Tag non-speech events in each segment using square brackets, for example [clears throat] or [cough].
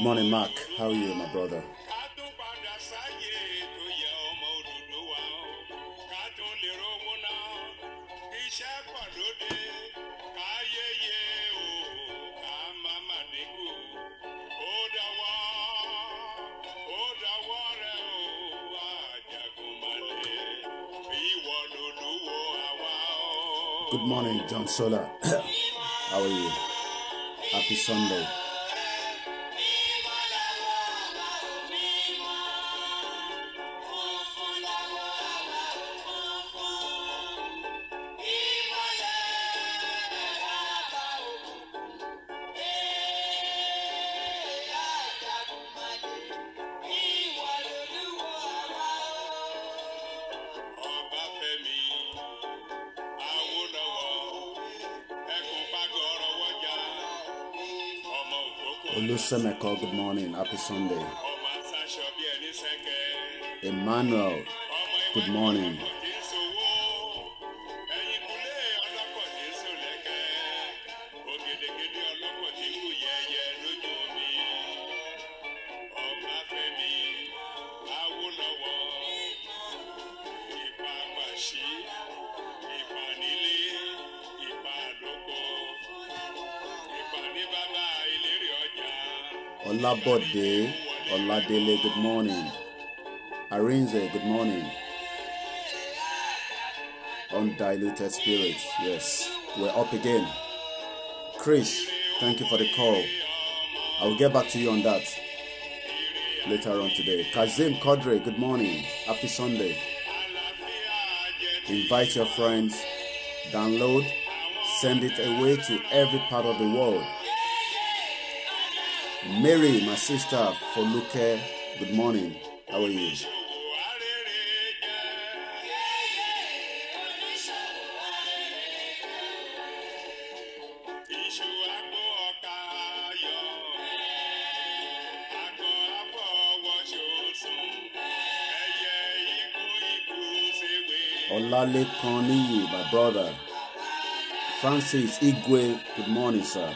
Good morning, Mark. How are you, my brother? Good morning, John Sola. [clears throat] How are you? Happy Sunday. Semeko, good morning, happy Sunday. Emmanuel, good morning. Olabode Oladele, good morning. Arinze, good morning. Undiluted Spirit, yes, we're up again. Chris, thank you for the call. I will get back to you on that later on today. Kazim Kodre, good morning. Happy Sunday. Invite your friends, download, send it away to every part of the world. Mary, my sister, for Luke, good morning. How are you? Olalekan Niyi, my brother. Francis Igwe, good morning, sir.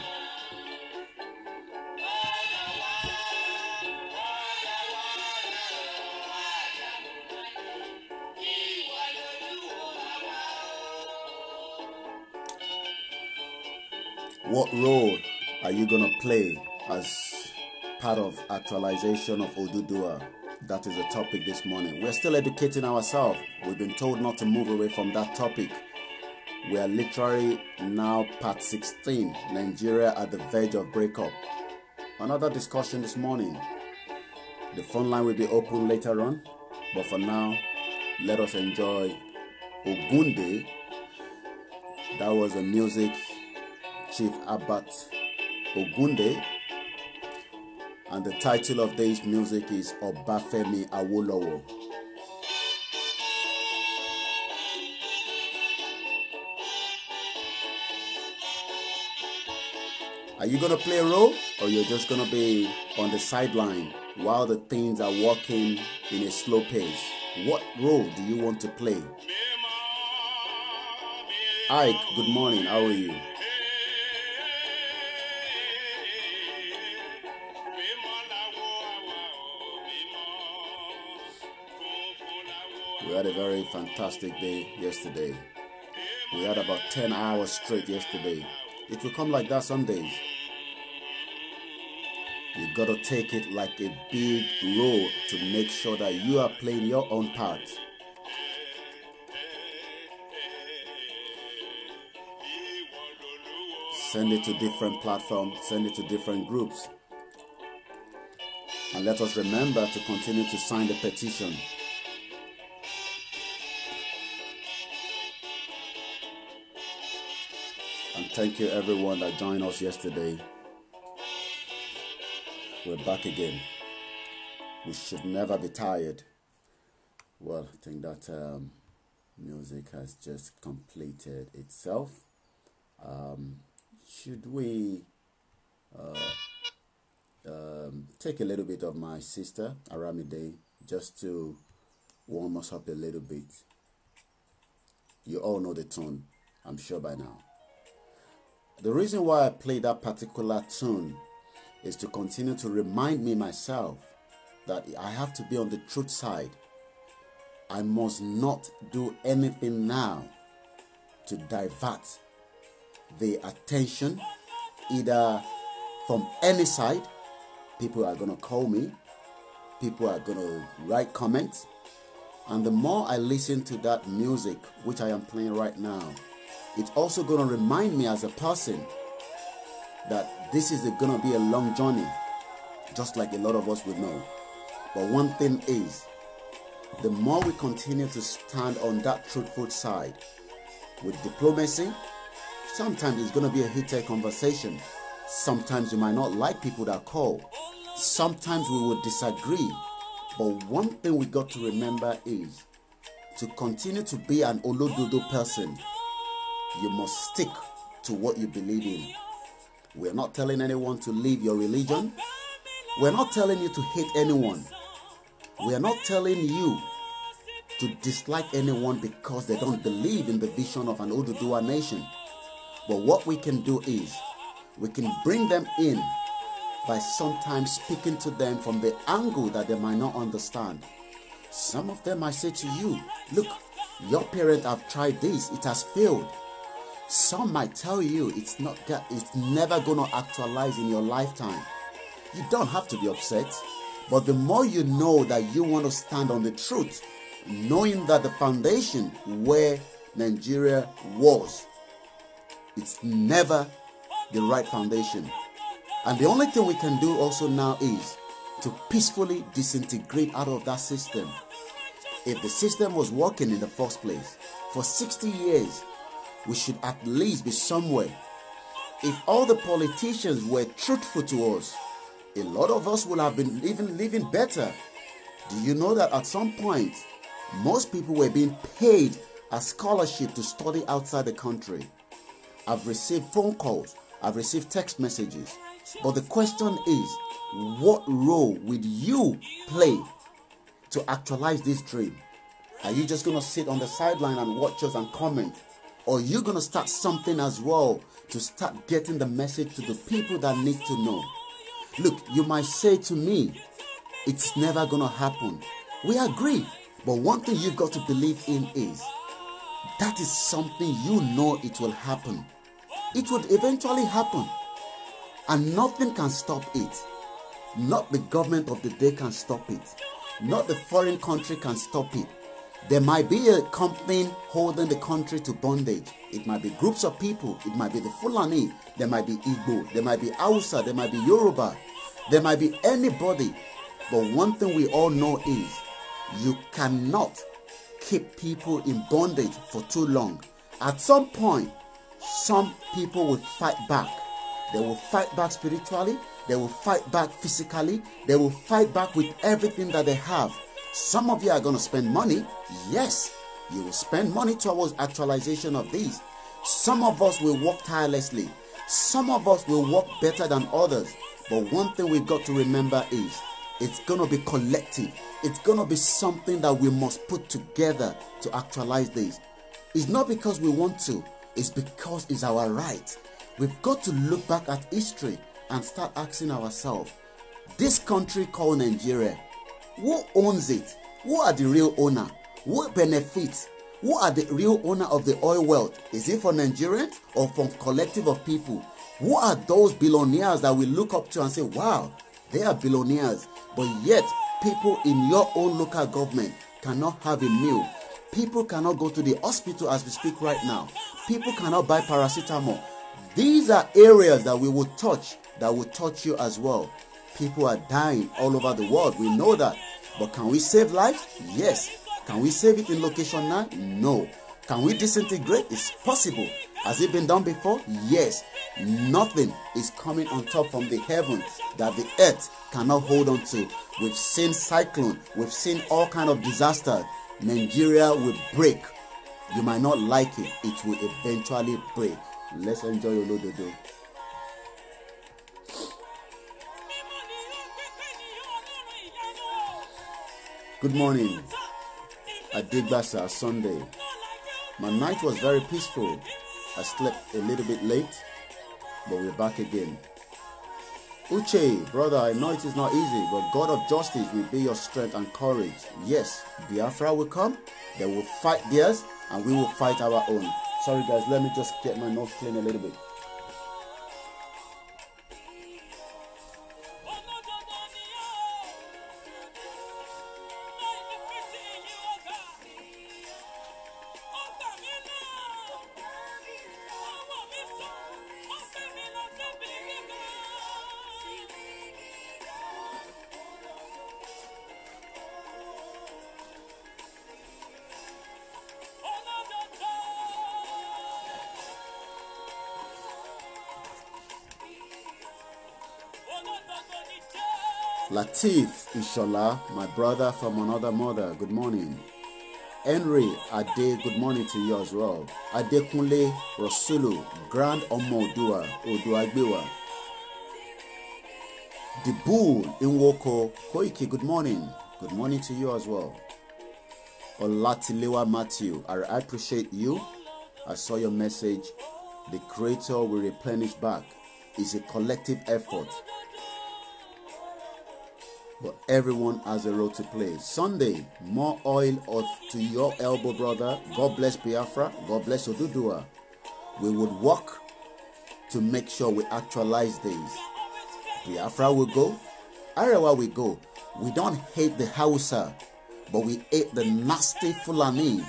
What role are you going to play as part of actualization of Odudua? That is the topic this morning. We're still educating ourselves. We've been told not to move away from that topic. We are literally now part 16, Nigeria at the verge of breakup. Another discussion this morning. The phone line will be open later on, but for now, let us enjoy Ogunde. That was the music Chief Abat Ogunde. And the title of this music is Obafemi Awolowo. Are you gonna play a role or you're just gonna be on the sideline while the things are walking in a slow pace? What role do you want to play? Ike, good morning, how are you? had a very fantastic day yesterday. We had about 10 hours straight yesterday. It will come like that some days. You gotta take it like a big load to make sure that you are playing your own part. Send it to different platforms, send it to different groups. And let us remember to continue to sign the petition Thank you everyone that joined us yesterday. We're back again. We should never be tired. Well, I think that um, music has just completed itself. Um, should we uh, um, take a little bit of my sister Aramide just to warm us up a little bit? You all know the tune, I'm sure by now. The reason why I play that particular tune is to continue to remind me myself that I have to be on the truth side. I must not do anything now to divert the attention either from any side. People are going to call me, people are going to write comments. And the more I listen to that music, which I am playing right now, it's also going to remind me as a person that this is going to be a long journey, just like a lot of us would know. But one thing is, the more we continue to stand on that truthful side with diplomacy, sometimes it's going to be a heated conversation. Sometimes you might not like people that call. Sometimes we will disagree. But one thing we got to remember is to continue to be an Olododo person you must stick to what you believe in. We're not telling anyone to leave your religion. We're not telling you to hate anyone. We're not telling you to dislike anyone because they don't believe in the vision of an Oduduwa nation. But what we can do is we can bring them in by sometimes speaking to them from the angle that they might not understand. Some of them might say to you, Look, your parents have tried this, it has failed. Some might tell you it's not that it's never gonna actualize in your lifetime. You don't have to be upset, but the more you know that you want to stand on the truth, knowing that the foundation where Nigeria was, it's never the right foundation. And the only thing we can do also now is to peacefully disintegrate out of that system. If the system was working in the first place for 60 years, we should at least be somewhere. If all the politicians were truthful to us, a lot of us would have been even living better. Do you know that at some point, most people were being paid a scholarship to study outside the country? I've received phone calls, I've received text messages. But the question is, what role would you play to actualize this dream? Are you just going to sit on the sideline and watch us and comment? or you're going to start something as well to start getting the message to the people that need to know. Look, you might say to me, it's never going to happen. We agree. But one thing you've got to believe in is that is something you know it will happen. It would eventually happen. And nothing can stop it. Not the government of the day can stop it. Not the foreign country can stop it. There might be a company holding the country to bondage. It might be groups of people. It might be the Fulani. There might be Igbo. There might be Hausa. There might be Yoruba. There might be anybody. But one thing we all know is you cannot keep people in bondage for too long. At some point, some people will fight back. They will fight back spiritually. They will fight back physically. They will fight back with everything that they have some of you are going to spend money. Yes, you will spend money towards actualization of these. Some of us will work tirelessly. Some of us will work better than others. But one thing we've got to remember is it's going to be collective. It's going to be something that we must put together to actualize this. It's not because we want to, it's because it's our right. We've got to look back at history and start asking ourselves this country called Nigeria Who owns it? Who are the real owner? Who benefits? Who are the real owner of the oil wealth? Is it for Nigerians or for collective of people? Who are those billionaires that we look up to and say, wow, they are billionaires, but yet people in your own local government cannot have a meal. People cannot go to the hospital as we speak right now. People cannot buy paracetamol. These are areas that we will touch that will touch you as well. People are dying all over the world. We know that. But can we save lives? Yes. Can we save it in location now? No. Can we disintegrate? It's possible. Has it been done before? Yes. Nothing is coming on top from the heaven that the earth cannot hold on to. We've seen cyclone. We've seen all kind of disaster. Nigeria will break. You might not like it. It will eventually break. Let's enjoy Olododo. Good morning. I that on Sunday. My night was very peaceful. I slept a little bit late, but we're back again. Uche, brother, I know it is not easy, but God of justice will be your strength and courage. Yes, Biafra will come, they will fight theirs, and we will fight our own. Sorry guys, let me just get my nose clean a little bit. Latif Ishola, my brother from another mother, good morning. Henry Ade, good morning to you as well. Adekunle Rosulu, Grand Omo Odua, Odua Gbewa. Dibul Inwoko Koiki, good morning. Good morning to you as well. Olatilewa Matthew, I appreciate you. I saw your message. The Creator will replenish back. Is a collective effort but everyone has a role to play. Sunday, more oil off to your elbow, brother. God bless Biafra. God bless Odudua. We would work to make sure we actualize these. Biafra will go. Arewa will go. We don't hate the Hausa, but we hate the nasty Fulani.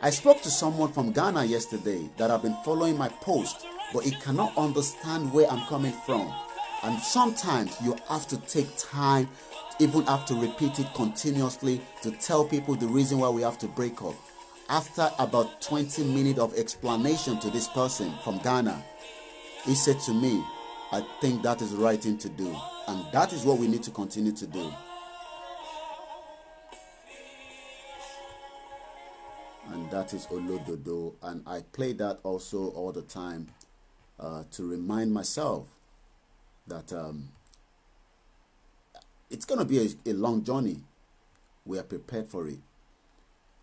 I spoke to someone from Ghana yesterday that have been following my post, but he cannot understand where I'm coming from. And sometimes you have to take time even have to repeat it continuously to tell people the reason why we have to break up. After about 20 minutes of explanation to this person from Ghana, he said to me, I think that is the right thing to do. And that is what we need to continue to do. And that is Olododo. And I play that also all the time uh, to remind myself that um, it's going to be a, a long journey. We are prepared for it.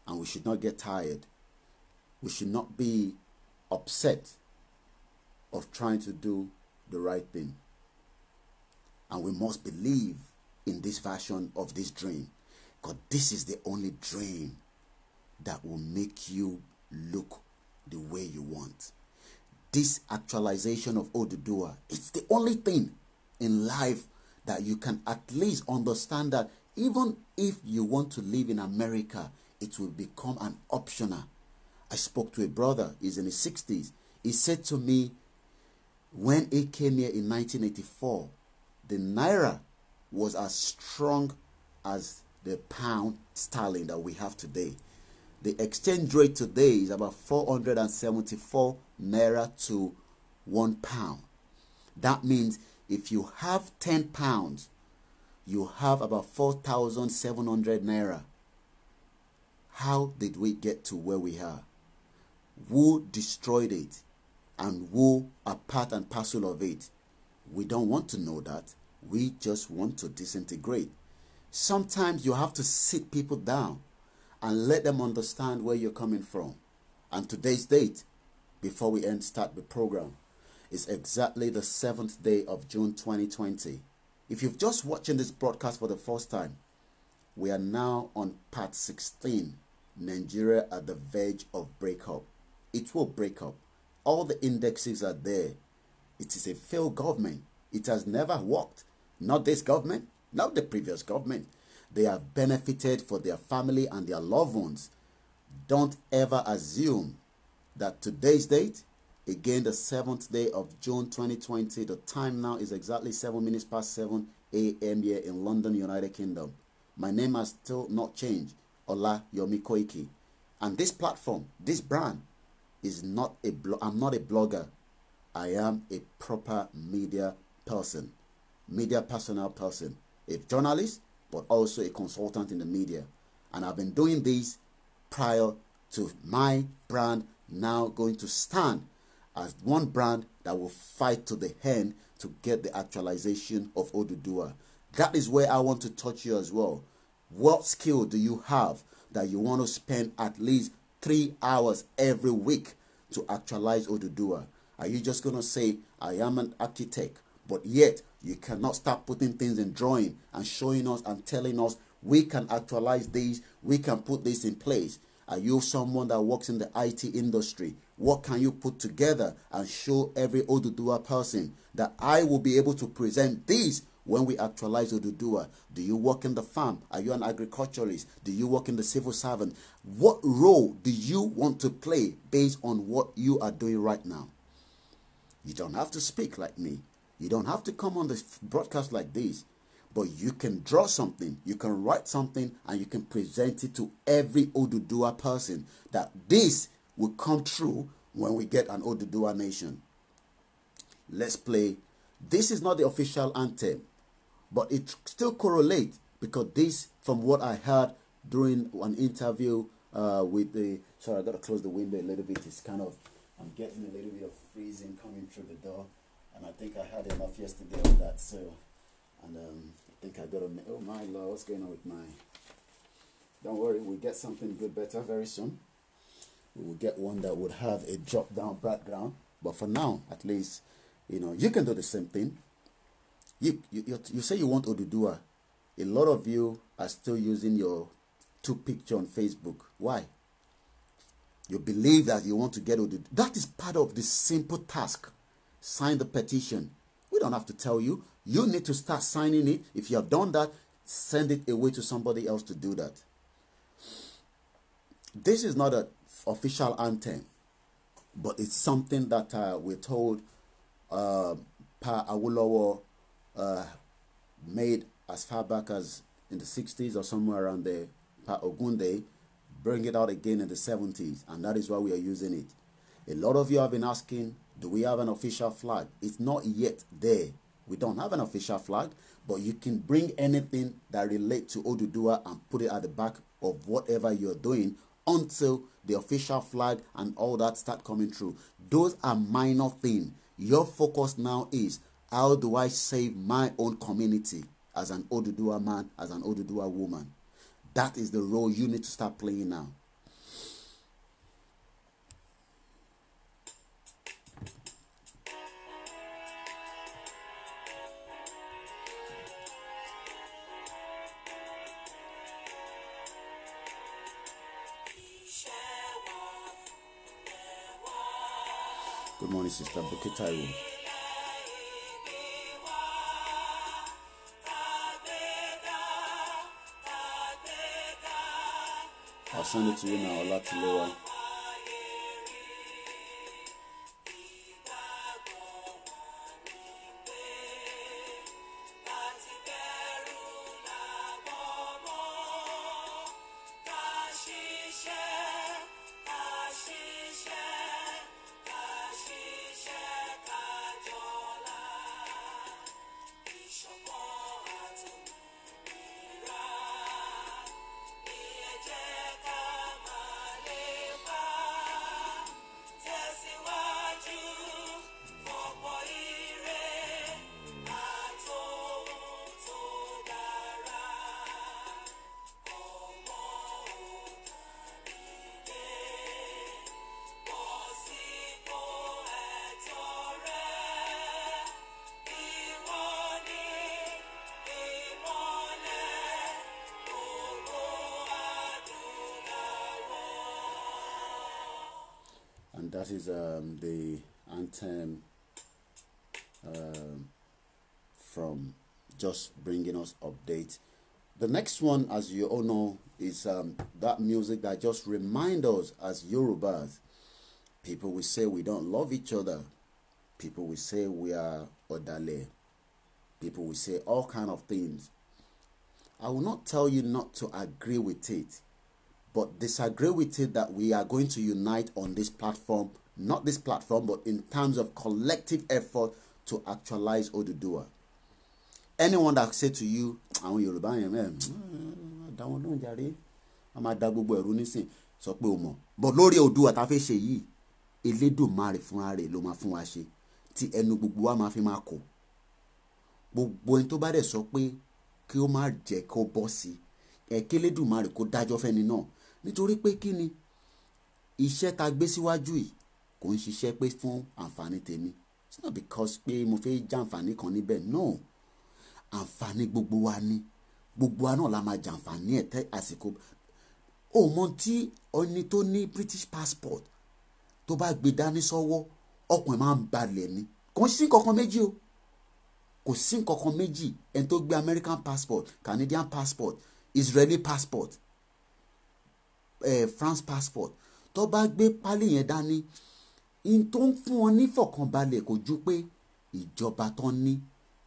And we should not get tired. We should not be upset of trying to do the right thing. And we must believe in this version of this dream. Because this is the only dream that will make you look the way you want. This actualization of Odudua, it's the only thing in life that you can at least understand that even if you want to live in America, it will become an optional. I spoke to a brother, he's in his 60s. He said to me, when he came here in 1984, the Naira was as strong as the pound sterling that we have today. The exchange rate today is about 474 Naira to one pound. That means if you have 10 pounds, you have about 4,700 naira. How did we get to where we are? Who destroyed it? And who are part and parcel of it? We don't want to know that. We just want to disintegrate. Sometimes you have to sit people down and let them understand where you're coming from. And today's date, before we end, start the program is exactly the 7th day of June 2020. If you've just watching this broadcast for the first time, we are now on part 16, Nigeria at the verge of breakup. It will break up. All the indexes are there. It is a failed government. It has never worked. Not this government, not the previous government. They have benefited for their family and their loved ones. Don't ever assume that today's date Again, the 7th day of June 2020. The time now is exactly 7 minutes past 7 a.m. here in London, United Kingdom. My name has still not changed. Ola Yomi Koiki. And this platform, this brand, is not a blo- I'm not a blogger. I am a proper media person, media personnel person, a journalist, but also a consultant in the media. And I've been doing this prior to my brand now going to stand as one brand that will fight to the end to get the actualization of Odudua. That is where I want to touch you as well. What skill do you have that you want to spend at least three hours every week to actualize Odudua? Are you just going to say, I am an architect, but yet you cannot start putting things in drawing and showing us and telling us we can actualize these, we can put this in place? Are you someone that works in the IT industry? What can you put together and show every Odudua person that I will be able to present these when we actualize Odudua? Do you work in the farm? Are you an agriculturalist? Do you work in the civil servant? What role do you want to play based on what you are doing right now? You don't have to speak like me. You don't have to come on the broadcast like this. But you can draw something, you can write something, and you can present it to every Odudua person that this will come true when we get an Oduduwa nation. Let's play. This is not the official anthem, but it still correlates because this, from what I heard during an interview uh, with the, sorry, I gotta close the window a little bit. It's kind of, I'm getting a little bit of freezing coming through the door, and I think I had enough yesterday of that. So, and um, I think I gotta. Oh my lord, what's going on with my? Don't worry, we get something good, better very soon we will get one that would have a drop down background but for now at least you know you can do the same thing you you, you, you say you want Odudua a lot of you are still using your two picture on Facebook why you believe that you want to get Odudua that is part of the simple task sign the petition we don't have to tell you you need to start signing it if you have done that send it away to somebody else to do that this is not a official anthem, but it's something that uh, we're told uh, Pa Awolowo uh, made as far back as in the 60s or somewhere around there. Pa Ogunde bring it out again in the 70s, and that is why we are using it. A lot of you have been asking, do we have an official flag? It's not yet there. We don't have an official flag, but you can bring anything that relates to Odudua and put it at the back of whatever you're doing until the official flag and all that start coming through. Those are minor things. Your focus now is how do I save my own community as an Oduduwa man, as an Oduduwa woman? That is the role you need to start playing now. Sister Bukitairo. I'll send it to you now, Olatilewa. is um, the anthem um, from just bringing us update. The next one, as you all know, is um, that music that just reminds us as Yorubas. People will say we don't love each other. People will say we are odale. People will say all kind of things. I will not tell you not to agree with it, but disagree with it that we are going to unite on this platform not this platform, but in terms of collective effort to actualize Odudua. Anyone that say to you, àwọn Yorùbá yẹn eh, mẹ́rin, hmm, àdáwọn ló ń jàre, a máa da gbogbo ẹ̀rú nísìn, sọ pé o mọ̀. But lórí Odua, tá a fẹ́ ṣe yìí, Elédùmarè fúnra rẹ̀ ló máa fún wa ṣe, tí ẹnu gbogbo wa máa fi máa kọ̀. Gbogbo ẹni tó bá dẹ̀ sọ pé kí ó má jẹ́ kó bọ́ sí i, ẹ̀kẹ́ Elédùmarè kó dájọ́ fẹ́ni náà. Nítorí pé kí ni iṣẹ́ ta gbé síwájú yìí kò ń ṣiṣẹ́ pé fún àǹfààní tèmi it's not because pé mo fẹ́ jàǹfààní kan níbẹ̀ no àǹfààní gbogbo wa ni gbogbo wa náà la máa jàǹfààní ẹ̀ tẹ́ àsìkò ó mọ tí ọni tó ní British passport tó bá gbé dání sọ́wọ́ ọkùnrin máa ń balẹ̀ ni kò sí kankan méjì o kò sí kankan méjì ẹni tó gbé American passport Canadian passport Israeli passport eh, France passport tó bá gbé pálí yẹn dání in tó ń fún wọn nífọ̀kànbalẹ̀ kò ju pé ìjọba tó ń ní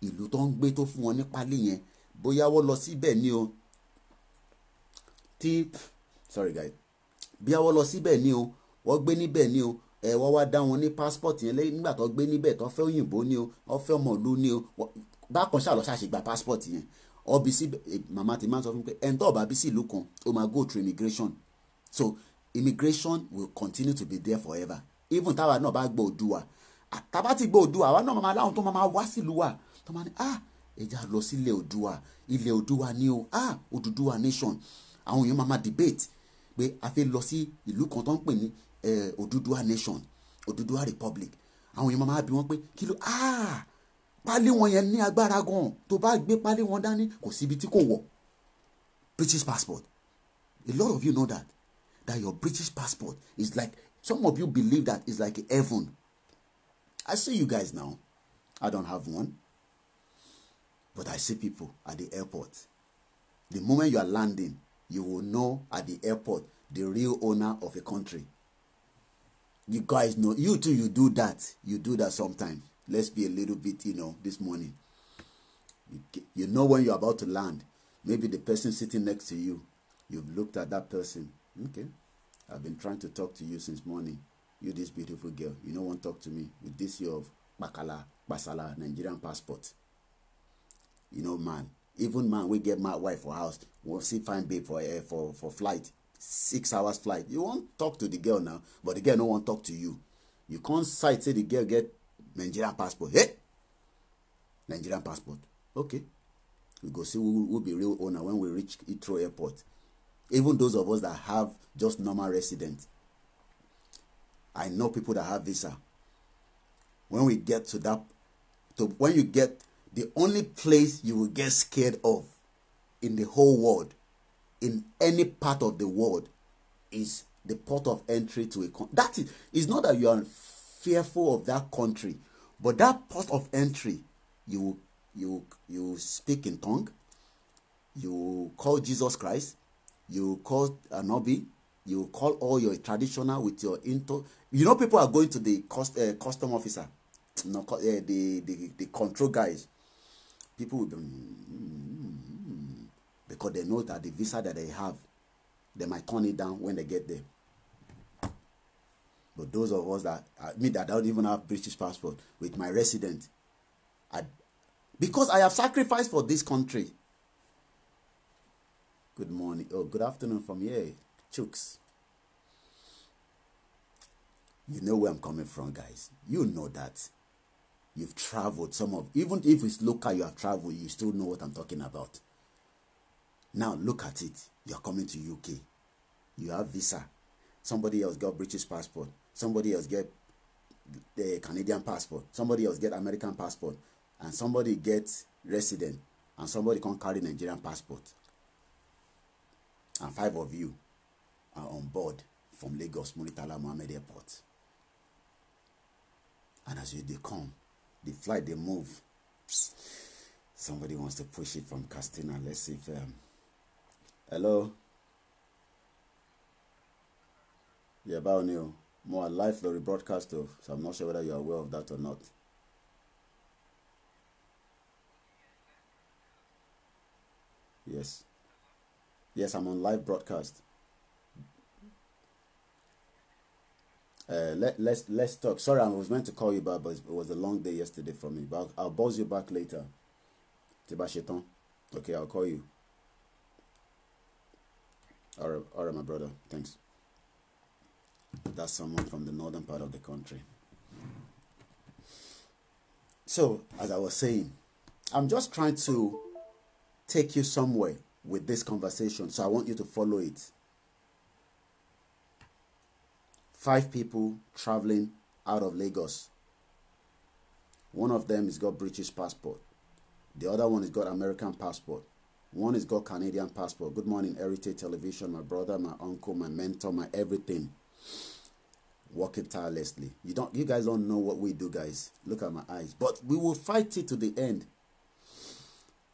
ìlú tó ń gbé tó fún wọn ní pálí yẹn bóyá wọ́n lọ síbẹ̀ ni o tí sorry guys bóyá wọ́n lọ síbẹ̀ ni o wọ́n gbé níbẹ̀ ni o ẹ wọ́n wá dá wọn ní passport yẹn nígbà tó gbé níbẹ̀ tó fẹ́ òyìnbó ni o wọ́n fẹ́ ọmọ ìlú ni o bákan ṣáà lọ ṣàṣègbà passport yẹn ọbí sí màmá ti máa sọ fún mi pé ẹni tó ọba bí sí ìlú kan ó máa go through immigration so immigration will continue to be there forever even táwa náà bá gbọ́ Oòduà tábà ti gbọ́ Oòduà àwa náà máa láwọn tó máa wá sílùú wa tó máa ní ah ẹja lọ sí ilẹ̀ Oòduà ilẹ̀ Oòduà ni o ah Odùduwà nation àwọn èèyàn máa máa debate pé a fẹ́ lọ sí ìlú kan tó ń pè ní Odùduwà nation Odùduwà republic àwọn èèyàn máa bí wọn pé kí ló ah pálí wọn yẹn ní agbára gan tó bá gbé pálí wọn dání kò síbi tí kò wọ̀ British passport a lot of you know that that your British passport is like Some of you believe that it's like heaven. I see you guys now. I don't have one. But I see people at the airport. The moment you are landing, you will know at the airport the real owner of a country. You guys know, you too, you do that. You do that sometimes. Let's be a little bit, you know, this morning. You, you know when you're about to land. Maybe the person sitting next to you, you've looked at that person. Okay, I've been trying to talk to you since morning. You, this beautiful girl, you don't want to talk to me with this year of Bakala, Basala, Nigerian passport. You know, man, even man, we get my wife for house, we'll see fine babe for, uh, for, for flight, six hours flight. You won't talk to the girl now, but the girl don't want to talk to you. You can't sight say the girl get Nigerian passport. Hey! Nigerian passport. Okay. We go see who will be real owner when we reach Heathrow Airport even those of us that have just normal residence i know people that have visa when we get to that to when you get the only place you will get scared of in the whole world in any part of the world is the port of entry to a country that is it's not that you are fearful of that country but that port of entry you you you speak in tongue you call jesus christ you call Anobi, you call all your traditional with your into. You know, people are going to the cost, uh, eh, custom officer, no, uh, the, the, the control guys. People will be, mm, mm, mm, mm, because they know that the visa that they have, they might turn it down when they get there. But those of us that, I uh, me that don't even have British passport with my resident, I, because I have sacrificed for this country Good morning. Oh, good afternoon from here, Chooks. You know where I'm coming from, guys. You know that. You've traveled some of, even if it's local, you have traveled, you still know what I'm talking about. Now look at it. You're coming to UK. You have visa. Somebody else got British passport. Somebody else get the eh, Canadian passport. Somebody else get American passport. And somebody get resident. And somebody can carry Nigerian passport and five of you are on board from Lagos Muritala Mohammed Airport. And as you they come, the flight they move. Somebody wants to push it from Castina. Let's see if um, hello. Yeah, Baonio. More live lorry broadcast of, so I'm not sure whether you're aware of that or not. Yes. Yes, I'm on live broadcast. Uh, let, let's let's talk. Sorry, I was meant to call you back, but it was a long day yesterday for me. But I'll, I'll buzz you back later. Okay, I'll call you. All right, all right, my brother. Thanks. That's someone from the northern part of the country. So, as I was saying, I'm just trying to take you somewhere with this conversation. So I want you to follow it. Five people traveling out of Lagos. One of them has got British passport. The other one has got American passport. One has got Canadian passport. Good morning, Heritage Television, my brother, my uncle, my mentor, my everything. Working tirelessly. You don't you guys don't know what we do, guys. Look at my eyes. But we will fight it to the end.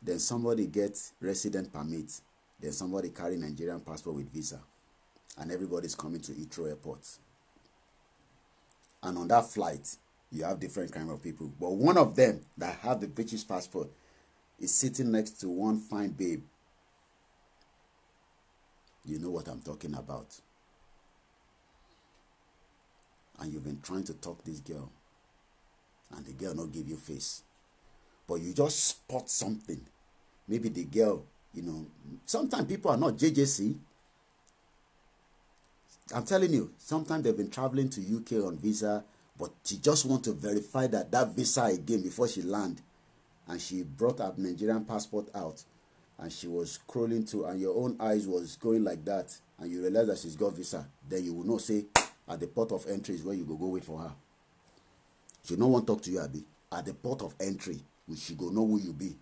then somebody gets resident permit then somebody carry Nigerian passport with visa and everybody's coming to Heathrow airport and on that flight you have different kind of people but one of them that have the British passport is sitting next to one fine babe you know what I'm talking about and you've been trying to talk this girl and the girl no give you face but you just spot something maybe the girl you know sometimes people are not JJC I'm telling you sometimes they've been traveling to UK on visa but she just want to verify that that visa again before she land and she brought her Nigerian passport out and she was scrolling through and your own eyes was going like that and you realize that she's got visa then you will not say at the port of entry is where you go go wait for her she no wan talk to you abi at the port of entry we should go know who you be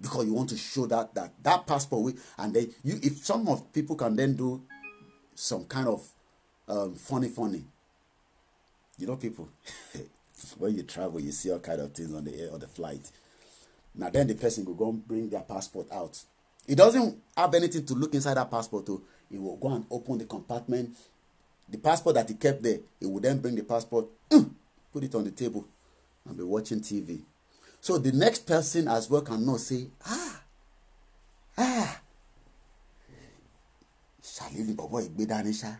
because you want to show that that that passport way and then you if some of people can then do some kind of um, funny funny you know people [laughs] when you travel you see all kind of things on the air on the flight now then the person will go and bring their passport out he doesn't have anything to look inside that passport to he will go and open the compartment the passport that he kept there he will then bring the passport [clears throat] put it on the table and be watching tv So the next person as well cannot say, ah, ah, ṣàlẹ́ ni bọ̀bọ̀ ìgbé dání ṣá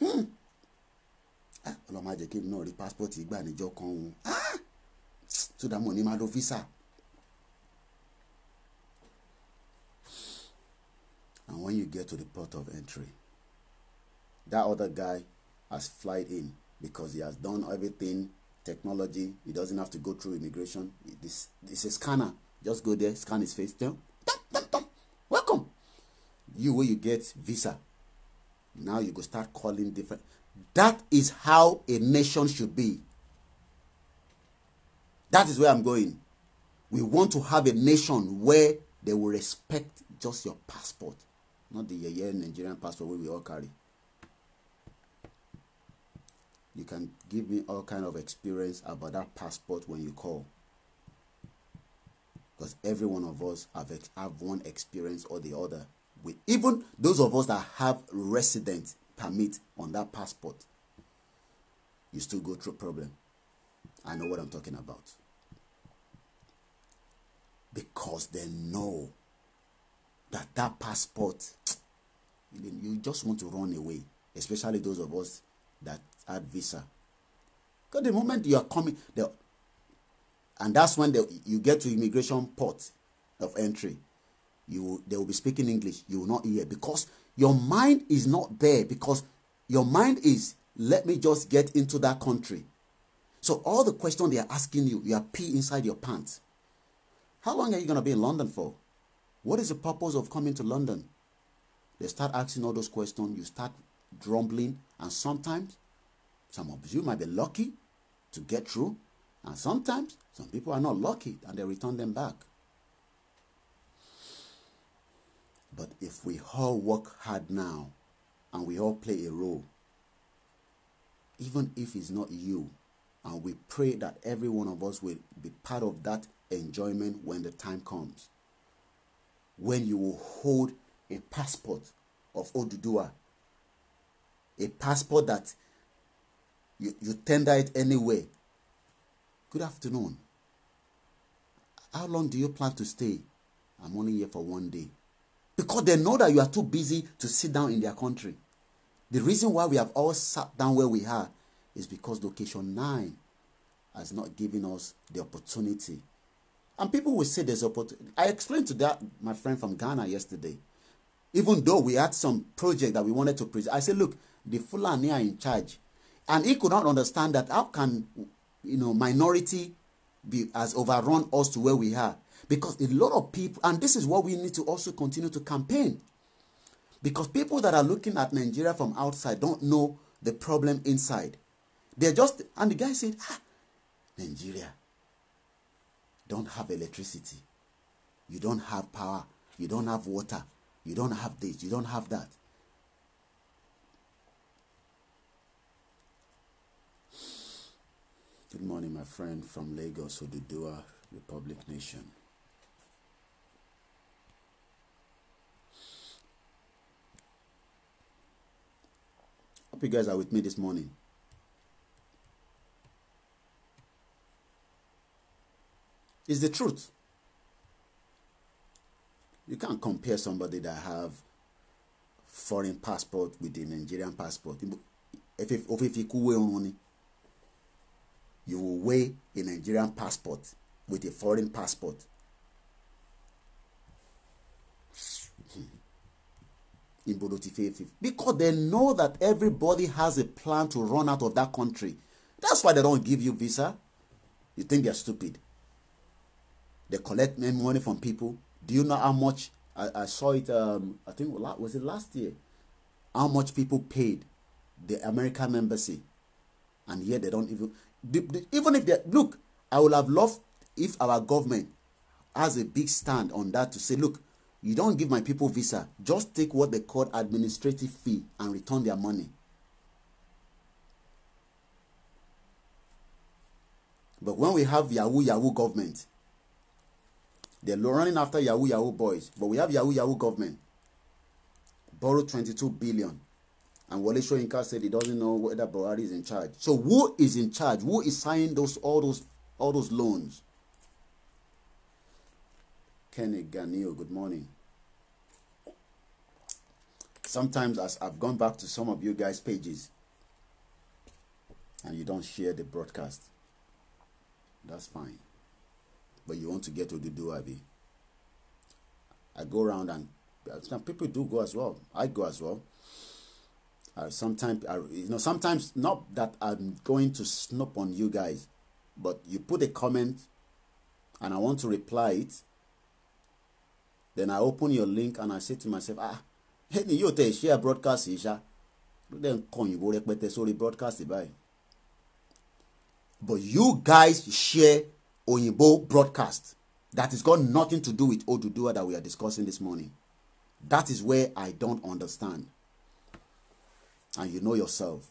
hmm. ah, ọlọ́mọ àjẹkí náà rí passport ìgbà níjọ́ kan òun tó dá mọ̀ ní má lo visa. And when you get to the port of entry, that other guy has flied in because he has done everything technology. He doesn't have to go through immigration. This this a scanner. Just go there, scan his face, tell welcome. You where you get visa. Now you go start calling different. That is how a nation should be. That is where I'm going. We want to have a nation where they will respect just your passport, not the yeye Nigerian passport wey we all carry. you can give me all kind of experience about that passport when you call because every one of us have, have one experience or the other with even those of us that have resident permit on that passport you still go through problem i know what i'm talking about because they know that that passport you just want to run away especially those of us that hard visa. Because the moment you are coming, the, and that's when the, you get to immigration port of entry, you they will be speaking English. You will not hear because your mind is not there because your mind is let me just get into that country. So all the questions they are asking you, you are pee inside your pants. How long are you going to be in London for? What is the purpose of coming to London? They start asking all those questions. You start grumbling, and sometimes some of you might be lucky to get through, and sometimes some people are not lucky and they return them back. But if we all work hard now and we all play a role, even if it's not you, and we pray that every one of us will be part of that enjoyment when the time comes. When you will hold a passport of Odudua, a passport that you, you tender it anywhere. Good afternoon. How long do you plan to stay? I'm only here for one day. Because they know that you are too busy to sit down in their country. The reason why we have all sat down where we are is because location 9 has not given us the opportunity. And people will say there's opportunity. I explained to that my friend from Ghana yesterday. Even though we had some project that we wanted to present, I said, look, the Fulani are in charge. And he could not understand that how can you know minority be has overrun us to where we are. Because a lot of people, and this is what we need to also continue to campaign. Because people that are looking at Nigeria from outside don't know the problem inside. They're just, and the guy said, ah, Nigeria don't have electricity. You don't have power. You don't have water. You don't have this. You don't have that. Good morning, my friend from Lagos, Odudua, Republic Nation. Hope you guys are with me this morning. It's the truth. You can't compare somebody that have foreign passport with the Nigerian passport. If if if you could you will weigh a Nigerian passport with a foreign passport. Hmm. In because they know that everybody has a plan to run out of that country. That's why they don't give you visa. You think they're stupid. They collect money from people. Do you know how much? I, I saw it, um, I think, was it last year? How much people paid the American embassy and yet they don't even the, the, even if they look i would have loved if our government has a big stand on that to say look you don't give my people visa just take what they call administrative fee and return their money but when we have yahoo yahoo government they're running after yahoo yahoo boys but we have yahoo yahoo government borrow two billion And Wale Soyinka said he doesn't know whether Buhari is in charge. So who is in charge? Who is signing those all those all those loans? Kenny Ganio, good morning. Sometimes as I've gone back to some of you guys' pages and you don't share the broadcast, that's fine. But you want to get to the do I go around and people do go as well. I go as well. I sometimes, I, you know, sometimes not that I'm going to snoop on you guys, but you put a comment and I want to reply it. Then I open your link and I say to myself, ah, hey, ni yóò tẹ broadcast isha. Then come you go kọ òyìnbó rẹpẹtẹ broadcast báyìí. But you guys share òyìnbó broadcast that has got nothing to do with Odudua that we are discussing this morning. That is where I don't understand and you know yourself.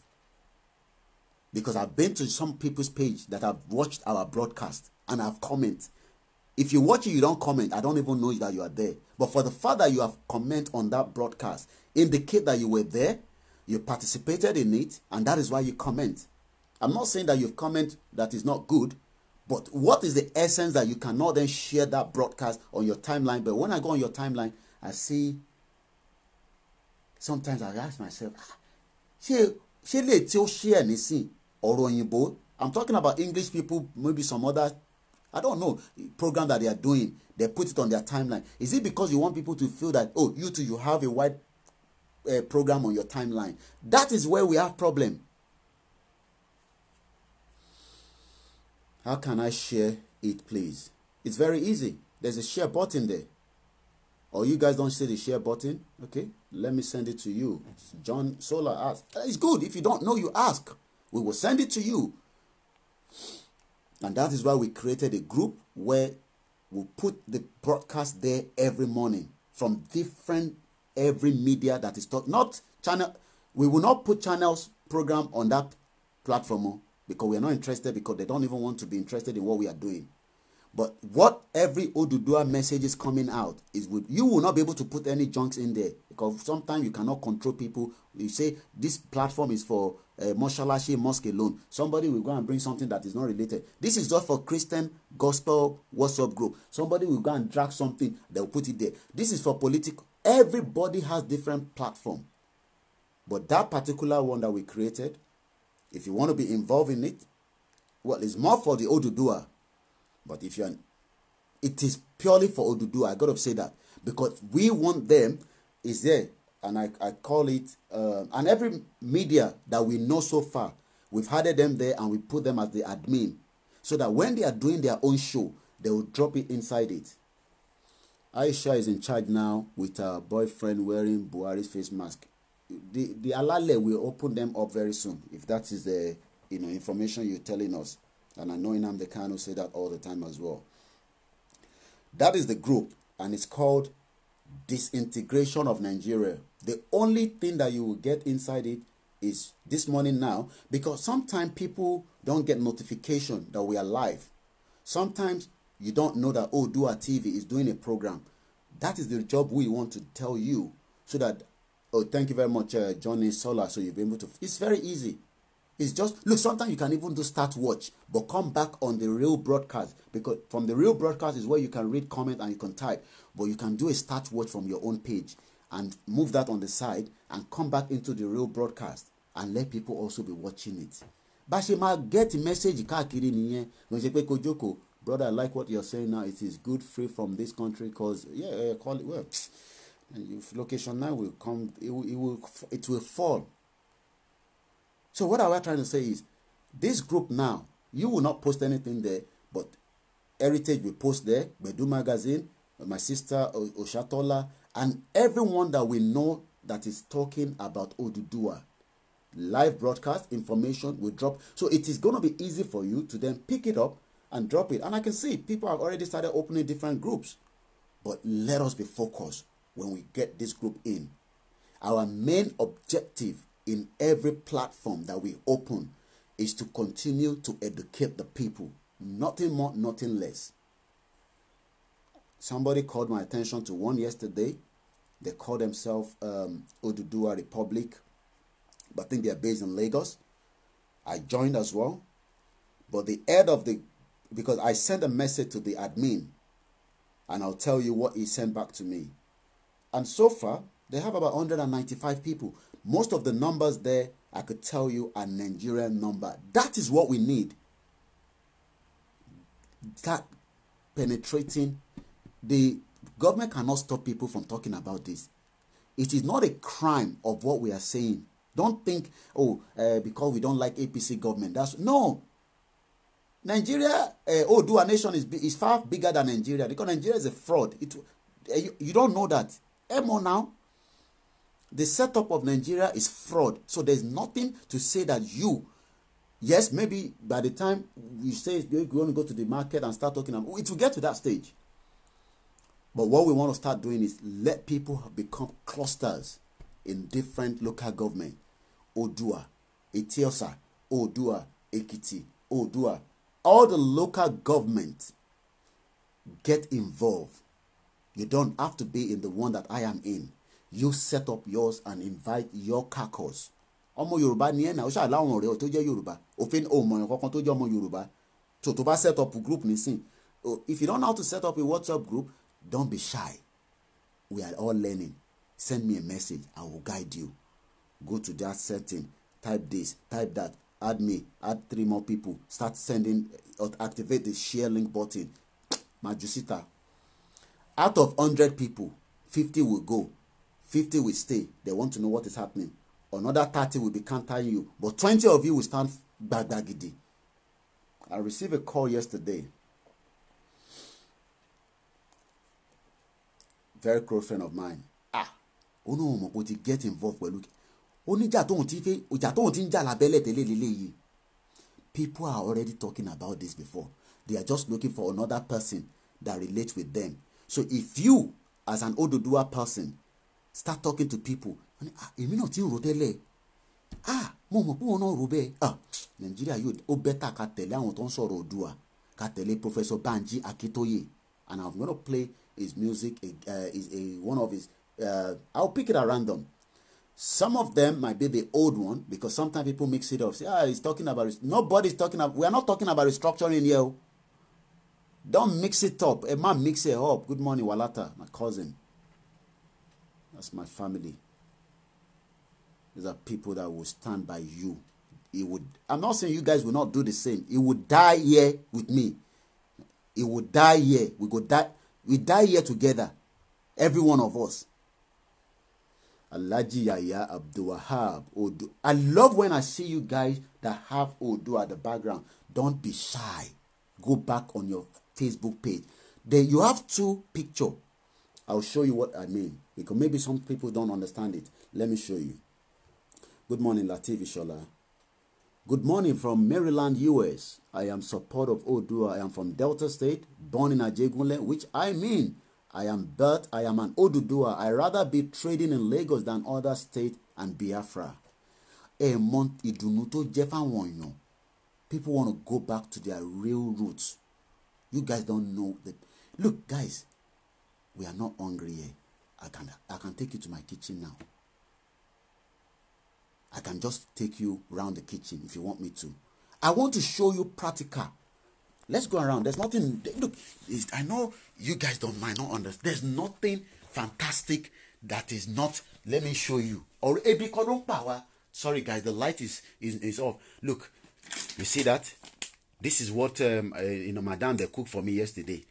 Because I've been to some people's page that have watched our broadcast and have commented. If you watch it, you don't comment. I don't even know that you are there. But for the fact that you have comment on that broadcast, indicate that you were there, you participated in it, and that is why you comment. I'm not saying that you've comment that is not good, but what is the essence that you cannot then share that broadcast on your timeline? But when I go on your timeline, I see. Sometimes I ask myself, ah, ṣé ṣé lè tí ó ṣe ẹ̀ nísìn ọ̀rọ̀ òyìnbó i'm talking about english people maybe some other i don't know program that they are doing they put it on their timeline is it because you want people to feel that oh you too you have a wide uh, program on your timeline that is where we have problem how can i share it please it's very easy there's a share button there or you guys don't see the share button okay let me send it to you john solar asked it's good if you don't know you ask we will send it to you and that is why we created a group where we put the broadcast there every morning from different every media that is taught not channel we will not put channels program on that platform oh, because we are not interested because they don't even want to be interested in what we are doing But what every Odudua message is coming out is with you will not be able to put any junks in there because sometimes you cannot control people. You say this platform is for uh, eh, Moshalashi Mosque alone. Somebody will go and bring something that is not related. This is just for Christian Gospel WhatsApp group. Somebody will go and drag something, they will put it there. This is for political. Everybody has different platform. But that particular one that we created, if you want to be involved in it, well, it's more for the Odudua But if you're, it is purely for Odudu. I gotta say that because we want them. Is there? And I, I call it, uh, and every media that we know so far, we've added them there and we put them as the admin so that when they are doing their own show, they will drop it inside it. Aisha is in charge now with her boyfriend wearing Buhari's face mask. The the Alale will open them up very soon if that is the you know information you're telling us. And I know can Kano say that all the time as well. That is the group, and it's called Disintegration of Nigeria. The only thing that you will get inside it is this morning now, because sometimes people don't get notification that we are live. Sometimes you don't know that, oh, Dua TV is doing a program. That is the job we want to tell you so that, oh, thank you very much, uh, Johnny Solar, so you've been able to. It's very easy. It's just look. Sometimes you can even do start watch, but come back on the real broadcast because from the real broadcast is where you can read comment and you can type. But you can do a start watch from your own page and move that on the side and come back into the real broadcast and let people also be watching it. Bashima, get message káàkiri niye ló ń ṣe brother I like what you're saying now it is good free from this country because yeah, yeah call it well if [sniffs] location now will come it will, it will, it will fall So what am I trying to say is, this group now, you will not post anything there, but Heritage will post there, Bedu Magazine, my sister Oshatola, and everyone that we know that is talking about Odudua. Live broadcast information will drop. So it is going to be easy for you to then pick it up and drop it. And I can see people have already started opening different groups. But let us be focused when we get this group in. Our main objective in every platform that we open is to continue to educate the people. Nothing more, nothing less. Somebody called my attention to one yesterday. They call themselves um, Odudua Republic, but I think they are based in Lagos. I joined as well. But the head of the, because I sent a message to the admin, and I'll tell you what he sent back to me. And so far, they have about 195 people. Most of the numbers there, I could tell you, a Nigerian number. That is what we need. That penetrating the government cannot stop people from talking about this. It is not a crime of what we are saying. Don't think, oh, uh, because we don't like APC government. That's no. Nigeria, uh, eh, Odua nation is is far bigger than Nigeria because Nigeria is a fraud. It uh, you, you don't know that. Emo now The setup of Nigeria is fraud. So there's nothing to say that you, yes, maybe by the time you say you're want to go to the market and start talking, it will get to that stage. But what we want to start doing is let people become clusters in different local government. Odua, Etiosa, Odua, Ekiti, Odua. All the local government get involved. You don't have to be in the one that I am in you set up yours and invite your caucus ọmọ yorùbá ni ẹ̀ na ó ṣàláwọn ọ̀rẹ́ tó jẹ́ yorùbá òfin òmọ̀ràn kankan tó jẹ́ ọmọ yorùbá tó tó bá set up group nísìn oh, if you don't know how to set up a whatsapp group don't be shy we are all learning send me a message i will guide you go to that setting type this type that add me add three more people start sending or uh, activate the share link button majusita out of hundred people fifty will go Fifty will stay they want to know what is happening another thirty will be countering you but twenty of you will stand gbagbagidi i received a call yesterday very close friend of mine ah ó náà mọ̀ pé ó ti get involved pẹ̀lú oníjà tóun ti fẹ́ ìjà tóun ti ń jà lábẹ́lẹ̀ tẹ́lẹ̀ lélẹ́yìí people are already talking about this before they are just looking for another person that relates with them so if you as an Oduduwa person start talking to people wọ́n ní ah èmi náà ti ń rò tẹ́lẹ̀ ah mo mọ̀ pé wọn náà rò bẹ́ẹ̀ ah nàìjíríà yóò ó bẹ́tà ká tẹ̀lé àwọn tó ń sọ̀rọ̀ Oòduà ká tẹ̀lé Professor Banji Akitoye and I'm gonna play his music uh, is a one of his uh, I'll pick it at random some of them might be the old one because sometimes people mix it up say ah he's talking about nobody's talking about we are not talking about restructuring here don't mix it up ẹ má mix it up good morning walata my cousin That's my family. These are people that will stand by you. It would. I'm not saying you guys will not do the same. He would die here with me. He would die here. We go die. We die here together. Every one of us. Alaji Yaya Abdulwahab I love when I see you guys that have Odu at the background. Don't be shy. Go back on your Facebook page. Then you have two picture I'll show you what I mean because maybe some people don't understand it. Let me show you. Good morning, Latif Shola. Good morning from Maryland, US. I am support of Odua. I am from Delta State, born in Ajegunle, which I mean I am but I am an Odudua. I rather be trading in Lagos than other state and Biafra. A month idunuto tó jẹ́ People want to go back to their real roots. You guys don't know that. Look, guys, We are not hungry here. I can, I can take you to my kitchen now. I can just take you round the kitchen if you want me to. I want to show you practical. Let's go around. There's nothing. Look, I know you guys don't mind not understand. There's nothing fantastic that is not. Let me show you. Or a big power. Sorry guys, the light is is is off. Look, you see that? This is what um, uh, you know, Madame they cooked for me yesterday.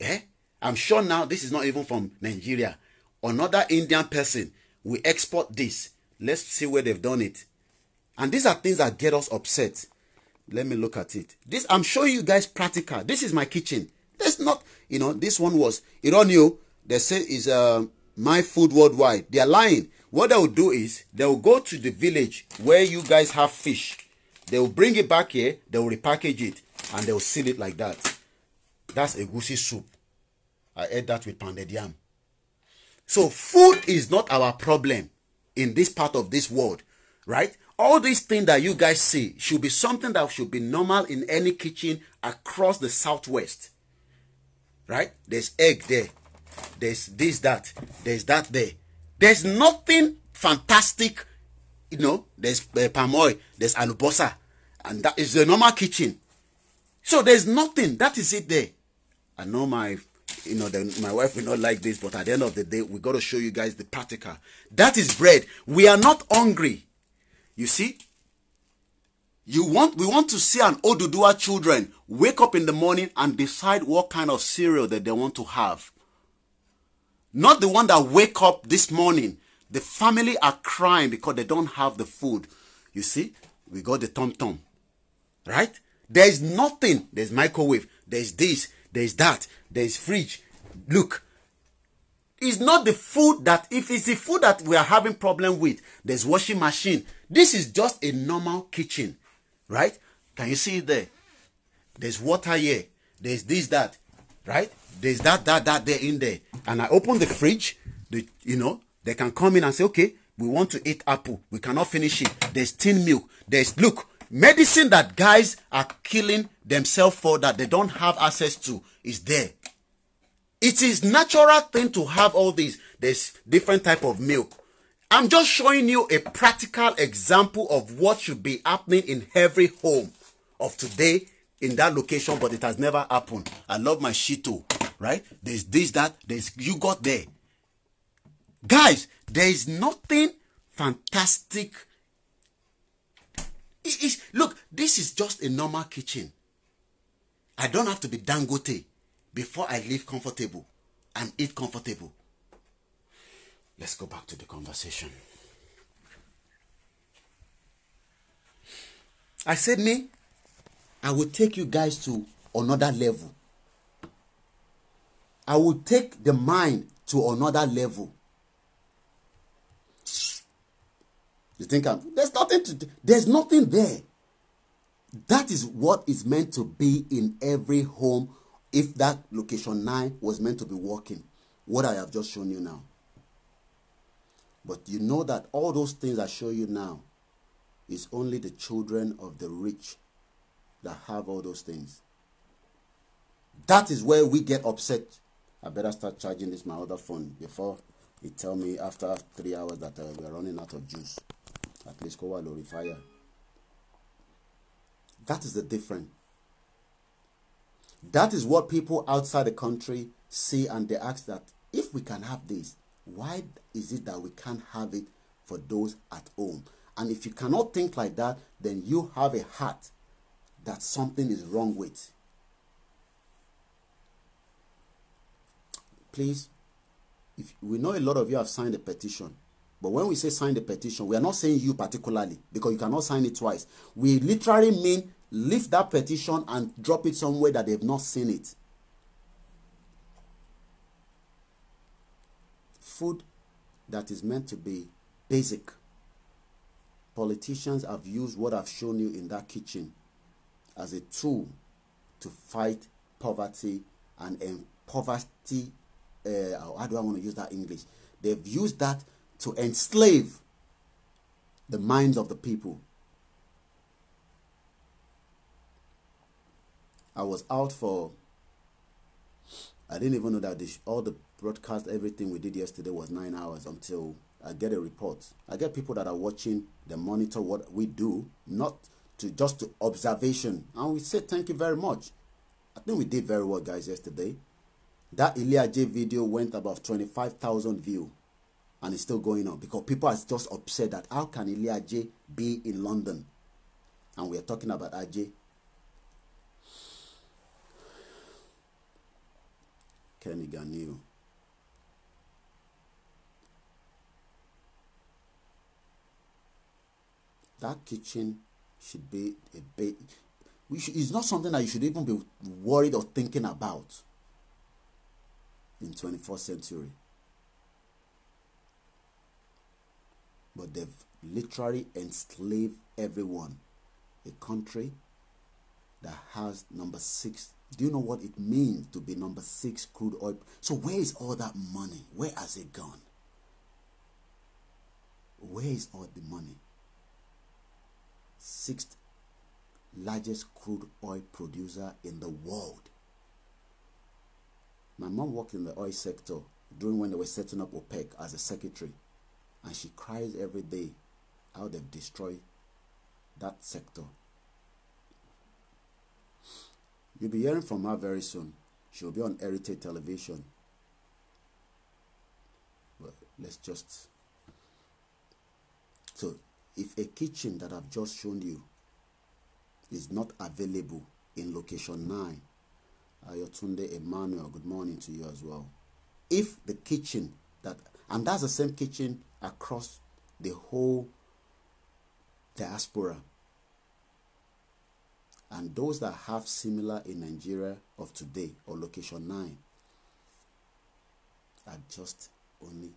Eh? I'm sure now this is not even from Nigeria. Another Indian person will export this. Let's see where they've done it. And these are things that get us upset. Let me look at it. This I'm showing you guys practical. This is my kitchen. That's not, you know, this one was Ironio. They say is uh, my food worldwide. They are lying. What they will do is they will go to the village where you guys have fish. They will bring it back here. They will repackage it and they will seal it like that. That's a goosey soup. I ate that with pounded yam. So food is not our problem in this part of this world, right? All these things that you guys see should be something that should be normal in any kitchen across the southwest. Right? There's egg there. There's this, that. There's that there. There's nothing fantastic. You know, there's uh, palm oil. There's alubosa. And that is the normal kitchen. So there's nothing. That is it there. I know my you know, then my wife will not like this, but at the end of the day, we got to show you guys the practical. That is bread. We are not hungry. You see? You want we want to see an Odudua children wake up in the morning and decide what kind of cereal that they want to have. Not the one that wake up this morning. The family are crying because they don't have the food. You see, we got the tom tom, right? There's nothing. There's microwave. There's this. There's that. there is fridge look it's not the food that if it's the food that we are having problem with there's washing machine this is just a normal kitchen right can you see it there there's water here there's this that right there's that that that there in there and i open the fridge the you know they can come in and say okay we want to eat apple we cannot finish it there's tin milk there's look medicine that guys are killing themselves for that they don't have access to is there it is natural thing to have all these there's different type of milk i'm just showing you a practical example of what should be happening in every home of today in that location but it has never happened i love my shito right there's this that there's you got there guys there is nothing fantastic It's, look, this is just a normal kitchen. I don't have to be dangote before I live comfortable and eat comfortable. Let's go back to the conversation. I said, me, I will take you guys to another level. I will take the mind to another level. You think I'm, there's nothing to, there's nothing there. That is what is meant to be in every home if that location nine was meant to be working. What I have just shown you now. But you know that all those things I show you now is only the children of the rich that have all those things. That is where we get upset. I better start charging this my other phone before it tell me after three hours that uh, we are running out of juice at least kó wà lórí fire that is the difference that is what people outside the country see and they ask that if we can have this why is it that we can't have it for those at home and if you cannot think like that then you have a heart that something is wrong with please if we know a lot of you have signed a petition But when we say sign the petition, we are not saying you particularly because you cannot sign it twice. We literally mean leave that petition and drop it somewhere that they have not seen it. Food that is meant to be basic. Politicians have used what I've shown you in that kitchen as a tool to fight poverty and um, poverty. Uh, how do I want to use that English? They've used that to enslave the minds of the people. I was out for, I didn't even know that this, all the broadcast, everything we did yesterday was nine hours until I get a report. I get people that are watching, they monitor what we do, not to just to observation. And we say thank you very much. I think we did very well, guys, yesterday. That Ilya J video went above 25,000 view. and it's still going on because people are just upset that how can Ile Aje be in London? And we are talking about Aje. Kenny Ganiu. That kitchen should be a bit. Should, it's not something that you should even be worried or thinking about in 21st century. but they've literally enslaved everyone. A country that has number six. Do you know what it means to be number six crude oil? So where is all that money? Where has it gone? Where is all the money? Sixth largest crude oil producer in the world. My mom worked in the oil sector during when they were setting up OPEC as a secretary and she cries every day how they've destroyed that sector. You'll be hearing from her very soon. She'll be on Heritage Television. But let's just. So, if a kitchen that I've just shown you is not available in location 9, Ayotunde Emmanuel, good morning to you as well. If the kitchen that, and that's the same kitchen across the whole diaspora and those that have similar in Nigeria of today or location 9 are just only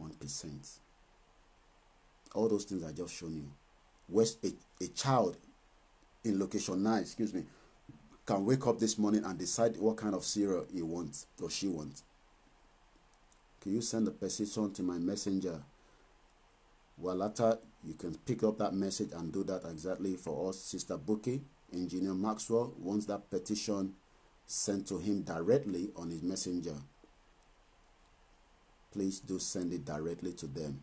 1%. All those things I just shown you. where a, a child in location 9, excuse me, can wake up this morning and decide what kind of cereal he wants or she wants. Can you send a petition to my messenger? Well, later you can pick up that message and do that exactly for us. Sister Buki, Engineer Maxwell wants that petition sent to him directly on his messenger. Please do send it directly to them.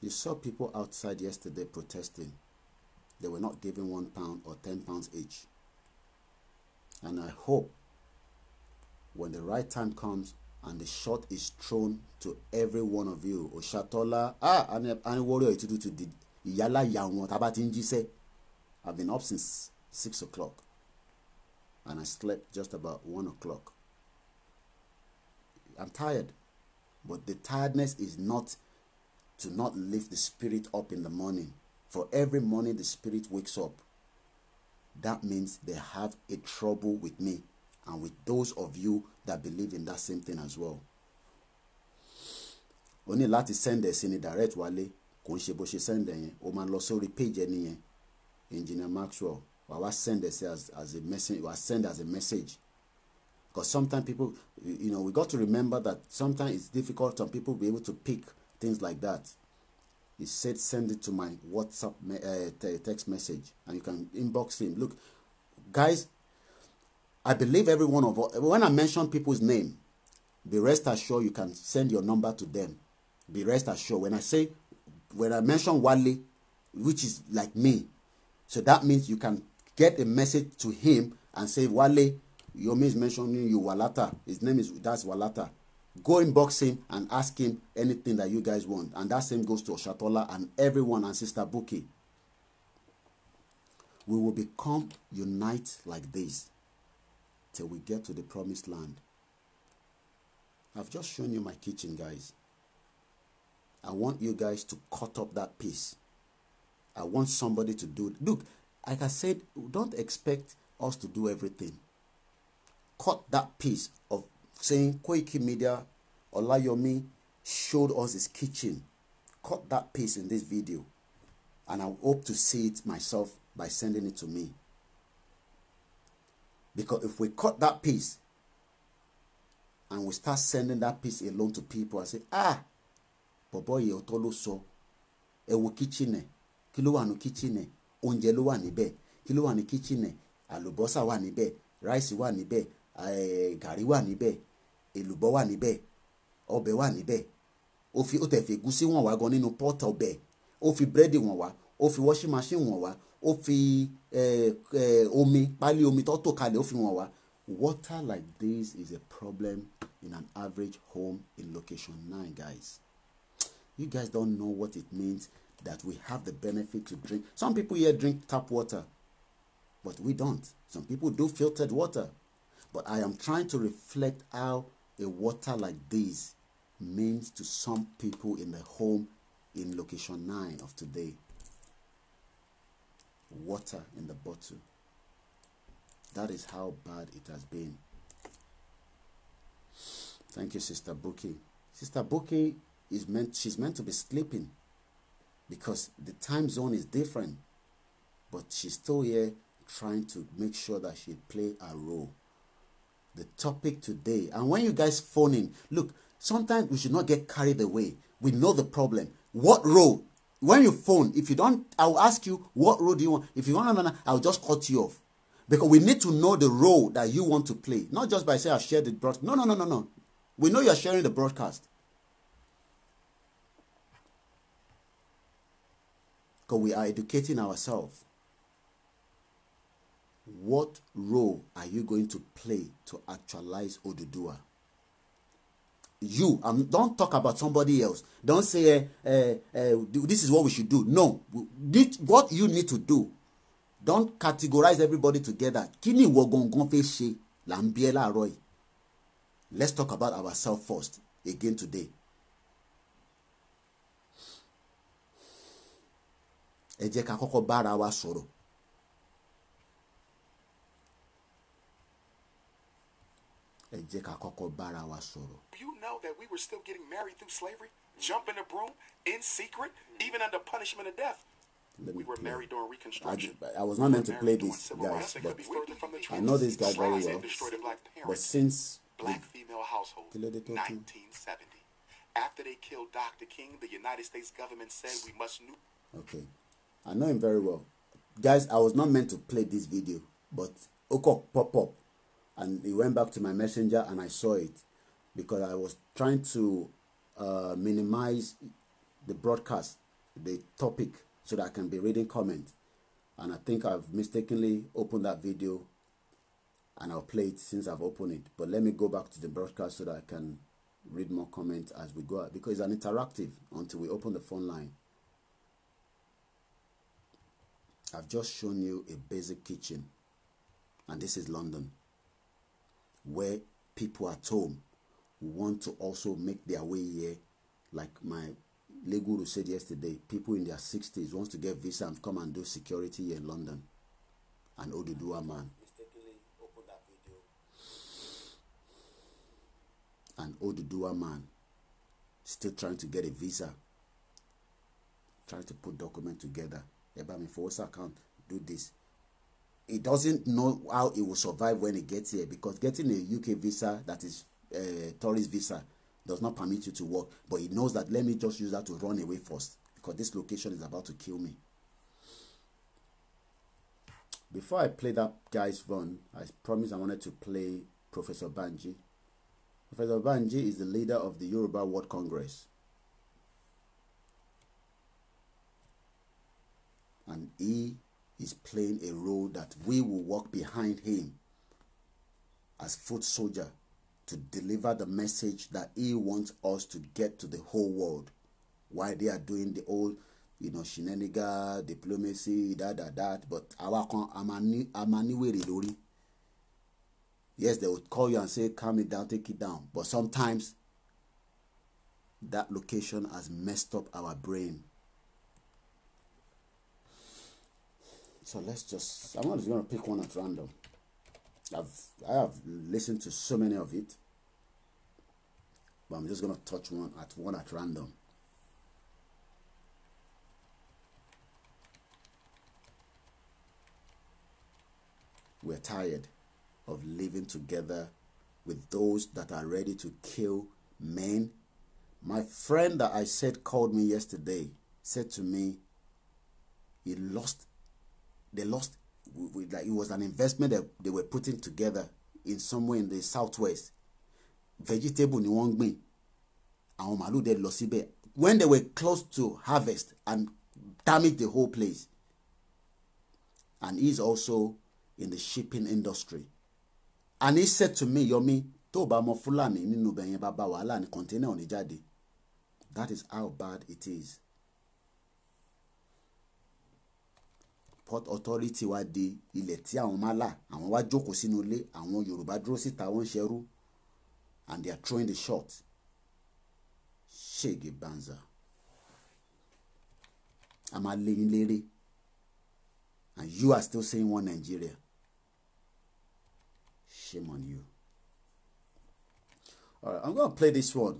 You saw people outside yesterday protesting. They were not given one pound or ten pounds each. And I hope when the right time comes and the shot is thrown to every one of you Oshatola ah any warrior yìí ti dùn to the ìyálà ìyá wọn tá a bá jíṣẹ́ I've been up since six o'clock and I slept just about one o'clock I'm tired but the tiredness is not to not lift the spirit up in the morning for every morning the spirit wakes up that means they have a trouble with me and with those of you that believe in that same thing as well. o ní láti send ẹ̀ sí ni direct wálé kò ń ṣe bó ṣe send ẹ̀ yẹn o máa lọ sórí page ẹni yẹn engineer Maxwell wàá wá send ẹ̀ sí as, as a message wàá send as a message because sometimes people you know we got to remember that sometimes it's difficult some people be able to pick things like that he said send it to my WhatsApp me uh, text message and you can inbox him look guys I believe every one of us, when I mention people's name, be rest assured you can send your number to them. Be rest assured. When I say, when I mention Wale, which is like me, so that means you can get a message to him and say, Wale, your is mentioning you, Walata. His name is, that's Walata. Go inbox him and ask him anything that you guys want. And that same goes to Oshatola and everyone and Sister Buki. We will become unite like this. till we get to the promised land. I've just shown you my kitchen, guys. I want you guys to cut up that piece. I want somebody to do it. Look, like I said, don't expect us to do everything. Cut that piece of saying Koiki Media Olayomi showed us his kitchen. Cut that piece in this video. And I hope to see it myself by sending it to me. Because if we cut that piece and we start sending that piece alone to people and say, ah, bọ̀bọ̀ yìí ọ̀tọ̀ ló sọ ẹ wo kíchìnẹ̀ kí ló wà ní kíchìnẹ̀ oúnjẹ ló wà níbẹ̀ kí ló wà ní kíchìnẹ̀ àlùbọ́sà wà níbẹ̀ ráìsì wà níbẹ̀ eh, gàrí wà níbẹ̀ èlùbọ́ wà níbẹ̀ ọbẹ̀ wà níbẹ̀ ó fi tẹ̀ fi ẹ̀gúsí wọn wá gan nínú pọ́ọ̀tà ọbẹ̀ ó fi búrẹ́dì wọn wá ó fi wọ́ṣí machine wọn wá ó fi omi pálí omi tó tò kalẹ̀ ó fi wọ̀n wá water like this is a problem in an average home in location nine guys you guys don't know what it means that we have the benefit to drink some people here drink tap water but we don't some people do filtered water but I am trying to reflect how a water like this means to some people in the home in location nine of today. water in the bottle. That is how bad it has been. Thank you, Sister Buki. Sister Buki is meant she's meant to be sleeping because the time zone is different. But she's still here trying to make sure that she play a role. The topic today, and when you guys phone in, look, sometimes we should not get carried away. We know the problem. What role when you phone, if you don't, I'll ask you what role do you want. If you want, I'll just cut you off. Because we need to know the role that you want to play. Not just by saying I've shared the broadcast. No, no, no, no, no. We know you're sharing the broadcast. Because we are educating ourselves. What role are you going to play to actualize Odudua? you and don't talk about somebody else don't say uh, uh, this is what we should do no what you need to do don't categorize everybody together Kini ni ìwọ gangan fẹ́ ṣe là ń bí ẹ láàárọ̀ yìí let's talk about ourselves first again today ẹ jẹ́ ká kọ́kọ́ bára wa sọ̀rọ̀ ẹ jẹ́ ká kọ́kọ́ bára wa sọ̀rọ̀. You know that we were still getting married through slavery, jumping the broom in secret, even under punishment of death. Let me we were play. married during Reconstruction. I, I was not we meant to play this, guys, but I know this guy very well. But since black female household, 1970, after they killed Dr. King, the United States government said we must. Okay, I know him very well, guys. I was not meant to play this video, but okay, pop up. and it went back to my messenger and I saw it because I was trying to uh, minimize the broadcast, the topic, so that I can be reading comment. And I think I've mistakenly opened that video and I'll play it since I've opened it. But let me go back to the broadcast so that I can read more comments as we go because it's an interactive until we open the phone line. I've just shown you a basic kitchen and this is London. where people at home want to also make their way here. Like my Leguru said yesterday, people in their sixties want to get visa and come and do security in London. and Odudua man. and Odudua man still trying to get a visa, trying to put document together. Ebami for account, do this he doesn't know how he will survive when he gets here because getting a UK visa that is a eh, tourist visa does not permit you to work but he knows that let me just use that to run away first because this location is about to kill me before I play that guy's run I promised I wanted to play Professor Banji Professor Banji is the leader of the Yoruba World Congress and he is playing a role that we will walk behind him as foot soldier to deliver the message that he wants us to get to the whole world while they are doing the old you know shenanigan diplomacy that that that but àwa kan a máa níwèrè yes they would call you and say calm it down take it down but sometimes that location has messed up our brain So let's just, I'm just going to pick one at random. I've, I have listened to so many of it, but I'm just going to touch one at one at random. We're tired of living together with those that are ready to kill men. My friend that I said called me yesterday said to me, he lost they lost with like it was an investment that they were putting together in somewhere in the southwest vegetable ni wọ́n gbìn àwọn màálù dẹ̀ lọ síbẹ̀ when they were close to harvest and damage the whole place and he is also in the shipping industry and he said to me Yomi tó o bá mọ Fúlàní nínú bẹ̀yẹn bá bá wàhálà ní kọ́ńténà ò ní jáde that is how bad it is. Port Authority wá di ilẹ̀ tí àwọn málà àwọn wá jókòó sínú ilé àwọn Yorùbá dúró síta wọ́n ń ṣerú and they are throwing the shot ṣègè banza a máa lé yín léré and you are still saying one Nigeria shame on you Alright, I'm gonna play this one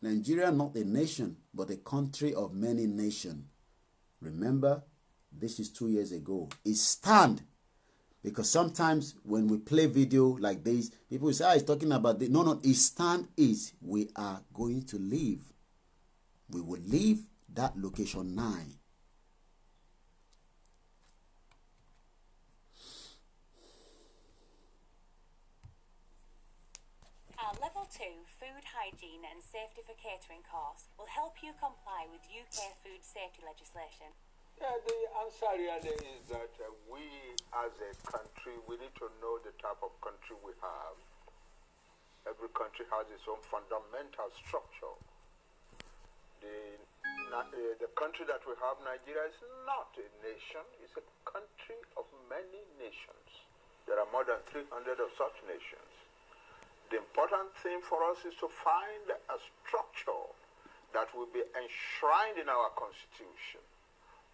Nigeria not a nation but a country of many nations remember. This is two years ago. Is stand. Because sometimes when we play video like this, people say, ah, he's talking about the No, no, Is stand is we are going to leave. We will leave that location 9. Our level 2 food hygiene and safety for catering course will help you comply with UK food safety legislation. Yeah, the answer really is that uh, we as a country, we need to know the type of country we have. Every country has its own fundamental structure. The, uh, the country that we have, Nigeria, is not a nation. It's a country of many nations. There are more than 300 of such nations. The important thing for us is to find a structure that will be enshrined in our constitution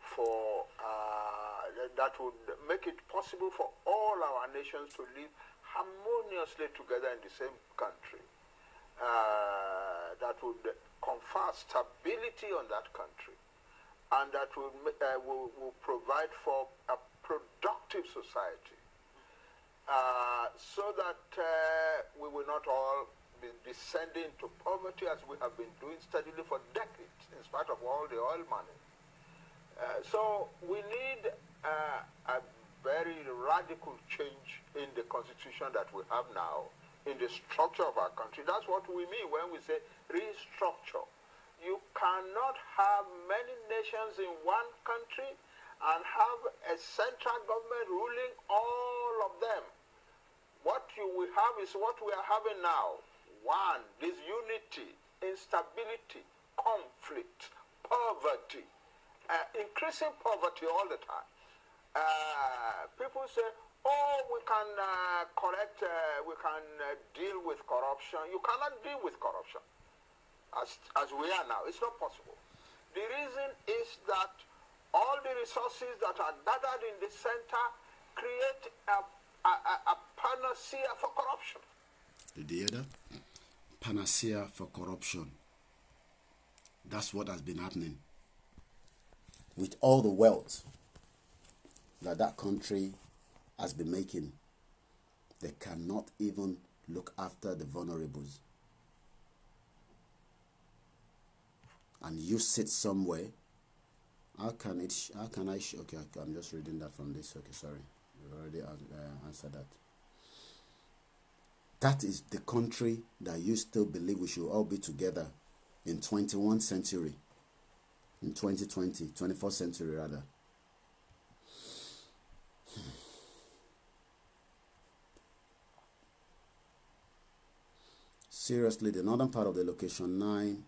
for uh, that would make it possible for all our nations to live harmoniously together in the same country. Uh, that would confer stability on that country and that will, uh, will, will provide for a productive society uh, so that uh, we will not all be descending to poverty as we have been doing steadily for decades in spite of all the oil money. Uh, so we need uh, a very radical change in the constitution that we have now, in the structure of our country. That's what we mean when we say restructure. You cannot have many nations in one country and have a central government ruling all of them. What you will have is what we are having now. One, disunity, instability, conflict, poverty. Uh, increasing poverty all the time. Uh, people say, oh, we can uh, correct, uh, we can uh, deal with corruption. You cannot deal with corruption as, as we are now. It's not possible. The reason is that all the resources that are gathered in the center create a, a, a, a panacea for corruption. Did you hear that? Panacea for corruption. That's what has been happening with all the wealth that that country has been making, they cannot even look after the vulnerables. And you sit somewhere. How can it? How can I? okay, I'm just reading that from this. Okay, sorry, you already uh, answered that. That is the country that you still believe we should all be together in 21st century in 2020, 21st century rather. Seriously, the northern part of the location nine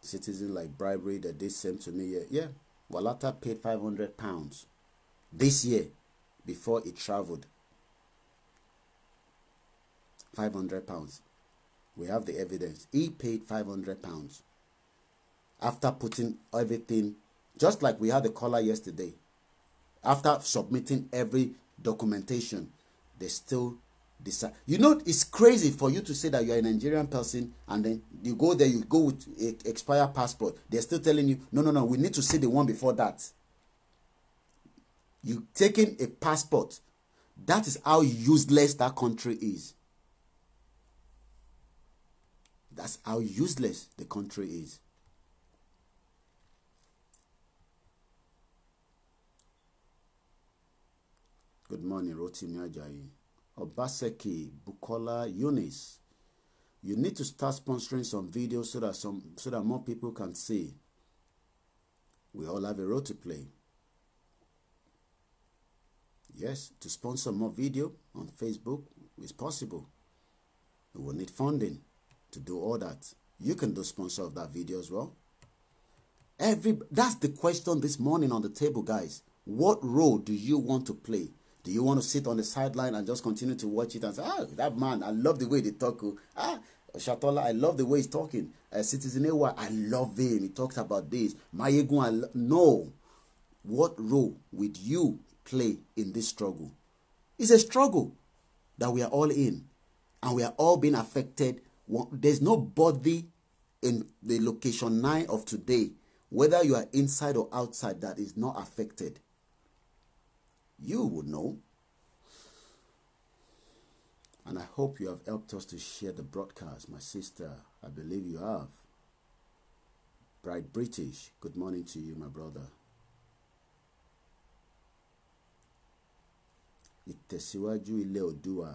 citizen like bribery that they sent to me. Yeah, yeah. Walata paid 500 pounds this year before he traveled. 500 pounds. We have the evidence. He paid 500 pounds after putting everything, just like we had the caller yesterday, after submitting every documentation, they still decide. You know, it's crazy for you to say that you're a Nigerian person and then you go there, you go with a expired passport. They're still telling you, no, no, no, we need to see the one before that. you taking a passport. That is how useless that country is. That's how useless the country is. Good morning, Rotimi Ajayi. Obaseki Bukola Yunis. You need to start sponsoring some videos so that some so that more people can see. We all have a role to play. Yes, to sponsor more video on Facebook is possible. We will need funding to do all that. You can do sponsor of that video as well. Every that's the question this morning on the table, guys. What role do you want to play? Do you want to sit on the sideline and just continue to watch it and say, ah, that man, I love the way they talk. Oh. Ah, Shatola, I love the way he's talking. Uh, Citizen Ewa, I love him. He talks about this. Mayegun, I lo- no. What role would you play in this struggle? It's a struggle that we are all in, and we are all being affected. There's nobody in the location nine of today, whether you are inside or outside, that is not affected you would know. And I hope you have helped us to share the broadcast. My sister, I believe you have. Bright British, good morning to you, my brother. ìtẹ̀síwájú ilẹ̀ Oòduà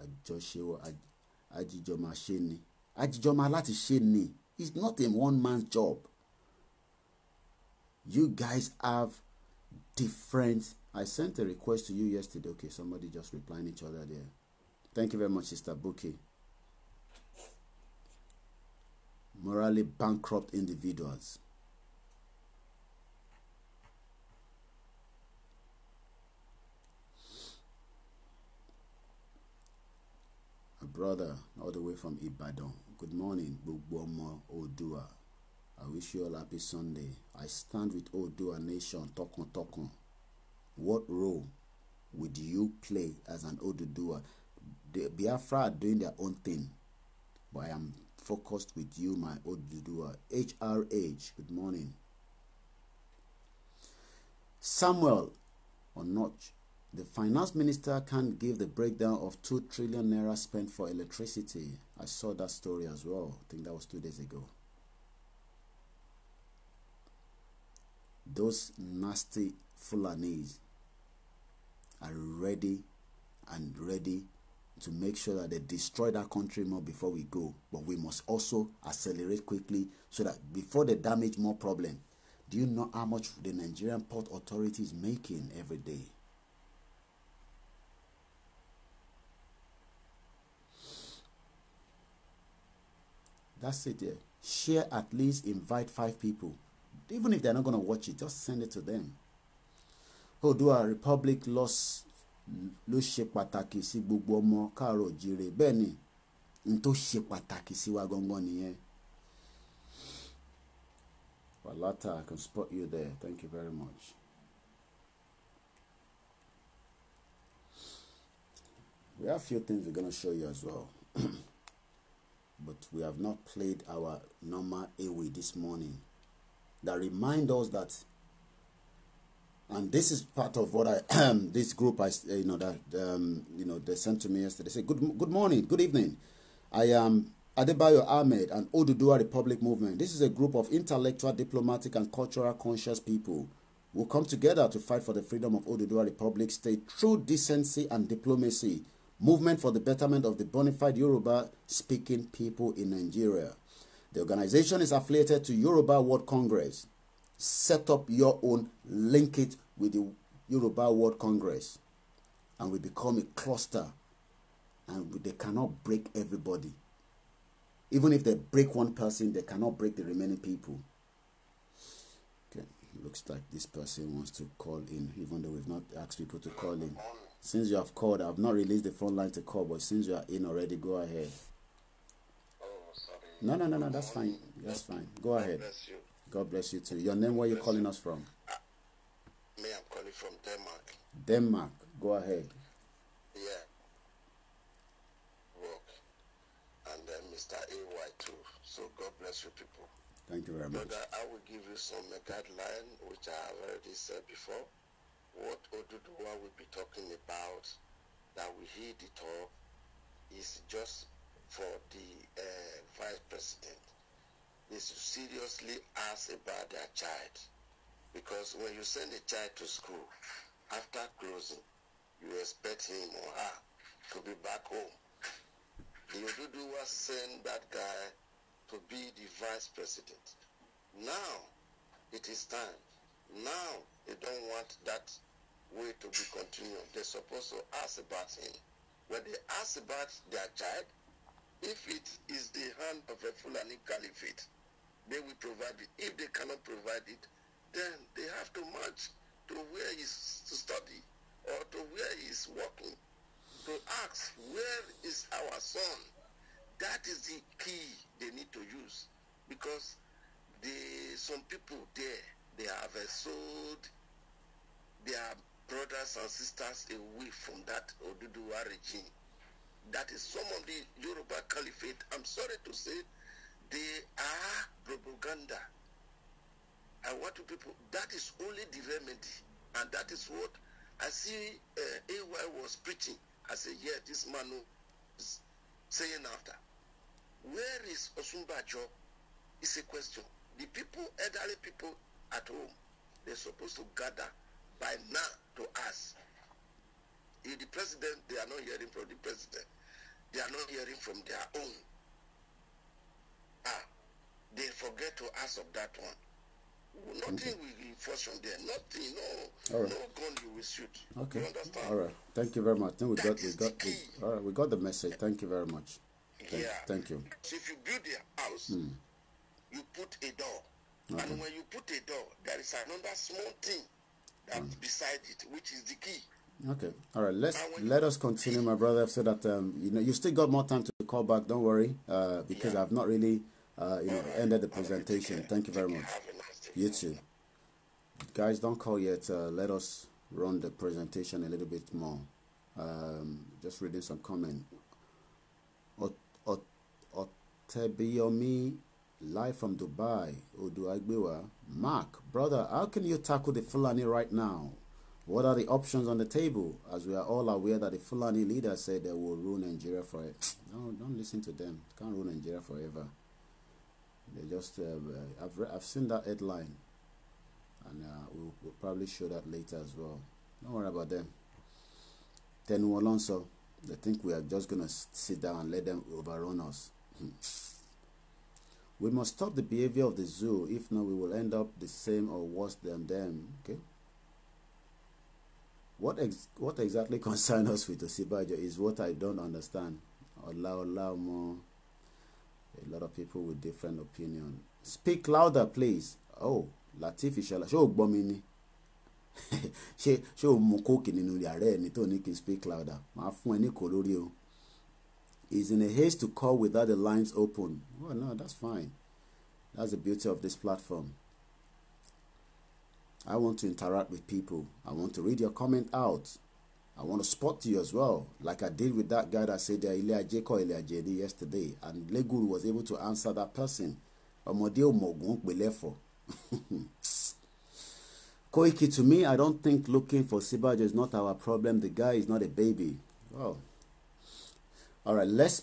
àjọṣe ajíjọba ṣe ni ajíjọba láti ṣe ni it's not a one man job you guys have different I sent a request to you yesterday. Okay, somebody just replying each other there. Thank you very much, Sister Buki. Morally bankrupt individuals. A brother all the way from Ibadan. Good morning, Bugbomo Odua. I wish you all happy Sunday. I stand with Odua Nation, Tokon Tokon what role would you play as an Odudua? The Biafra are doing their own thing, but I am focused with you, my Odudua. HRH, good morning. Samuel or not, the finance minister can't give the breakdown of 2 trillion naira spent for electricity. I saw that story as well. I think that was two days ago. Those nasty Fulanese are ready and ready to make sure that they destroy that country more before we go. But we must also accelerate quickly so that before they damage more problem. Do you know how much the Nigerian Port Authority is making every day? That's it there. Share at least invite five people. Even if they're not going to watch it, just send it to them. Oòduà Republic ló ṣe pàtàkì sí gbogbo ọmọ káàárọ̀ òjíire bẹ́ẹ̀ ni n tó ṣe pàtàkì sí wa gangan nìyẹn. Walata, I can spot you there. Thank you very much. We have few things we're gonna show you as well. [clears throat] but we have not played our normal AWE this morning. That remind us that and this is part of what I [clears throat] this group I you know that um, you know they sent to me yesterday. They say good good morning, good evening. I am Adebayo Ahmed and Oduduwa Republic Movement. This is a group of intellectual, diplomatic, and cultural conscious people who come together to fight for the freedom of Oduduwa Republic State through decency and diplomacy. Movement for the betterment of the bona fide Yoruba-speaking people in Nigeria. The organization is affiliated to Yoruba World Congress set up your own, link it with the Yoruba World Congress, and we become a cluster, and they cannot break everybody. Even if they break one person, they cannot break the remaining people. Okay, looks like this person wants to call in, even though we've not asked people to call in. Since you have called, I've not released the front line to call, but since you are in already, go ahead. Oh, no, no, no, no, that's fine. That's fine. Go ahead. God bless you too. Your name, where you calling us from? Me, I'm calling from Denmark. Denmark. Go ahead. Yeah. Work. And then Mr. AY too. So God bless you people. Thank you very much. Brother, I will give you some guideline which I have already said before. What Oduduwa will be talking about that we hear the talk is just for the uh, vice president they should seriously ask about their child. Because when you send a child to school, after closing, you expect him or her to be back home. The Oduduwa sent that guy to be the vice president. Now it is time. Now they don't want that way to be continued. They're supposed to ask about him. When they ask about their child, if it is the hand of a Fulani caliphate, May we provide it. If they cannot provide it, then they have to march to where he's to study or to where he's working to ask where is our son. That is the key they need to use because the some people there they have sold their brothers and sisters away from that Oduduwa regime. That is some of the Yoruba Caliphate. I'm sorry to say They are propaganda. I want do people, that is only the remedy. And that is what I see uh, AY was preaching. I said, yeah, this man is saying after. Where is Osunbajo? Is a question. The people, elderly people at home, they supposed to gather by now to ask. If the president, they are not hearing from the president. They are not hearing from their own. are, they forget to ask of that one. Nothing will be forced from there. Nothing, no, right. no gun you will shoot. Okay. All right. Thank you very much. Then we that got, we got, we, all right. We got the message. Thank you very much. Thank, yeah. Thank you. So if you build a house, mm. you put a door, okay. and when you put a door, there is another small thing that mm. beside it, which is the key. Okay. All right. Let's let us continue, my brother, so that um, you know you still got more time to call back. Don't worry, uh, because yeah. I've not really uh, you know, ended the presentation. Thank you very much. You too. Guys, don't call yet. Uh, let us run the presentation a little bit more. Um, just reading some comment. Otebiomi, live from Dubai. Oduagbewa. Mark, brother, how can you tackle the Fulani right now? What are the options on the table? As we are all aware that the Fulani leader said they will rule Nigeria forever. No, don't listen to them. Can't rule Nigeria forever. They just um, uh, I've I've seen that headline, and uh, we'll, we'll, probably show that later as well. Don't worry about them. Then Alonso, they think we are just gonna sit down and let them overrun us. Hmm. we must stop the behavior of the zoo. If not, we will end up the same or worse than them. Okay. What ex what exactly [laughs] concerns us with Osibajo is what I don't understand. Allah Allah more. a lot of people with different opinion speak louder please oh Latif Ishola ṣé o gbọ́ mi ni [laughs] ṣé ṣé o mu kóòkì nínú yàrá ẹni tó ní kí n speak louder màá fún ẹ ní kò lórí o is in a haste to call without the lines open oh no that's fine that's the beauty of this platform I want to interact with people I want to read your comment out I want to spot you as well, like I did with that guy that said that Ileaje called Ileaje yesterday, and Leguru was able to answer that person. Ọmọdé òmògùn pèlẹ́fọ̀. [laughs] Koiki, to me, I don't think looking for Sibajo is not our problem. The guy is not a baby. Wow. All right, let's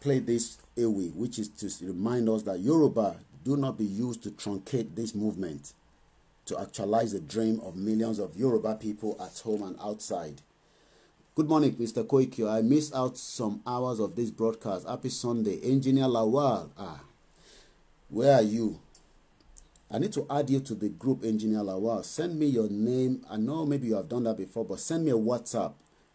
play this away, which is to remind us that Yoruba do not be used to truncate this movement to actualize the dream of millions of Yoruba people at home and outside. Good morning, Mr. Koikyo. I missed out some hours of this broadcast. Happy Sunday. Engineer Lawal, ah, where are you? I need to add you to the group, Engineer Lawal. Send me your name. I know maybe you have done that before, but send me a WhatsApp.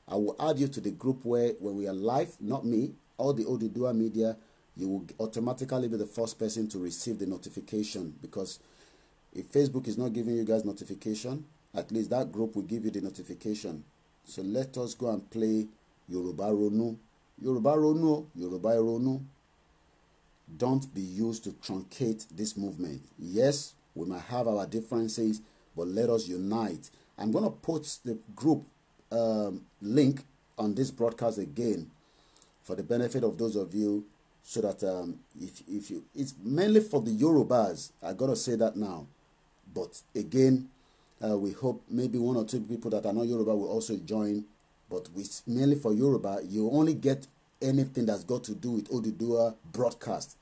I will add you to the group where where we are live, not me, all the Odudua media, you will automatically be the first person to receive the notification because if Facebook is not giving you guys notification, at least that group will give you the notification. so let us go and play Yoruba Ronu Yoruba Ronu Yoruba Ronu don't be used to truncate this movement yes we might have our differences but let us unite I'm gonna put the group um, link on this broadcast again for the benefit of those of you so that um, if, if you it's mainly for the Yorubas I gotta say that now but again Uh, we hope maybe one or two people that are not Yoruba will also join. But with, mainly for Yoruba, you only get anything that's got to do with Odudua broadcast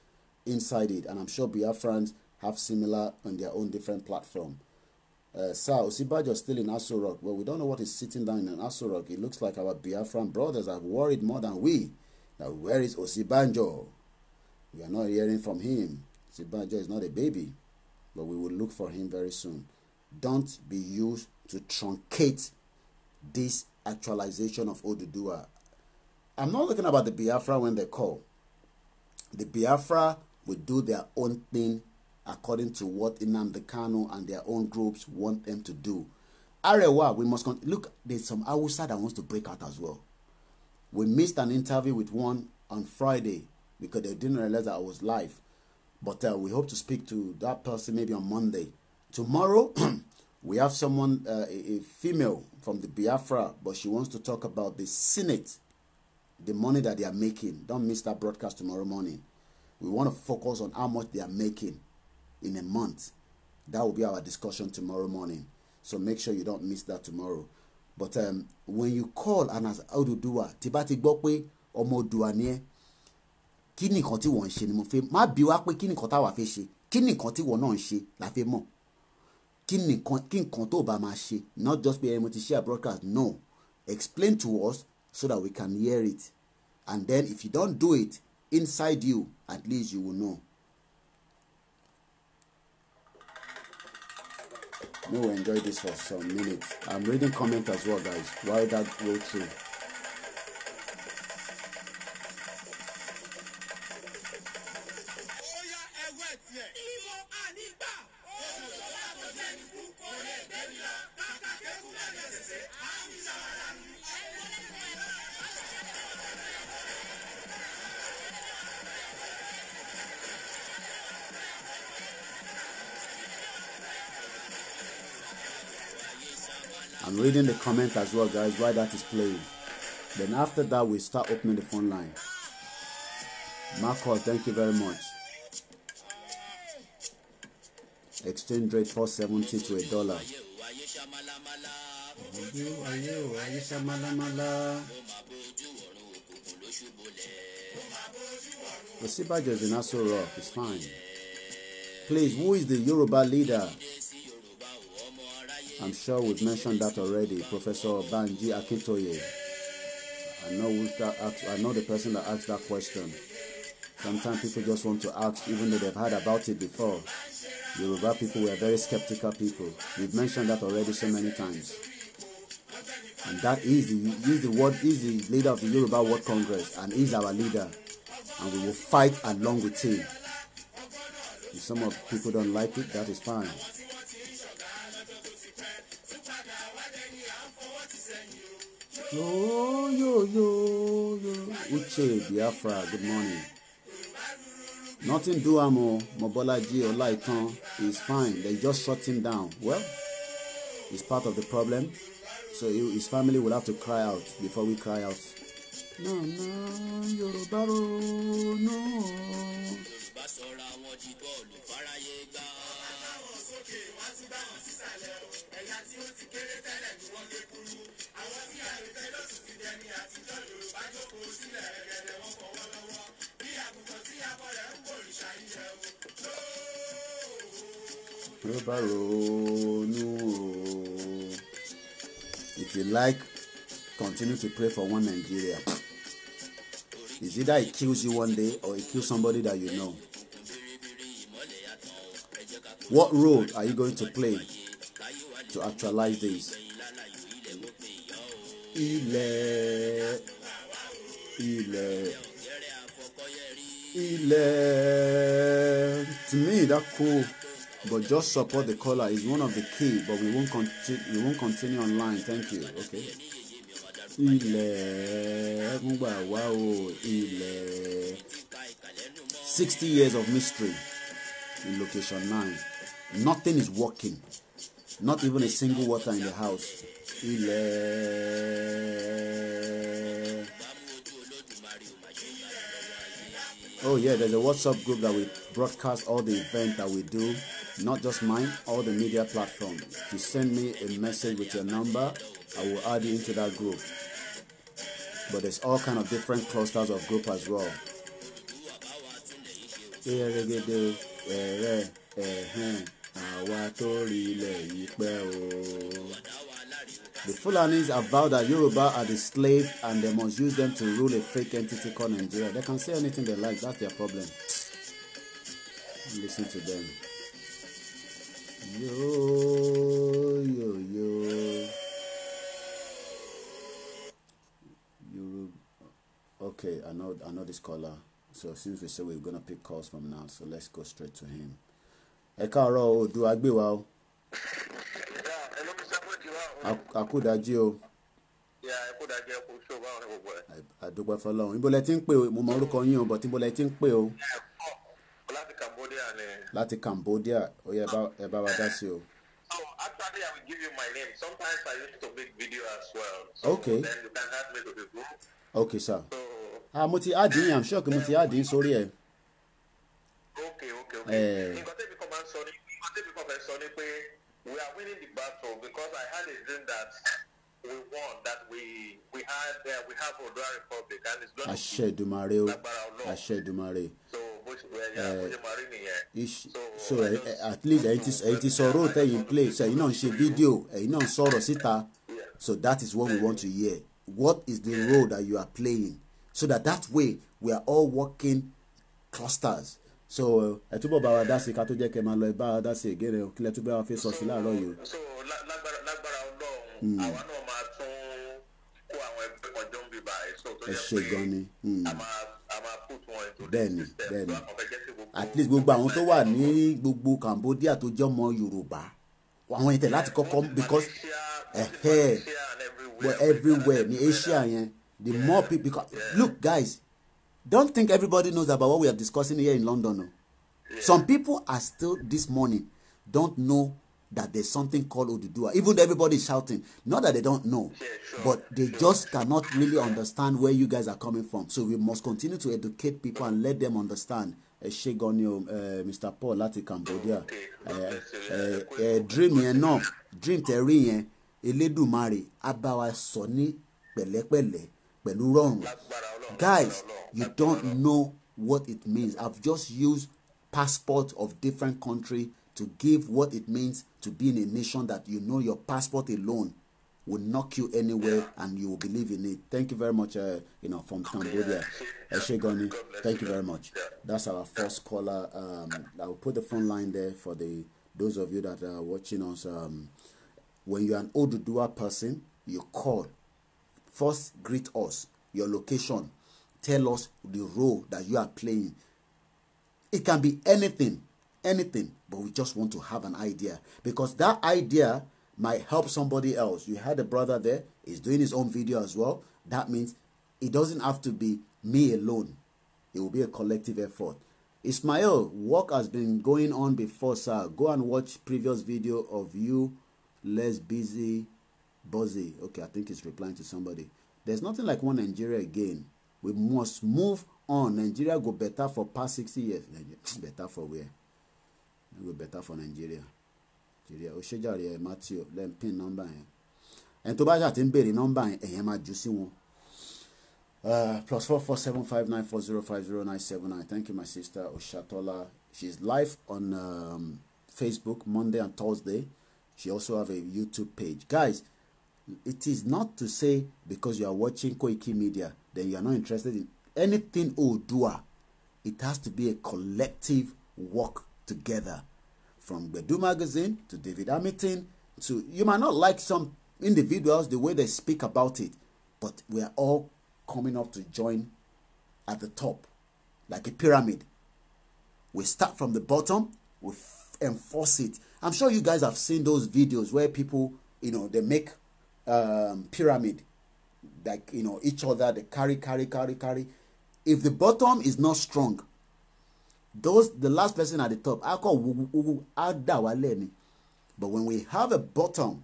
inside it. And I'm sure Biafrans have similar on their own different platform. Uh, Sir Osibajo still in Aso Rock. Well, we don't know what is sitting down in Aso Rock. It looks like our Biafran brothers are worried more than we. Now, where is Osibajo? We are not hearing from him. Osibajo is not a baby, but we will look for him very soon don't be used to truncate this actualization of Odudua. I'm not talking about the Biafra when they call. The Biafra will do their own thing according to what Inamdi Kano and their own groups want them to do. Arewa, we must look. There's some Hausa that wants to break out as well. We missed an interview with one on Friday because they didn't realize I was live. But uh, we hope to speak to that person maybe on Monday Tomorrow, [clears throat] we have someone, uh, a, a female from the Biafra, but she wants to talk about the Senate, the money that they are making. Don't miss that broadcast tomorrow morning. We want to focus on how much they are making in a month. That will be our discussion tomorrow morning. So make sure you don't miss that tomorrow. But um, when you call and as Odùduwà, tí bá ti gbọ́ pé ọmọ Odùduwà ni ẹ́, kí nìkan tí wọ́n ń ṣe ni mo fẹ́, má bi wá pé kí nìkan táwa fẹ́ ṣe, kí nìkan tí wọ́n náà ń ṣe la fẹ́ mọ̀ kí nìkan kí nǹkan tó bá máa ṣe not just pé eh, mo ti share broadcast no explain to us so that we can hear it and then if you don't do it inside you at least you will know. We enjoy this for some minutes. I'm reading comment as well, guys. While that go through. comment as well guys why that is playing then after that we start opening the phone line Marcos thank you very much exchange rate 470 to a dollar The Osibajo is not so rough. it's fine. Please, who is the Yoruba leader I'm sure we've mentioned that already, Professor Banji Akintoye. I know, asked, I know the person that asked that question. Sometimes people just want to ask, even though they've heard about it before. Yoruba people were very skeptical people. We've mentioned that already so many times. And that is the, is the, word, is the leader of the Yoruba World Congress and is our leader. And we will fight along with him. If some of people don't like it, that is fine. Yo, yo, yo, yo. Uche Biafra, good morning. Nothing do amo. Mobolaji Olaitan is fine. They just shut him down. Well, it's part of the problem. So his family will have to cry out before we cry out. No, no, Yorubaro, no lókè wọ́n tún bá wọn sísàlẹ̀ o ẹ̀yà tí ó ti kéré tẹ́lẹ̀ ni wọ́n lé kúrú àwọn tí àrùfẹ́ lọ́sùn fi dẹni àtijọ́ Yorùbá jókòó sílẹ̀ rẹ̀gẹ̀dẹ̀ wọn fọwọ́ lọ́wọ́ bí àgùntàn tí abọ́ rẹ̀ ń bòrìṣà ilẹ̀ o ló bá ronú if you like continue to pray for one Nigeria. It's either it kills you one day or it kills somebody that you know. What role are you going to play to actualize this? Ile ile ile to me that cool but just support the caller is one of the key but we won't continue we won't continue online thank you okay. Ile ń gbà sixty years of mystery in location nine. Nothing is working. Not even a single water in the house. Ile. Oh yeah, there's a WhatsApp group that we broadcast all the event that we do, not just mine, all the media platforms. If you send me a message with your number, I will add you into that group. But there's all kind of different clusters of group as well. yeah, àwa o. The Fulanis have vowed that Yoruba are the slaves and they must use them to rule a fake entity called Nigeria. They can say anything they like, that's their problem. Listen to them. Yo, yo, yo. Yoruba. Okay, I know, I know this caller. So since we say we're gonna pick calls from now, so let's go straight to him. ẹ káàárọ̀ oòdùà gbè wá o àkúdájí o. àdúgbò fọlọ́run ibo lẹ ti ń pè o mo mọ orúkọ yín o but ibo lẹ ti ń pè o. láti Cambodia ni. láti Cambodia ó yẹ ẹ bá wa dá sí o. So actually, I will give you my name. Sometimes I used to make video as well. So okay. Then you can add me to the group. Okay, sir. So, ah, mo ti add yín, I'm sure pé mo ti add yín sórí ẹ̀ ok ok ok eh. nǹkan tẹ́bi kan máa ń sọ ni nǹkan tẹ́bi kan fẹ́ sọ ni pé we are winning the battle because I had a dream that we won that we we had uh, we have Odua Republic and it's going to be Dumare, agbára Ọlọ́run Ashe Dumare. so bó ṣe eh, bó ṣe máa rí nìyẹn. so eh, at least ẹ̀yin ti role òtẹ́ yìí play so ẹ̀yin náà ń ṣe fídíò ẹ̀yin náà ń sọ̀rọ̀ síta so that is what we want to hear what is the role that you are playing so that that way we are all working clusters so ẹ túbọ̀ bá wa dá sí ká tó jẹ́ kẹ́ máa lọ bá wa dá sí ègé o kí lẹ túbọ̀ bá wa fi sọ sí láàárọ̀ yìí o. so lágbára lágbára ọlọ́run hmm. àwa náà máa tún kó àwọn ẹgbẹ́ kan jọ ń bíbá ẹ̀ sọ tó yẹ pé hmm. a máa bẹ́ẹ̀ni bẹ́ẹ̀ni at least gbogbo àwọn tó wà ní gbogbo Cambodia tó jẹ́ ọmọ Yorùbá àwọn yẹn tẹ láti kọ́kọ́ because ẹhẹ well everywhere ní Asia yẹn the more people because look guys don't think everybody knows about what we are discussing here in London. No? Yeah. Some people are still this morning don't know that there's something called Odudua. Even everybody is shouting. Not that they don't know, yeah, sure, but they sure. just cannot really understand where you guys are coming from. So we must continue to educate people and let them understand. ẹ ṣe gan ni eh, Mr. Paul láti Cambodia eh, eh, dream yẹn náà dream tẹ rí yẹn Elédùmarè á bá wa sọ ní pẹ̀lẹ́pẹ̀lẹ́ pẹ̀lú wrong guys you don't know what it means I've just used passport of different country to give what it means to be in a nation that you know your passport alone will knock you anywhere yeah. and you will believe in it. Thank you very much, uh, you know, from Cambodia. Yeah. thank you very much. Yeah. That's our first caller. Um, I will put the phone line there for the those of you that are watching us. Um, when you're an Odudua person, you call First, greet us, your location. Tell us the role that you are playing. It can be anything, anything, but we just want to have an idea because that idea might help somebody else. You had a brother there, he's doing his own video as well. That means it doesn't have to be me alone, it will be a collective effort. Ismail, work has been going on before, sir. Go and watch previous video of you, less busy Buzzy, okay, I think he's replying to somebody. There's nothing like one Nigeria again. We must move on. Nigeria go better for past 60 years. [sniffs] better for where? Go better for Nigeria. Nigeria, ó ṣe jàre Matthew, lẹ́yìn pin number yẹn. Ẹni tó bá ṣà ti ń béèrè nọ́mbà yẹn, ẹ̀yẹn máa uh, Plus four four seven five nine four zero five zero nine seven nine. Thank you, my sister Oshatola. She's live on um, Facebook Monday and Thursday. She also have a YouTube page. Guys, It is not to say because you are watching Koiki Media then you are not interested in anything Odua. It has to be a collective work together. From Bedu Magazine to David Amitin. to you might not like some individuals the way they speak about it, but we are all coming up to join at the top like a pyramid. We start from the bottom, we enforce it. I'm sure you guys have seen those videos where people, you know, they make um, pyramid like you know each other they carry carry carry carry if the bottom is not strong those the last person at the top I call akọ wugu adawale ni but when we have a bottom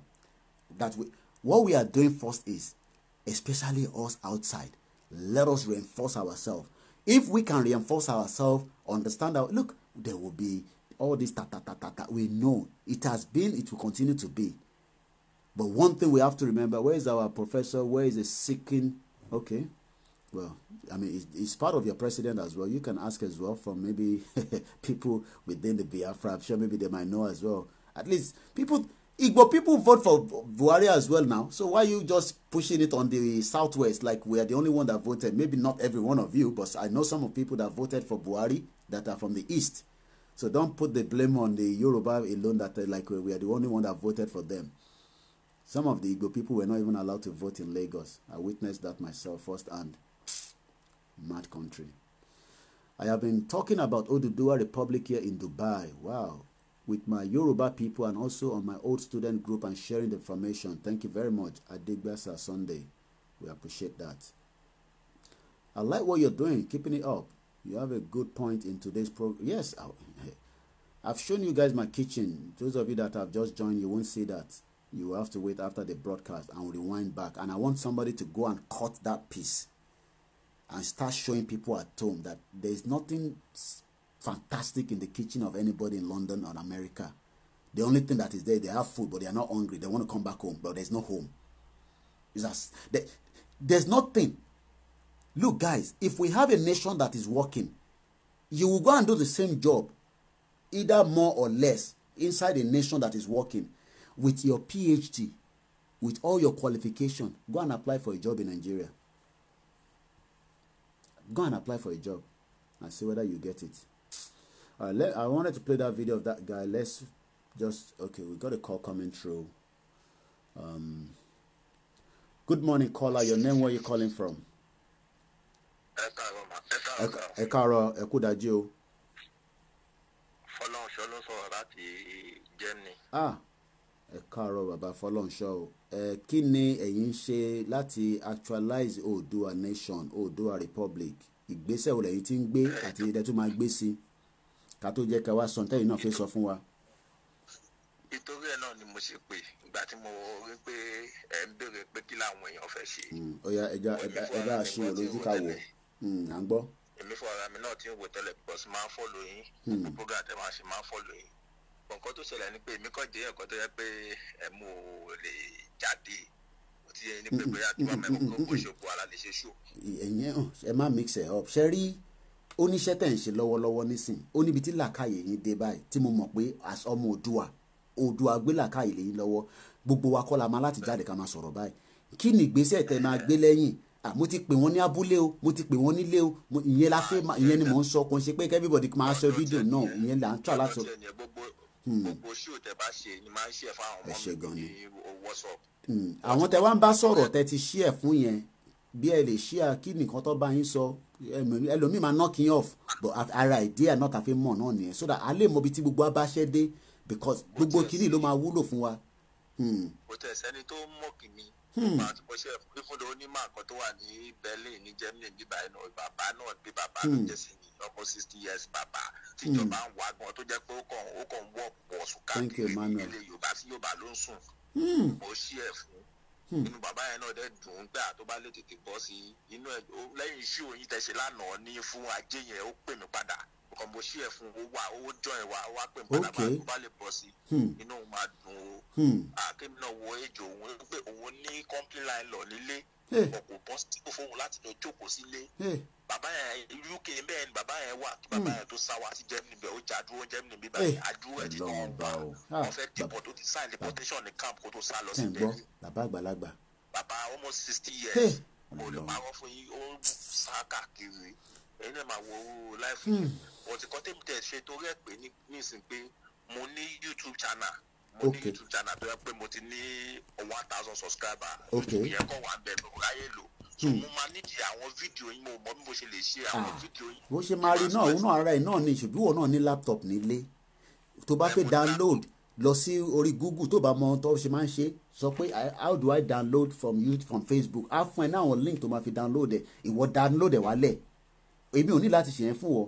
that we what we are doing first is especially us outside let us reinforce ourselves if we can reinforce ourselves understand that look there will be all this ta ta ta ta ta we know it has been it will continue to be But one thing we have to remember, where is our professor? Where is the seeking? Okay. Well, I mean, it's, part of your president as well. You can ask as well from maybe [laughs] people within the Biafra. I'm sure maybe they might know as well. At least people, Igbo people vote for Buhari as well now. So why you just pushing it on the Southwest like we are the only one that voted? Maybe not every one of you, but I know some of people that voted for Buhari that are from the East. So don't put the blame on the Yoruba alone that like we are the only one that voted for them. Some of the Igbo people were not even allowed to vote in Lagos. I witnessed that myself firsthand. [sniffs] Mad country. I have been talking about Oduduwa Republic here in Dubai. Wow. With my Yoruba people and also on my old student group and sharing the information. Thank you very much. Adigbasa Sunday. We appreciate that. I like what you're doing, keeping it up. You have a good point in today's program. Yes, [laughs] I've shown you guys my kitchen. Those of you that have just joined, you won't see that. you have to wait after the broadcast and rewind back. And I want somebody to go and cut that piece and start showing people at home that there is nothing fantastic in the kitchen of anybody in London or America. The only thing that is there, they have food, but they are not hungry. They want to come back home, but there's no home. It's as, there, there's nothing. Look, guys, if we have a nation that is working, you will go and do the same job, either more or less, inside a nation that is working with your PhD, with all your qualification, go and apply for a job in Nigeria. Go and apply for a job and see whether you get it. Uh, let, I wanted to play that video of that guy. Let's just, okay, we got a call coming through. Um, good morning, caller. Your name, where you calling from? ẹ káàárọ̀ ẹ kú dájú o. fọlọ́run ṣọlọ́sọ̀rọ̀ láti Germany. ah ẹ káàárọ̀ bàbá fọlọ́nṣọ́ o ẹ kí ni ẹ̀yin ń ṣe láti actualize Oòduà nation Oòduà republic ìgbésẹ̀ wo lẹ́yìn tí ń gbé àti ìdẹ́ tó máa gbé sí ká tó jẹ́ ká wá sọ tẹ́yìn náà fẹ́ sọ fún wa. ìtorí ẹ̀ náà ni mo ṣe pé ìgbà tí mo rí pé ẹ ń béèrè pé kí làwọn èèyàn fẹ́ ṣe. Hmm, ó yá ẹja ẹ bá a ṣe ká wò hmm, à ń gbọ́. èmi fún ara mi náà ti ń wò tẹ́lẹ̀ because máa ń fọ́ lóyún gbogbo àtẹ máa ṣe máa ń fọ́ lóyún bọ̀ nǹkan tó ṣẹlẹ̀ ni pé èmi kàn jẹ́ nǹkan tó yẹ pé ẹ̀mú ò lè jáde ó ti yẹ ni pé mm-hmm. bóyá tó bá mẹ́rin kan kó mm-hmm. ṣòkò ara lè ṣe ṣó. ẹ̀yẹ́ hàn ẹ má mix ẹ̀ up ṣe rí oníṣẹ́ tẹ̀ ń ṣe lọ́wọ́lọ́wọ́ nísìn ó níbi tí làákàyè yín dé báyìí tí mo mọ̀ pé ọmọ Oòduà Oòduà gbé làákàyè lè yín lọ́wọ́ gbogbo wa kọ́ la máa láti jáde ká máa sọ̀rọ̀ báyìí kí ni ìgbésẹ̀ tẹ máa gbé lẹ́yìn ah mo ti pè wọ́n ní abúlé o mo ti pè wọ́n nílé o ìyẹn la fẹ́ ìyẹn ni mò ń sọ kò ń ṣe pé everybody máa sọ fídíò náà ìyẹn là ń tọ́ láti sọ. Hmm. gbogbo ṣé o tẹ bá ṣe ni máa ń ṣe ẹ fáwọn ọmọ mi ní WhatsApp. Hmm. àwọn tẹ wá ń bá sọ̀rọ̀ tẹ ti ṣí ẹ̀ fún yẹn bí ẹ lè ṣí kí nìkan tó bá yín sọ ẹlòmíì máa knocking off but ara ìdí ẹ̀ náà tàfi mọ̀ náà nìyẹn so that a lè mọ ibi tí gbogbo abáṣẹ́ dé because gbogbo kìíní ló máa wúlò fún wa. kò hmm. tẹ̀ sẹ́ni tó mọ̀kì mi bàbá tó kọ́ ṣẹ́ẹ̀fù ìfúnlẹ̀ onímọ̀ tó wà ní Berlin ní Germany bíbá inú bàbá náà bí bàbá ló hmm. jẹ́ sí ní ọmọ sixty years bàbá tíjọba hmm. ń wá gan tó jẹ́ pé ó kàn ó kàn wọ́ pọ̀sù káàkiri ilé Yorùbá sí Yorùbá ló ń sùn hmm. mo ṣẹ́ẹ̀fù inú bàbá yẹn náà dẹ̀ dùn ún gbà tó bá lè tètè bọ́ sí inú ẹ̀ lẹ́yìn iṣẹ́ òyìn tẹ̀sí lánàá ní fún ajé yẹn ó pè mí padà kàn mo ṣí ẹ̀ fún owó wà owó jọ ẹ̀ wá wá pé nípa dàgbà tó bá lè bọ̀ sí hmm. inú òun máa dùn o hmm. akémi ah, náà wo èjò òun pé òun ní kọ́ńpì láì lọ nílé ọkọ̀ bọ́ sí kó fóun láti lọ jókòó sílé eh. bàbá yẹn UK bẹ́ẹ̀ ni bàbá yẹn wà kí bàbá hmm. yẹn tó sá wa sí Germany bẹ́ẹ̀ ó jà dúró Germany bíbá yẹn àdúró eh. ẹ̀ ti tọ́ wọn bá ah, wọn fẹ́ deport ó ti sign deportation ní camp kó tó sá lọ sí bẹ́ẹ̀ ni bàbá àgbàlagbà bàbá almost sixty years eh. olùpàrọ̀ fún yín ó sá káàkiri ẹ̀yin náà máa wo owó láìfù wọ́n hmm. ti kọ́ tèmi ṣe torí ẹ̀ pé nísìn pé mo ní YouTube channel mo ní YouTube channel tó yẹ pé mo ti ní one thousand subscriber ìyẹn kọ́ wà bẹ́ẹ̀ mi ráyè lò hmm. mo máa nídìí àwọn fídíò yín mo mọ bí mo ṣe lè ṣe àwọn ah. fídíò yín. bó ṣe máa rí náà òun náà ara ẹ̀ náà ni ìṣòdúwọ̀ náà ní laptop nílé tó bá fẹ́ download lọ sí orí google tó bá mọ ohun tó ṣe máa ń ṣe sọ pé how do i download from you from facebook á fún ẹ náà àwọn link tó máa fi download ẹ ìwọ download ẹ wálẹ̀ èmi ò ní láti ṣe yẹn fún ọ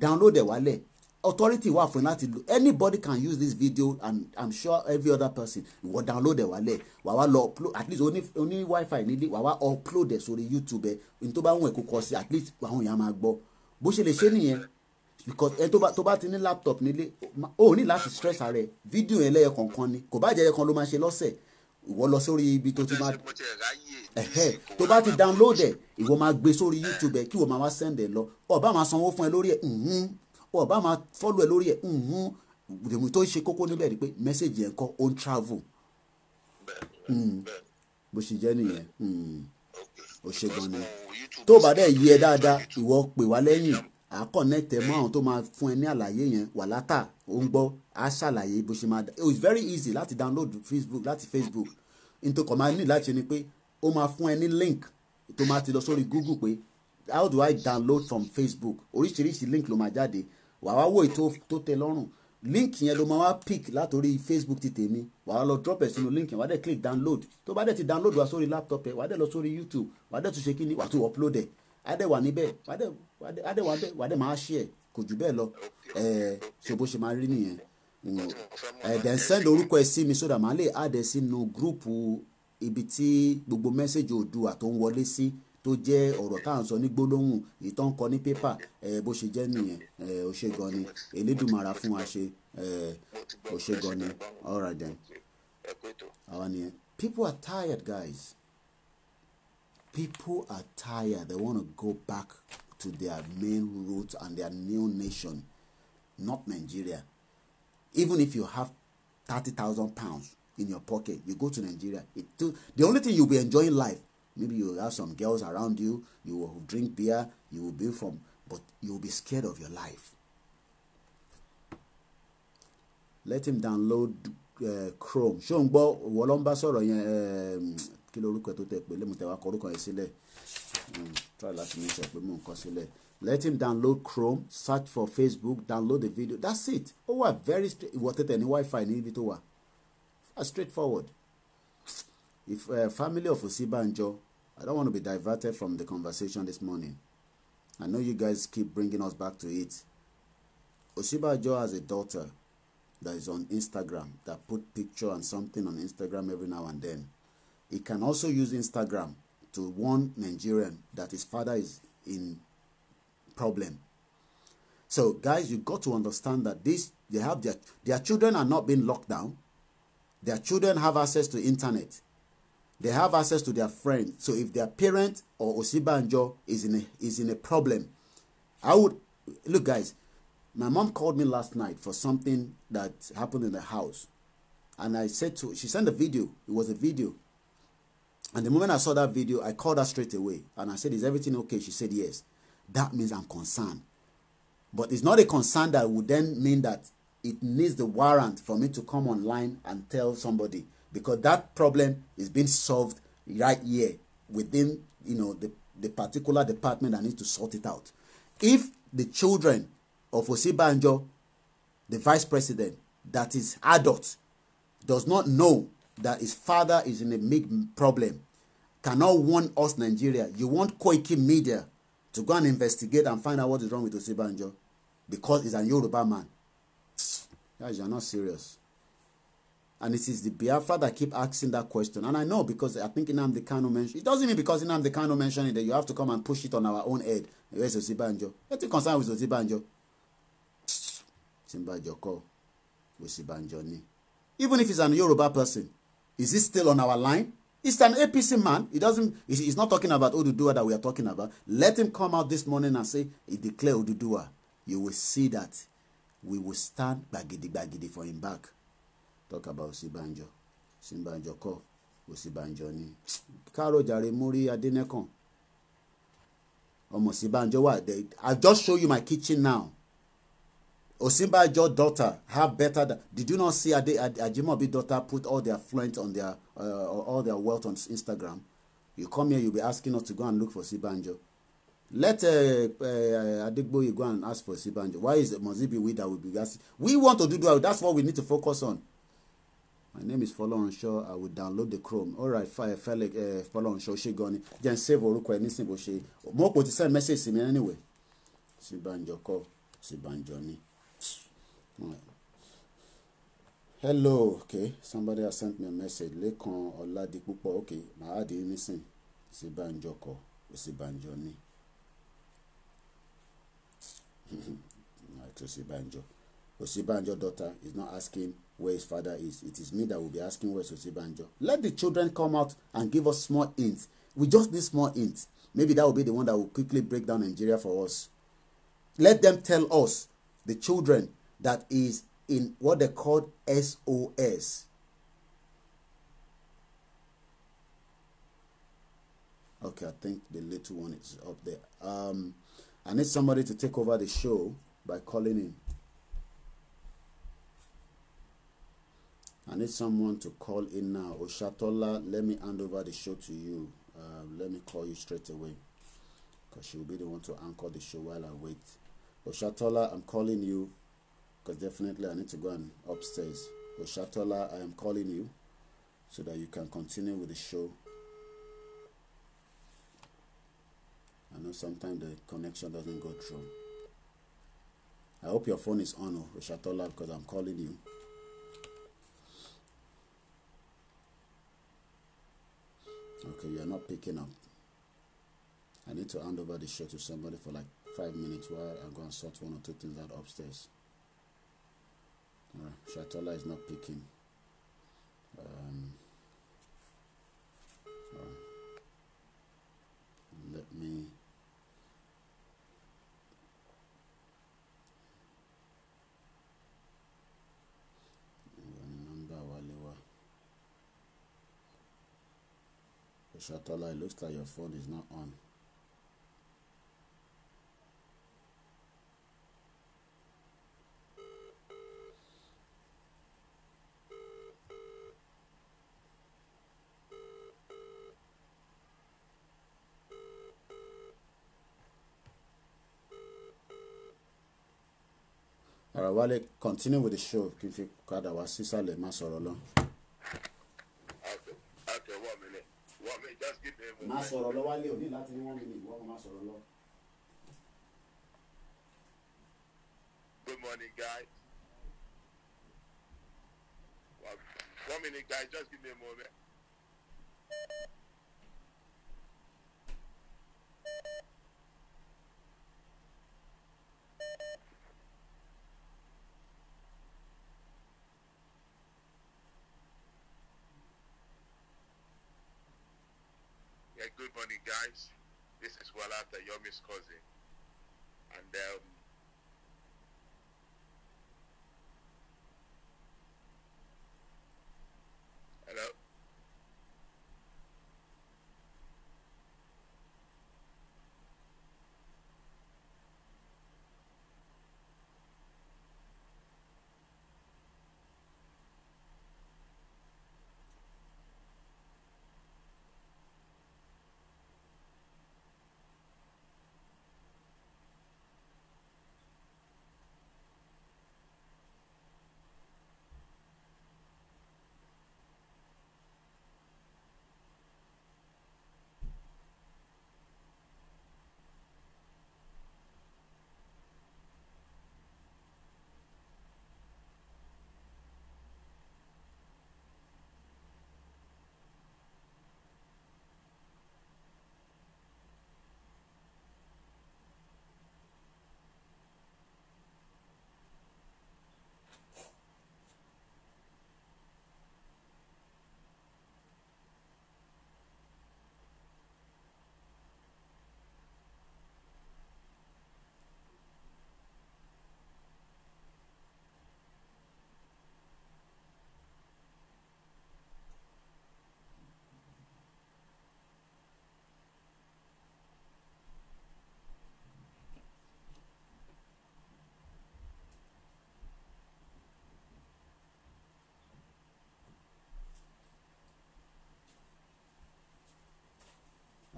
download ẹ̀ wálẹ̀ authority wà fún láti lo anybody can use this video and i'm sure every other person ìwọ download ẹ wálẹ̀ wà wá lọ upload at least oní oní wifi nílé wà wá upload ẹ sórí youtube ẹ ní tó bá ń wọ̀ ẹ̀kọ́ kọ sí at least àwọn èèyàn máa gbọ́ bó ṣe lè ṣe nìyẹn because ẹ tó bá tó bá ti ní laptop nílé o ní láti stress ara video fídíò yẹn lẹ́yọ kọ̀ọ̀kan ni kò bá jẹ́ kan ló máa ṣe lọ́sẹ̀ ìwọ lọ sórí ibi tó ti máa tó bá ti download ẹ ìwọ máa gbé sórí YouTube ẹ kí ìwọ máa wá send ẹ lọ ọba máa sanwó fún ẹ lórí ẹ ọba máa follow ẹ lórí ẹ ìdèmí tó ṣe kókó níbẹ̀ ni pé message yẹn kọ́ on travel hmm. bó ṣe jẹ́ nìyẹn hmm. ó ṣe gan ni tó bá dẹ̀ yí ẹ dáadáa ìwọ pè wá lẹ́yìn àkọ́nẹ́tẹ̀ mọ́ àwọn tó máa fún ẹ ní àlàyé yẹn wà látà ó ń gbọ́ á ṣàlàyé bó ṣe máa oh it's very easy láti download facebook láti facebook into command. máa ní láti ṣe ni pé ó máa fún ẹ ní link tó máa ti lọ sórí google pé how do i download from facebook oríṣiríṣi link ló máa jáde wàá wá wò èyí tó tẹ́ lọ́rùn link yẹn ló máa wá pick látòrí facebook ti tèmi wàá lọ drop ẹ̀ sínú link yẹn wàá dẹ̀ click download tó bá dẹ̀ ti download wá sórí laptop ẹ̀ wàá dẹ̀ lọ sórí youtube wàá dẹ̀ tún ṣe kí ni wàá tún upload ẹ̀ á dẹ̀ wà níbẹ̀ wàá dẹ̀ wà bẹ̀ wàá dẹ̀ máa ṣe ẹ̀ kò jù bẹ́ẹ̀ lọ ẹ̀ ṣe bó ṣe máa rí nìyẹn ẹ̀dẹ̀ ń sẹ́ndì orúkọ ẹ̀ sí mi sódà máa lè àdẹ̀ sínú gúrùpù ibi tí gbogbo mẹ́sẹ̀gì Oòduà tó ń wọlé sí tó jẹ́ ọ̀rọ̀ tá à ń sọ ní gbólóhùn ìtàn kọ ní pépà eh, bó ṣe jẹ́ nìyẹn eh, ó ṣe gan ni Elédùmarè fún wa ṣe eh, ó ṣe gan ni all right then àwa nìyẹn people are tired guys people are tired they wanna go back to their main route and their new nation not Nigeria even if you have thirty thousand pounds in your pocket you go to Nigeria too the only thing you be enjoying life maybe you have some girls around you you will drink beer you will be from but you will be scared of your life let him download uh, Chrome ṣé òun gbọ́ òwò sọ̀rọ̀ yẹn ehm, kí lórúkọ tó tẹ̀ pé lẹ́mùtẹ́wá kọ orúkọ yẹn sílẹ̀ hmm, try láti make sure pé mò ń kọ sílẹ̀ let him download chrome search for facebook download the video that's it ó wà very straight ìwọ tètè ní wifi níbi tó wà straight forward if uh, family of Osibanjo I don't want to be diverted from the conversation this morning I know you guys keep bringing us back to it Osibanjo has a daughter that is on Instagram that put picture and something on Instagram every now and then he can also use Instagram to warn Nigerian that his father is in problem. So, guys, you got to understand that this they have their their children are not being locked down. Their children have access to internet. They have access to their friends. So if their parent or Osibanjo is in a, is in a problem, I would look, guys. My mom called me last night for something that happened in the house, and I said to she sent a video. It was a video, and the moment I saw that video, I called her straight away and I said, "Is everything okay?" She said, "Yes." that means I'm concerned. But it's not a concern that would then mean that it needs the warrant for me to come online and tell somebody because that problem is being solved right here within you know the, the particular department that needs to sort it out. If the children of Osibanjo, the vice president, that is adult, does not know that his father is in a big problem, cannot warn us Nigeria. You want Koiki media to go and investigate and find out what is wrong with Osibanjo because he's an Yoruba man. Guys, you're not serious. And it is the Biafra that keep asking that question. And I know because I think Inamdi Kano mentioned it doesn't mean because the Kano mentioned it that you have to come and push it on our own head. Where's Osibanjo? What you concerned with Osibanjo? Simbanjo call. Osibanjo Even if he's an Yoruba person, is he still on our line? It's an APC man. He doesn't. He's not talking about Odudua that we are talking about. Let him come out this morning and say he declare Odudua. You will see that we will stand bagidi bagidi for him back. Talk about Osinbanjo. Osinbanjo ko, Osinbanjo ni. Karo jare Muri Adenekan. Omo Osinbanjo wà. I just show you my kitchen now. Osinbajo daughter have better than, did you not see Ade, Ade, Ajimobi daughter put all their fluent on their uh, all their wealth on Instagram? You come here, you be asking us to go and look for Sibanjo. Let uh, uh, Adegboye go and ask for Sibanjo. Why is it must it be we that will be asking? We want to do that. That's what we need to focus on. My name is Fọlọ́run I will download the Chrome. All right, fire Felix uh, she gone. Then save orúkọ ẹ nísìnyí bó ṣe. Mo kò send message sí mi anyway. Sibanjo kọ́ Sibanjo ni. Hello, okay. Somebody has sent me a message. Lekan Oladipupo, okay. Màá di nísìn. Òsínbàjò kọ́, Òsínbàjò ni. Banjo. Òsínbàjò. Òsínbàjò daughter is not asking where his father is. It is me that will be asking where is Banjo. Let the children come out and give us small hints. We just need small hints. Maybe that will be the one that will quickly break down Nigeria for us. Let them tell us, the children, that is in what they called SOS. Okay, I think the little one is up there. Um, I need somebody to take over the show by calling in. I need someone to call in now. Oshatola, let me hand over the show to you. Uh, let me call you straight away because she will be the one to anchor the show while I wait. Oshatola, I'm calling you because definitely I need to go and upstairs. Oshatola, I am calling you so that you can continue with the show. I know sometimes the connection doesn't go through. I hope your phone is on, Oshatola, oh, because I'm calling you. Okay, you are not picking up. I need to hand over the show to somebody for like five minutes while I go and sort one or two things out upstairs. No, Shatola is not picking. Um, so let me Shatola, it looks like your phone is not on. Wálé continue with the show kí n fi padà wá sísàlẹ̀ má sọ̀rọ̀ lọ. má sọ̀rọ̀ lọ Wálé òní láti ní wọ́n mi ní ìwọ́n má sọ̀rọ̀ lọ. Good morning, guys. One minute, guys. Just give me a moment. guys. This is Walata, Yomi's cousin. And um,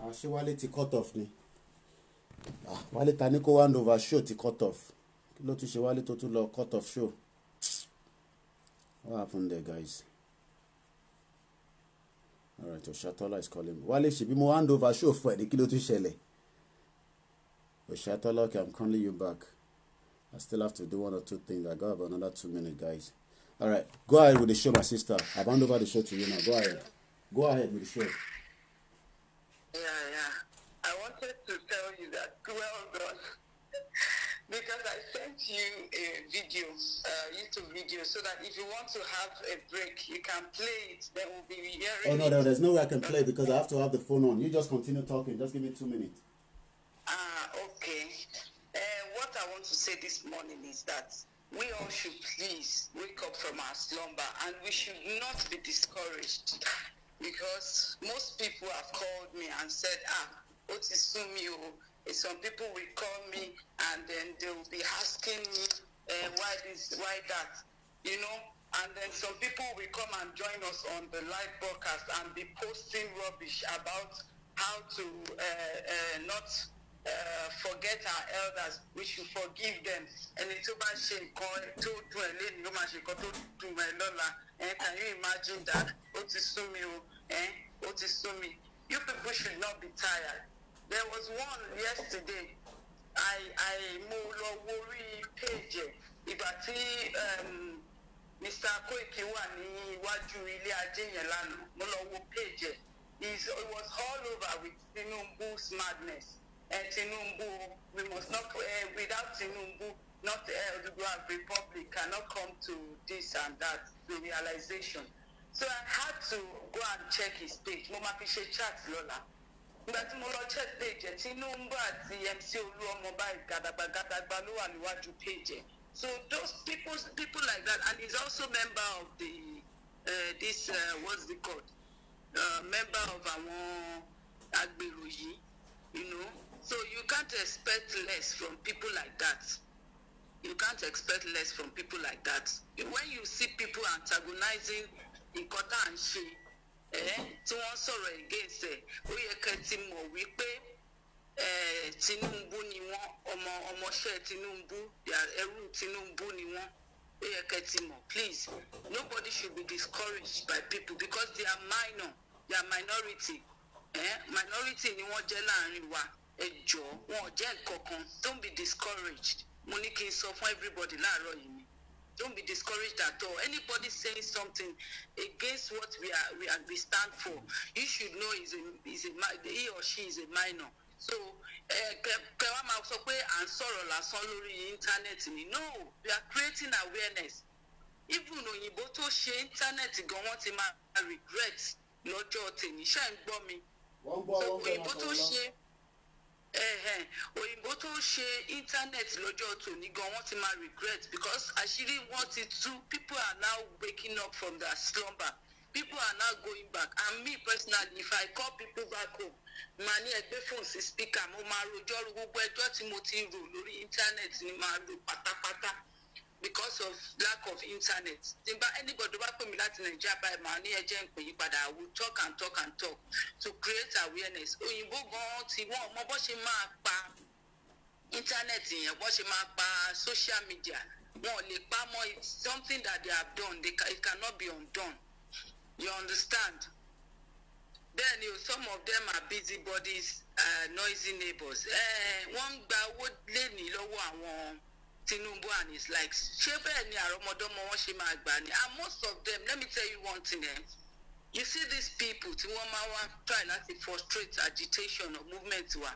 Ah, ṣé wálé ti cut off ni ah, wálé ta ní kó one over show ti cut off kí ló tún ṣe wálé tó tún lọ cut off show what happened there guys alright Oshatola is calling me wálé ṣèbí mo hand over show fún ẹ ní kí ló tún ṣẹlẹ̀ Oshatola okay I'm calling you back I still have to do one or two things I got about another two minutes guys alright go ahead with the show my sister I hand over the show to you now go ahead go ahead with the show. well done. [laughs] because I sent you a video, YouTube video, so that if you want to have a break, you can play it. Then we'll be hearing. Oh no, no, there's no way I can play because I have to have the phone on. You just continue talking. Just give me two minutes. Ah, uh, okay. Uh, what I want to say this morning is that we all should please wake up from our slumber and we should not be discouraged because most people have called me and said, ah, ó some people will call me and then they will be asking me uh, why this, why that, you know. And then some people will come and join us on the live broadcast and be posting rubbish about how to uh, uh, not uh, forget our elders. We should forgive them. And it's about shame. ṣe nǹkan tó dùn ẹ́ tó dùn lọ́la. Can you imagine that? Ó You people should not be tired. there was one yesterday i i mo lọ wo page ẹ ìgbà tí mr um, Koiki wà ní iwájú ilé ajé yẹn lánàá mo lọ wo page is it was all over with Tinubu's madness. And Tinubu, we must not uh, without Tinubu, not uh, eh, the Republic cannot come to this and that. The realization. So I had to go and check his page. Mo ma fi ṣe chat lọ́la ìgbà tí mo lọ check page ẹ̀ Tinubu àti MC Olúọmọba gàdàgbàgàdàgbà ló wà níwájú page ẹ̀ so those people people like that and he's also member of the uh, this uh, what's it called uh, member of àwọn agbèrò yìí you know so you can't expect less from people like that you can't expect less from people like that when you see people antagonizing nǹkan and she tí wọ́n sọ̀rọ̀ against ẹ̀ ó yẹ kẹ́ ti mọ̀ wípé Tinubu ni wọ́n ọmọ ọmọọṣẹ́ Tinubu ẹrú Tinubu ni wọ́n ó yẹ kẹ́ ti mọ̀ please nobody should be discouraged by people because they are minor they are minority eh? minority ni wọ́n jẹ́ láàrin wa ẹ jọ̀ọ́ wọn ò jẹ́ nǹkan kan don't be discouraged mo ní kí n sọ fún everybody láàárọ̀ yìí don't be discouraged at all. Anybody saying something against what we are we, are, we stand for, you should know is a is a he or she is a minor. So kẹ wá máa sọ pé à ń sọ̀rọ̀ lásán lórí íńtánẹ́ẹ̀tì ni no we are creating awareness even òyìnbó tó ṣe íńtánẹ́ẹ̀tì gan wọ́n ti máa regret lọ́jọ́ tèmi ṣe ń gbọ́ mi òyìnbó tó ṣe òyìnbó tó ṣe internet lọ́jọ́ tòní gan wọ́n ti máa regret because àṣírí wọn ti tú people are now waking up from their slumber people are now going back and me personally if i call people back home màá ní ẹgbẹ́ fóònù sí speaker mo máa rojọ́ gbogbo ẹjọ́ tí mo ti rò lórí internet ni màá rò pátápátá because of lack of internet tí anybody bá pè mí láti nàìjíríà báyìí màá ní ẹjẹ ń pè yí padà i will talk and talk and talk to create awareness òyìnbó gan ti wọn ọmọ bó ṣe máa pa internet yẹn bó ṣe máa pa social media wọn ò lè pa mọ́ something that they have done they can it cannot be undone you understand bẹ́ẹ̀ ni o some of them are busy bodies uh, noisy neighbors eh, wọ́n ń gba owó lé ní lọ́wọ́ àwọn. Tinubu and his likes ṣé bẹ́ẹ̀ ni àrọ́mọdọ́mọ wọn ṣe máa gbà ni and most of them let me tell you one thing eh? you see these people tí wọ́n máa wá try láti frustrate agitation or movement wa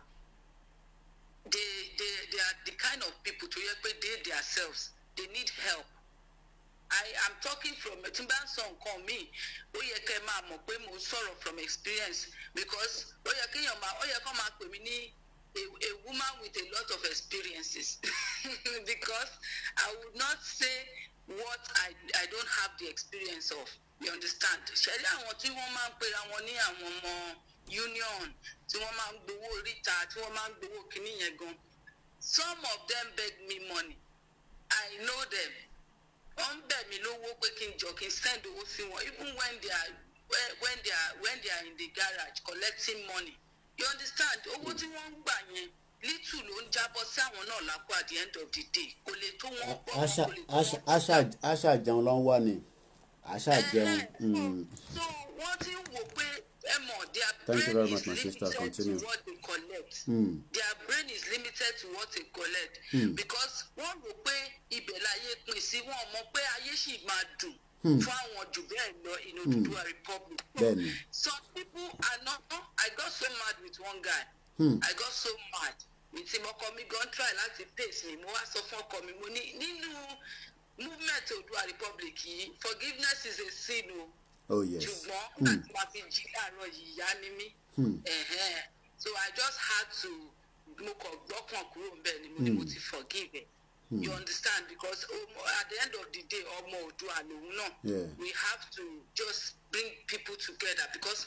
they they they are the kind of people to yẹ pé they themselves they need help I am talking from tí n bá ń sọ nǹkan mi ó yẹ kẹ́ máa mọ̀ pé mo ń sọ̀rọ̀ from experience because ó yẹ kéèyàn máa ó yẹ kó máa pè mí ní a, a woman with a lot of experiences [laughs] because I would not say what I, I don't have the experience of. You understand? Ṣẹ̀rí àwọn tí wọ́n máa ń pera wọn ní àwọn ọmọ union tí wọ́n máa ń gbowó ríta tí wọ́n máa ń gbowó kínní yẹn gan. Some of them beg me money. I know them. Wọ́n ń bẹ̀ mí lówó pé kí n jọ kí n send owó sí wọn even when they are when they are when they are in the garage collecting money you understand owó tí wọ́n ń gbà yẹn lítù ló ń jábọ́ sí àwọn náà lápò at the end of the day kò lè tó wọn gbọ́ kò jẹun ló ń wà ní àṣà jẹun. Hmm. so wọ́n ti ń wò pé ẹ mọ̀ their brain is limited to what they collect hmm. their brain is limited to what they collect hmm. because wọ́n rò pé ibẹ̀ láyé pín sí wọn mọ̀ pé ayé sì máa dùn fáwọn hmm. jù bẹ́ẹ̀ lọ in hmm. Oduduwa republic. Hmm. bẹ́ẹ̀ni. some people are not i got so mad with one guy. Hmm. i got so mad ìtì ọkọ mi gan try láti pace mi mo wá sọ fún ọkọ mi mo ní nínú movement Oduduwa republic yìí forgiveness is a sin o. oh yes ṣùgbọ́n àti wàá fi jí láàárọ̀ yìí yá ni mí. so i just had to mo kàn gbọ́kàn kúrò ń bẹ́ẹ̀ ni mo ti forgive ẹ̀. Mm. You understand? Because um, at the end of the day, ọmọ Oòduà lòun náà. Yeah. We have to just bring people together because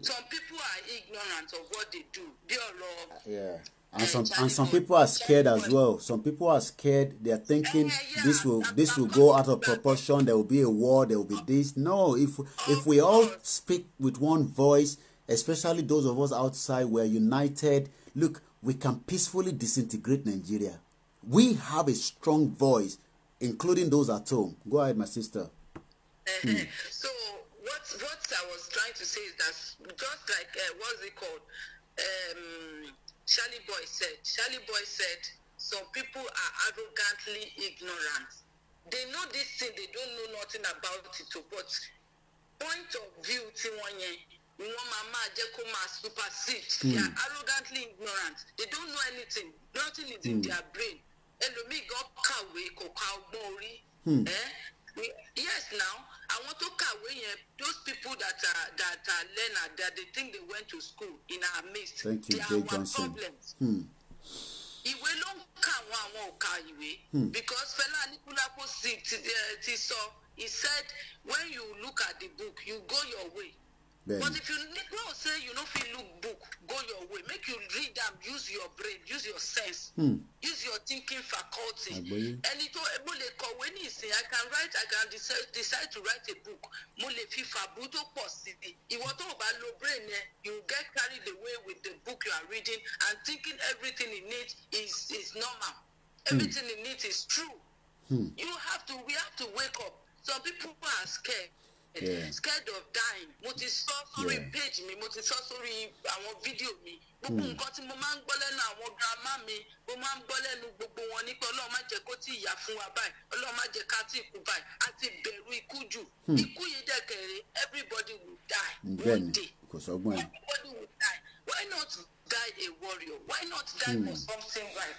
some people are ignorant of what they do. Bí ọ̀rọ̀. Uh, yeah. And eh, some and some people are scared as well. Some people are scared. They are thinking eh, this will this will go out of proportion. There will be a war. There will be this. No, if if we all speak with one voice, especially those of us outside, we are united. Look, we can peacefully disintegrate Nigeria we have a strong voice, including those at home. Go ahead, my sister. Uh, hmm. So what what I was trying to say is that just like uh, what's it called, um, Charlie Boy said. Charlie Boy said some people are arrogantly ignorant. They know this thing, they don't know nothing about it. but point of view, tiwọn yẹn, wọn máa máa jẹ kó máa supersede. They are hmm. arrogantly ignorant. They don't know anything. Nothing is mm. in hmm. their brain ẹlòmíì gan kàwé kò ka ọgbọ́n orí. Hmm. yes now àwọn tó kàwé yẹn those people that are that are learner that they think they went to school in our midst Thank you, they Jay are our Johnson. problems. Hmm. ìwé ló ń kà àwọn àwọn òkà ìwé. Hmm. because Fẹlá Aníkúlápó ti eh, ti sọ he said when you look at the book you go your way but if you know say you no fit look book go your way make you read am use your brain use your sense hmm. use your thinking faculty ẹni tó mo lè kọ̀wé ní ìsìn i can write i can decide, decide to write a book mo lè fi fàbú tó pọ̀ sí i ìwọ tó o bá lo brain yẹn you get carried away with the book you are reading and thinking everything in it is is normal hmm. everything hmm. in it is true hmm. you have to we have to wake up some people are scared scared of dying mo ti sọ sórí page mi mo ti sọ sórí àwọn fídíò mi gbogbo hmm. nǹkan tí mo máa ń gbọ́ lẹ́nu àwọn girama mi mo máa ń gbọ́ lẹ́nu gbogbo wọn nípa ọlọ́run má jẹ́ kó tí ìyà fún wa báyìí ọlọ́run má jẹ́ ká tí ikú báyìí a ti bẹ̀rù ikú jù hmm. ikú yìí dẹ̀kẹ̀rẹ̀ everybody will die one day everybody will die why not die a warrior why not die hmm. for something right.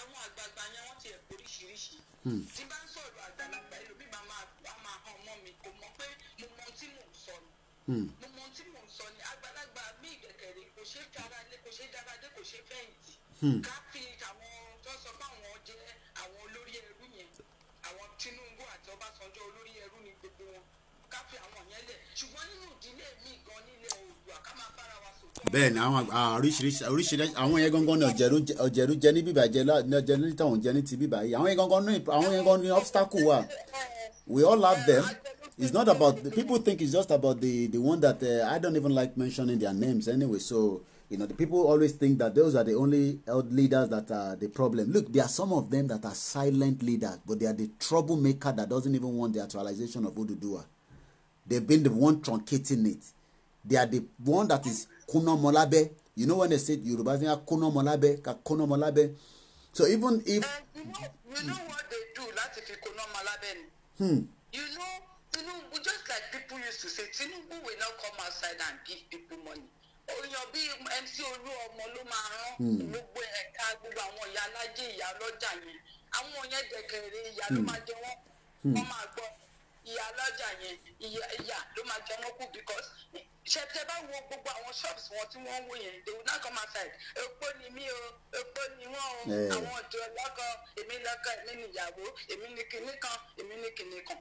àwọn àgbààgbà yẹn wọ́n ti ẹ̀kọ́ oríṣiríṣi. Hmm. tí bá ń sọ̀rọ̀ àgbàlagbà ẹlòmíì máa máa máa hàn ọmọ mi kò mọ̀ pé mo mọ tí mò ń sọ ni. Hmm. mo mọ tí mò ń sọ ni àgbàlagbà mí ìdẹ̀kẹ̀rẹ̀ kò ṣeé fara lé kò ṣeé dára dé kò ṣeé fẹ̀yìntì. Hmm. ká fi àwọn tó sọ pé àwọn jẹ́ àwọn olórí ẹrú yẹn àwọn Tinubu àti Ọbásanjọ́ olórí ẹrú ni gbogbo wọn ká ni àwọn oríṣiríṣi oríṣiríṣi àwọn yẹn gangan ni ọ̀jẹ̀rú jẹ ní bíbà jẹ jẹ ní tàwọn jẹ ní ti bíbà yìí àwọn yẹn gangan ní àwọn yẹn gangan ní obstacle wa we all have them it's not about people think it's just about the the one that uh, I don't even like mentioning their names anyway so. You know, the people always think that those are the only leaders that are the problem. Look, there are some of them that are silent leaders, but they are the troublemaker that doesn't even want the actualization of Odudua. They've been the one truncating it. They are the one that is Kuna Molabe. You know when they said Yoruba is ah, Kuna Molabe, Kuna Molabe. So even if. And you, know, you know what they do, láti fi Kuna Molabe. Hmm. You know, you know, just like people used to say, Tinubu will not come outside and give people money. oyan bí MC Olúọmọ ló máa rán hmm. gbogbo ẹ̀ka gbogbo àwọn ìyá alájẹ ìyá lọ́jà yẹn àwọn yẹn dẹ̀kẹ̀rẹ̀ ìyá ló hmm. máa jẹ wọ́n hmm. wọ́n máa gbọ́ ìyá alájà yẹn ìyá ló máa jẹ wọn kú because ṣẹtẹ bá wo gbogbo àwọn shops wọn tí wọn ń wò yẹn they will not come outside epo ni mí o epo ni wọn o àwọn ọ̀dọ́ lọ́kọ èmi lọ́kọ èmi nìyàwó èmi ni kinní kan èmi ni kinní kan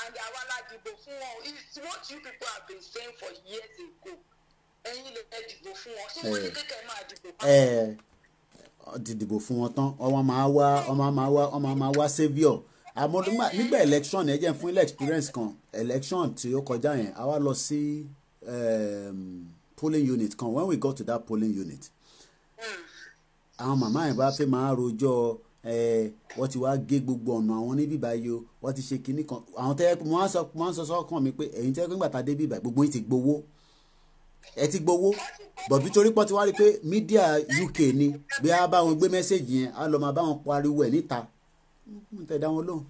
and àwa la dìbò fún wọn it's what you people have been saying for years ago ẹ̀yin lè fẹ́ dìbò fún wọn ṣé wọ́n ní kékeré máa dìbò fún wọn. Eh, ti dìbò fún wọn tán ọmọ máa wá ọmọ máa wá ọmọ máa wá saviour àmọ́ nígbà election yẹn jẹ́ fún ilé experience kan election tí ó kọjá yẹn a wá lọ sí ehm, polling unit kan when we got to that polling unit àwọn màmá yẹn bá fẹ́ máa rojọ́ wọ́n ti wá gé gbogbo ọ̀nà àwọn níbí báyìí o wọ́n ti ṣe kinní kan àwọn tẹ́ mo á sọ mo á sọ sọ́kàn mi pé ẹ̀yin tẹ́ nígbà tá a dé bíbà gbogbo yín ti gbowó ẹ ti gbowó bọ̀dú torí pọ́n ti wá rí i pé mídíà UK ni bí a bá wọn gbé mẹ́sẹ̀gì yẹn a lọ máa bá wọn pariwo ẹ̀ níta n wọn lóhùn.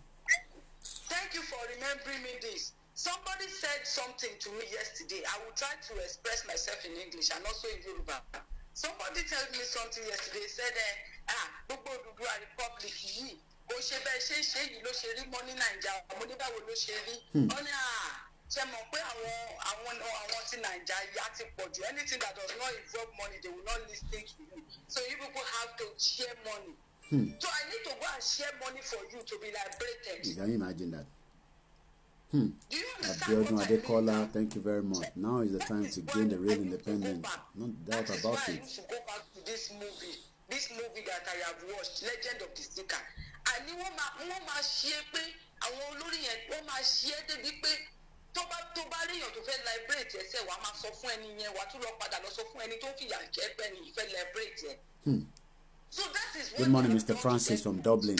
thank you for remembering me this somebody said something to me yesterday i will try to express myself in english and also in yoruba somebody tell me something yesterday said eh, ah gbogbo Odùduwà republic yìí bó ṣe bẹ́ẹ̀ ṣe ń ṣe yìí ló ṣe rí mọ́ ní nàìjà mo ní báwo ló ṣe rí wọ́n hmm. ní à ah, ṣe mọ̀ pé àwọn àwọn àwọn ti nàìjà yìí ti pọ̀ jù anything that does not involve money they will not listen to you so you people have to share money. Hmm. So I need to go and share money for you to be liberated. Can you imagine that? Hmm. Do you understand Abiodun what Adekola, I mean? thank you very much. Now is the that time is to gain the real independence. No doubt that about it. I need to go back to this movie, this movie that I have watched, Legend of the Seeker. I need one wọ́n máa ṣe é pé àwọn olórí yẹn wọ́n máa ṣe é débi pé tó bá to bá léèyàn tó fẹ́ liberate ẹsẹ̀ wàá máa sọ fún ẹni yẹn wàá tún lọ padà lọ sọ fún ẹni tó fìyà jẹ́ pé ẹni yìí fẹ́ liberate ẹ̀. Hmm. So that is Good morning, Mr. Francis from Dublin.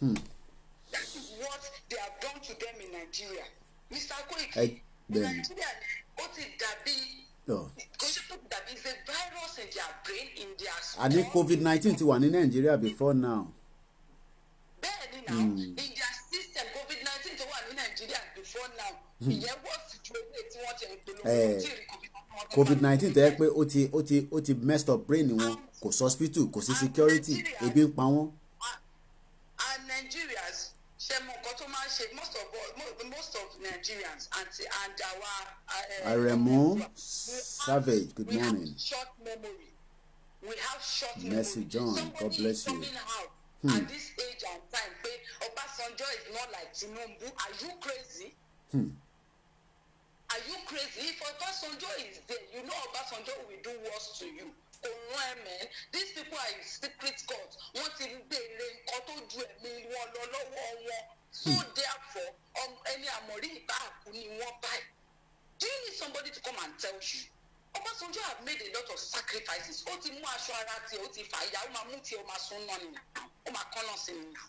Hmm. That is what they have done to them in Nigeria. Mr. Koiki, Nigeria, Oti Dabi, oh. is a virus in their brain, in their skull. I COVID-19 ti wà ní Nigeria before now. Bẹ́ẹ̀ni náà, hmm. in their system, COVID-19 to one in Nigeria before now. Hmm. Ìyẹn wọ́n sì ju ewé tí wọ́n ti ń covid nineteen tẹ́ pé ó ti ó ti ó ti messed up brain wọn kò sí hospital kò sí security ebi ń pa wọ́n. and Nigerians ṣe mọ nǹkan tó máa ń ṣe most of most of Nigerians and and our. Eh, Aremu Savage good morning. we have short memory Mercy John God bless you. Hmm. at this age and time pé Obasanjo is not like Tinubu are you crazy. Hmm are you crazy if Obasanjo is there you know Obasanjo will do worse to you kò rán ẹ these people are in secret court wọ́n ti gbére nǹkan tó ju ẹ̀mí wọn lọ lọ́wọ́ wọn so hmm. therefore um, ẹni àmọ̀rí ìta ni wọ́n báyìí do you need somebody to come and tell you Obasanjo have made a lot of sacrifices ó ti mú aṣọ ara tiẹ̀ ó ti fà ya ó máa mú tiẹ̀ ó máa sún náà nìyà ó máa kọ́ náà sí nìyà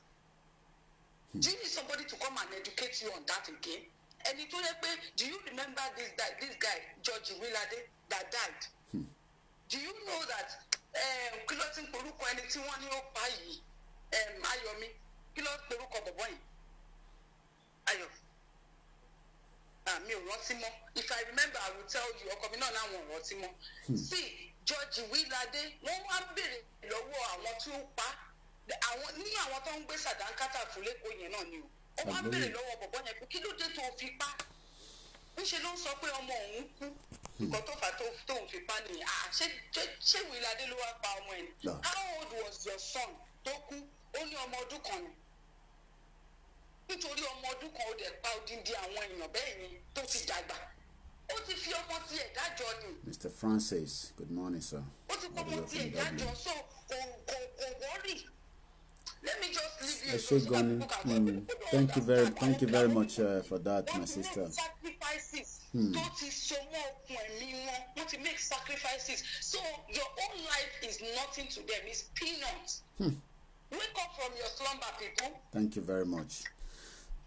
hmm. do you need somebody to come and educate you on that again. Okay? ẹni tó yẹ pé do you remember this guy this guy George Wilade that died hmm. do you know that eh, kí ló ti ń porúkọ ẹni tí wọ́n ní ó pa yìí Ayọ̀mí kí ló ń porúkọ bọ̀bọ̀ yìí Ayọ̀ mi ò rántí mọ́ if I remember I will tell you ọkọ mi náà láwọn rántí mọ́ hmm. see George Wilade wọ́n wá béèrè lọ́wọ́ àwọn tó pa ní àwọn tó ń gbé sàdánkátà fún lẹ́kọ̀ọ́ yẹn náà ni o ó ń béèrè lọ́wọ́ bọ̀bọ́ yẹn pé kí ló dé tó o fi pa ńṣe ló ń sọ pé ọmọ òun kú hmm. nǹkan tó fà tó ń fi pa nìyẹn à ṣé ṣé wìládé ló wá pa ọmọ ẹ̀ ni how old was your son tó kú ó ní ọmọ ọdún kan ni nítorí ọmọ ọdún kan ó dẹ̀ pa odindi àwọn èèyàn bẹ́ẹ̀ yẹn tó ti dàgbà ó ti fi ọmọ tiẹ̀ dájọ́ ni. Mr. Francis good morning sir. ó ti kọ́ ọmọ tiẹ̀ dájọ́ so kò kò kò wọ́rì. Let Ẹ ṣé gan ni. Thank you very thank you very much uh, for that, my sister. Hmm. tó ti so mọ́ okun ẹ̀mí wọn wọ́n make sacrifices so your own life is nothing to them it's peanuts. Hmm. Wake up from your slumber, people. Thank you very much.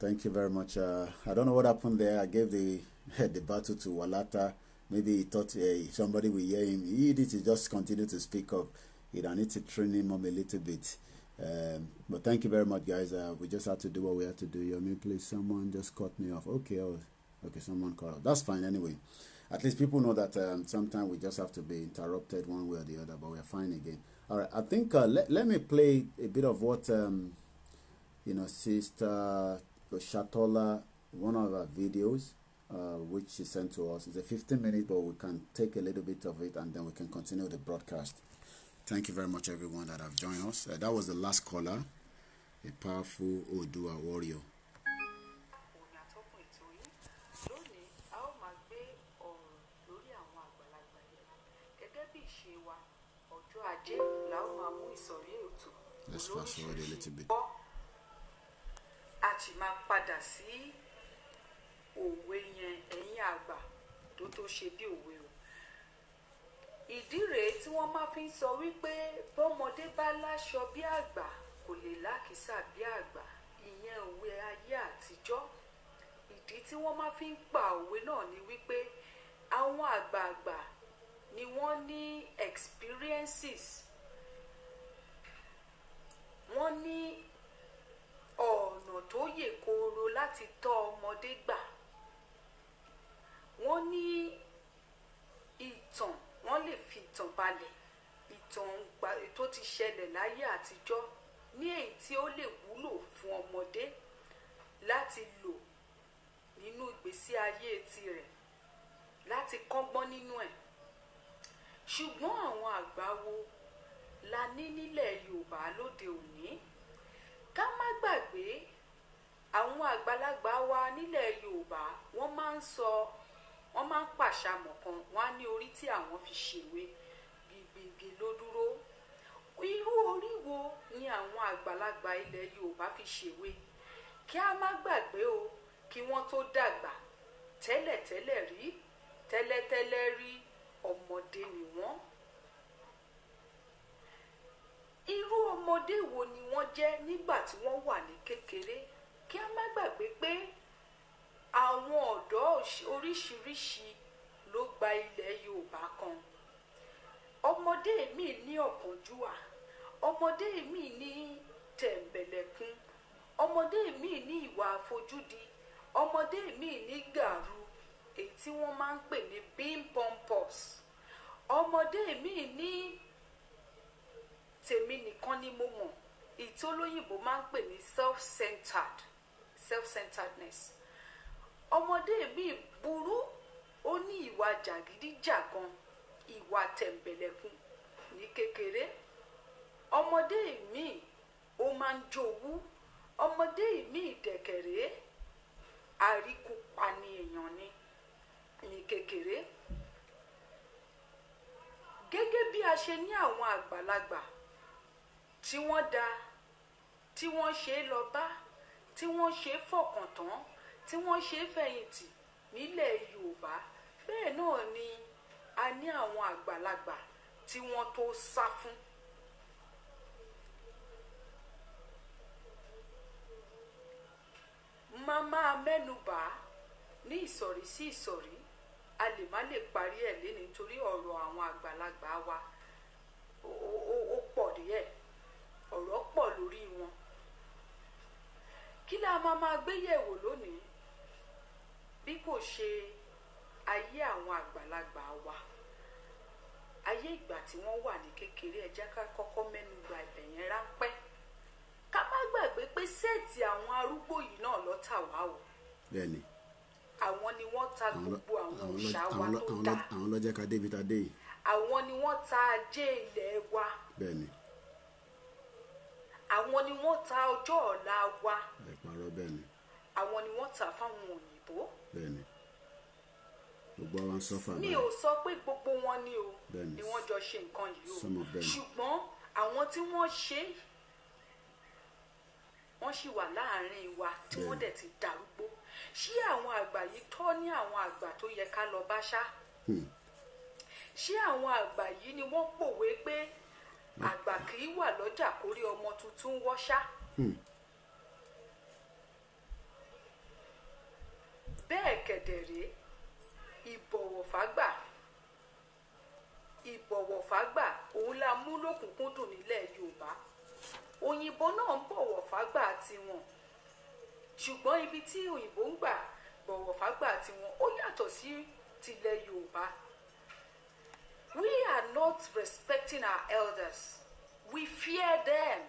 Thank you very much. Uh, I don't know what happened there. I gave the [laughs] the battle to Walata. Maybe he thought hey, eh, somebody will hear him. He did. to just continue to speak up. He I need to train him up a little bit. Um, but thank you very much, guys. Uh, we just had to do what we had to do. You know I mean, please, someone just cut me off. Okay, oh, okay, someone cut off. That's fine anyway. At least people know that um, sometimes we just have to be interrupted one way or the other, but we're fine again. All right, I think uh, let, let me play a bit of what, um, you know, Sister Shatola, one of our videos, uh, which she sent to us. It's a 15 minute, but we can take a little bit of it and then we can continue the broadcast. Thank you very much, everyone that have joined us. Uh, that was the last caller, a powerful Odua warrior. Let's fast forward a little bit. a ti máa padà sí òwe yẹn ẹ̀yin àgbà tó tó ṣe bí òwe o ìdí rèé tí wọ́n máa fi ń sọ wípé bọ́mọdé bá láṣọ bí àgbà kò lè lákìsà bí àgbà ìyẹn òwe ayé àtijọ́ ìdí tí wọ́n máa fi ń pa òwe náà ni wípé àwọn àgbààgbà ni wọ́n ní experiences wọ́n ní ọ̀nà tó yè kooro láti tọ́ ọmọdé gbà wọ́n ní ìtàn wọ́n lè fi ìtàn balẹ̀ ìtàn tó ti ṣẹlẹ̀ láyé àtijọ́ ní èyí tí ó lè wúlò fún ọmọdé láti lò nínú ìgbésí ayé tirẹ̀ láti kọ́gbọ́n nínú ẹ̀ ṣùgbọ́n àwọn àgbà wo la ní nílẹ̀ Yorùbá lóde òní ká má gbàgbé àwọn àgbàlagbà wa nílẹ̀ Yorùbá wọ́n máa ń sọ wọ́n máa ń pàṣàmọ̀ kan wọ́n á ní orí tí àwọn fi ṣèwé gbìgbìgbì ló dúró irú orí wo ni àwọn àgbàlagbà ilẹ̀ Yorùbá fi ṣèwé kí a má gbàgbé o kí wọ́n tó dàgbà tẹ́lẹ̀tẹ́lẹ̀ rí tẹ́lẹ̀tẹ́lẹ̀ rí ọmọdé ni wọ́n irú ọmọdé wo ni wọ́n jẹ́ nígbà tí wọ́n wà ní kékeré kí a má gbàgbé pé àwọn ọ̀dọ́ oríṣiríṣi ló gba ilẹ̀ Yorùbá kan ọmọdé mi ní ọ̀kánjúwà ọmọdé mi ní tẹ̀m̀bẹ̀lẹ̀kun ọmọdé mi ní ìwà àfojúdi ọmọdé mi ní gàrú èyí tí wọ́n máa ń pè ní bimpompos ọmọdé mi ní tèmi nìkan ni mo mọ̀ èyí tí olóyìnbó máa ń pè ní self-centered self-centeredness ọmọdé mi burú ó ní ìwà jàgídíjàgan ìwà tẹ̀m̀bẹ̀lẹ̀kun ní kékeré ọmọdé mi ó máa ń jowú ọmọdé mi dẹ̀kẹ̀rẹ́ àríkópa ni èèyàn ni ní kékeré gẹ́gẹ́ bí a ṣe ní àwọn àgbàlagbà tí wọ́n da tí wọ́n ṣe é lọ bá tí wọ́n ṣe é fọkàn tán tí wọ́n ṣe fẹ̀yìntì nílẹ̀ Yorùbá bẹ́ẹ̀ náà ni a ní àwọn àgbàlagbà tí wọ́n tó sá fún. màmá mẹ́nubà ní ìsọ̀rí sí ìsọ̀rí a lè má lè parí ẹ̀ léni torí ọ̀rọ̀ àwọn àgbàlagbà wa ó pọ̀ díẹ̀ ọ̀rọ̀ pọ̀ lórí wọn kí la máa máa gbé yẹ̀wò lónìí bí kò ṣe ayé àwọn àgbàlagbà wa ayé ìgbà tí wọ́n wà ní kékeré ẹ jẹ́ ká kọ́kọ́ mẹ́nu gba ibẹ̀ yẹn ráńpẹ́ ká má gbàgbé pé sẹ́ẹ̀tì àwọn arúgbó yìí náà ló tà wá o. àwọn ni wọ́n ta gbogbo àwọn òòṣà wa tó dá. àwọn ló jẹ́ ká débi ta dé yìí. àwọn ni wọ́n ta ajé ilẹ̀ wa. àwọn ni wọ́n ta ọjọ́ ọ̀la wa. àwọn ni wọ́n ta fáwọn òyìnbó tó. bẹ́ẹ̀ni gbogbo àwọn sọfà báyìí. mi ò sọ pé gbogbo wọn ni o ni wọ́n jọ ṣe nǹkan yìí o ṣùgbọ́n àwọn tí wọ́n ṣe wọ́n sì wà láàárín wa tí wọ́n dẹ̀ ti darúgbó ṣé àwọn àgbà yìí tọ́ ní àwọn àgbà tó yẹ ká lọ bá ṣá hmm. ṣé àwọn àgbà yìí ni wọ́n pòwe pé hmm. àgbà kì í wà lọ́jà kórí ọmọ tuntun wọ́ṣá. Hmm. bẹ́ẹ̀ kẹ̀dẹ̀rẹ́ ìbọ̀wọ̀fágbà ìbọ̀wọ̀fágbà òun la mú lókùnkúndùn nílẹ̀ yorùbá òyìnbó náà ń bọ̀wọ̀fágbà tiwọn ṣùgbọ́n ibi tí òyìnbó ń gbà bọ̀wọ̀fágbà tiwọn ó yàtọ̀ sí tilẹ̀ yorùbá we are not respecting our elders we fear them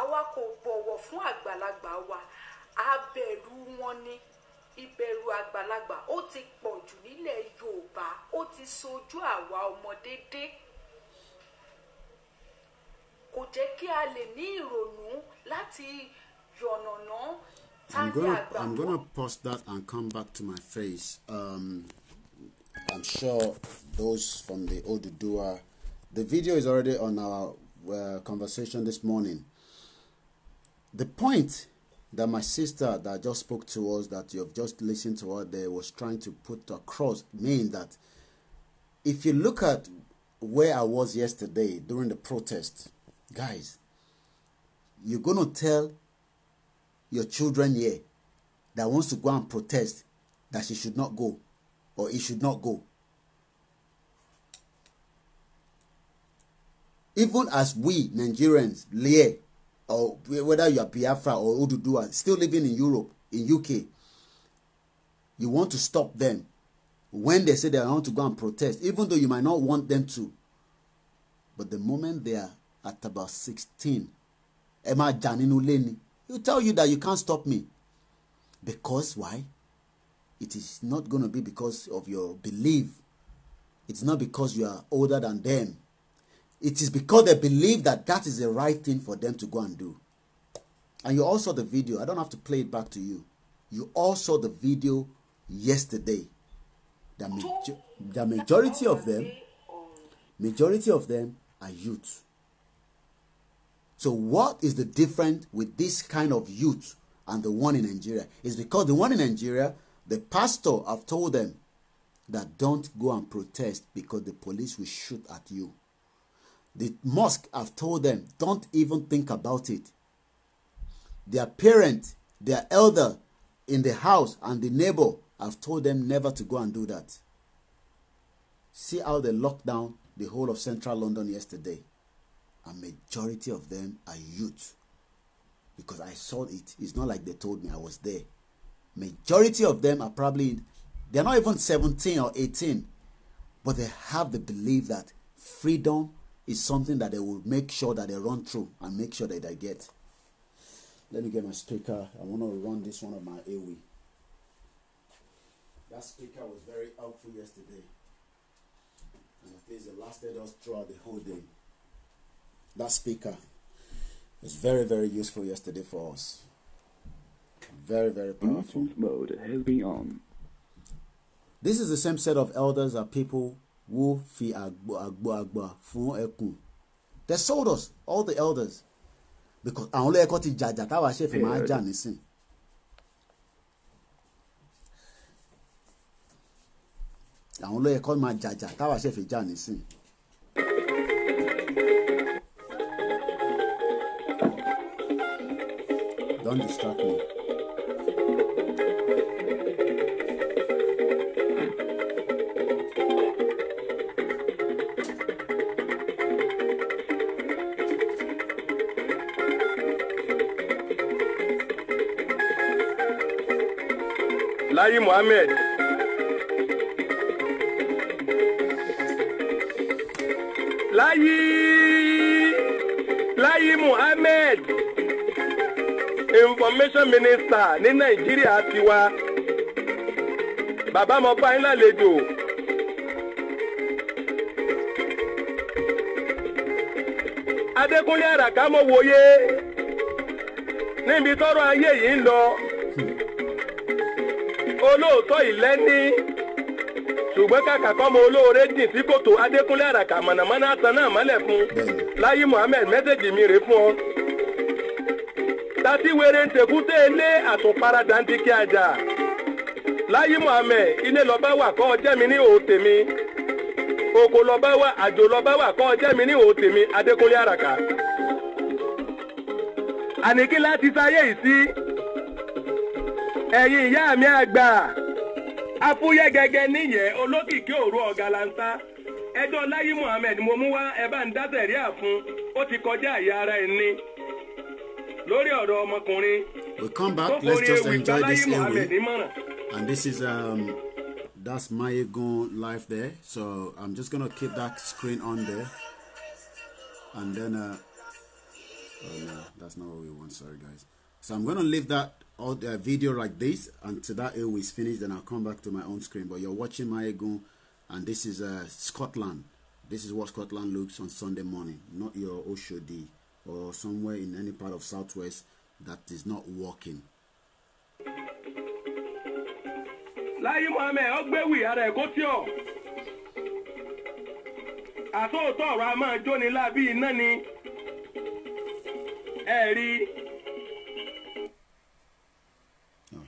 àwa kò bọ̀wọ̀ fún àgbàlagbà wa abẹ̀rù wọn ni ìbẹ̀rù àgbàlagbà ó ti pọ̀ nílẹ̀ Yorùbá ó ti sojú àwa ọmọdé dé kò jẹ́ kí a lè ní ìrònú láti yànnàná I'm gonna, I'm gonna pause that and come back to my face. Um, I'm sure those from the Odudua, the video is already on our uh, conversation this morning. The point that my sister that just spoke to us that you've just listened to what they was trying to put across mean that if you look at where I was yesterday during the protest, guys, you're gonna tell your children here that wants to go and protest that she should not go or he should not go. Even as we Nigerians, Leah, or whether you are Biafra or Oduduwa, still living in Europe, in UK, you want to stop them. When they say they want to go and protest, even though you might not want them to, but the moment they are at about sixteen, Emma Janinu Leni, he'll tell you that you can't stop me. Because why? It is not going to be because of your belief. It's not because you are older than them. It is because they believe that that is the right thing for them to go and do. And you all saw the video. I don't have to play it back to you. You all saw the video yesterday. The, major the majority of them, majority of them are youth. So what is the difference with this kind of youth and the one in Nigeria? Is because the one in Nigeria, the pastor have told them that don't go and protest because the police will shoot at you. The mosque have told them, don't even think about it. Their parent, their elder in the house and the neighbor have told them never to go and do that. See how they locked down the whole of central London yesterday. A majority of them are youth. Because I saw it. It's not like they told me I was there. Majority of them are probably, they're not even 17 or 18. But they have the belief that freedom is something that they will make sure that they run through and make sure that they get. Let me get my speaker. I want to run this one of my AWE. That speaker was very helpful yesterday. And I think it lasted us throughout the whole day. That speaker was very, very useful yesterday for us. Very, very powerful. Mode has been on. This is the same set of elders that people wó fi agbo agbo agbo? Fun ẹkùn they sold us all the elders because àwọn olóyè kan ti jàjà táwa ṣèfì máa jà nísìn. àwọn olóyè kan máa jàjà táwa ṣèfì jà nísìn. Don't distract me. Buhari Muhammad Láyí Láyí Muhammad information minister ní Nàìjíríà tiwa bàbá mọ́bá yín lálejò. Adékúnlé Àràká mo wòye níbi tọrọ ayé yìí ń lọ. olóòótọ́ ìlẹ́ni ṣùgbọ́n kàkà kọ́mọ olóore dìn sí kòtò adékúnlé àràkà mọ̀nàmọ́ná àtàn náà mọ́lẹ̀ fún láyé mohammed mẹ́sẹ̀gì mi rèé fún ọ. tàtí wèrè ń tẹ̀kúté ilé àtúnparadà ń di kí ajá láyé mohammed ilé lọ́ba wà kọ́ ọjẹ́ mi ní òòtè mi oko lọ́ba wà àjò lọ́ba wà kọ́ ọjẹ́ mi ní òòtè mi adékúnlé àràkà. àníkí láti sáyé yìí ẹ̀yin ìyá mi àgbà afúyẹ́ gẹ́gẹ́ níyẹ̀ olókìkí òru ọ̀gàlàǹtà ẹjọ́ láyé Muhammed mo mú wá ẹ bá ń dátẹ̀rí àfún ó ti kọjá àyè ara ẹ̀ ní lórí ọ̀rọ̀ ọmọkùnrin we come back let's just enjoy this airway and this is um, that's Mayegun live there so I'm just gonna keep that screen on there and then uh, oh no that's not what we want sorry guys so i'm going to leave that all uh, video like this until that AO is finished and I'll come back to my own screen but you're watching my Egun and this is uh, Scotland this is what Scotland looks on Sunday morning not your Oshodi or somewhere in any part of Southwest that is not working láyé mohammed ọgbẹ́wì ara ẹ̀kọ́ tí ọ̀ àtọ́ọ̀tọ̀ ọ̀rọ̀ a máa jóni lábí iná ni ẹ̀rí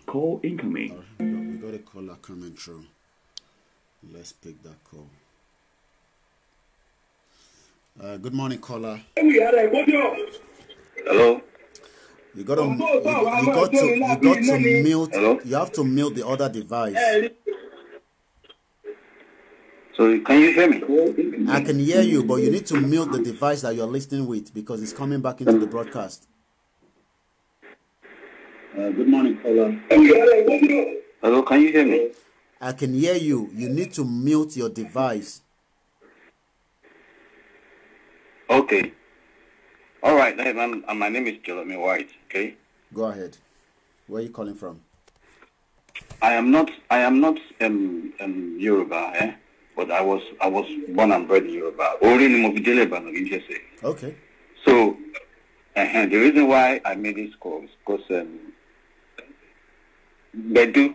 Call incoming. Oh, we got a caller coming through. Let's pick that call. Uh, good morning, caller. Hello. You got to you, you got to you got to mute. Hello? You have to mute the other device. So can you hear me? I can hear you, but you need to mute the device that you're listening with because it's coming back into the broadcast. Uh, good morning, caller. Hello, can you hear me? I can hear you. You need to mute your device. Okay. All right. And, my name is Jeremy White. Okay. Go ahead. Where are you calling from? I am not. I am not um, um Yoruba, eh? But I was. I was born and bred in Yoruba. Okay. So, uh, the reason why I made this call is because um, gbẹdú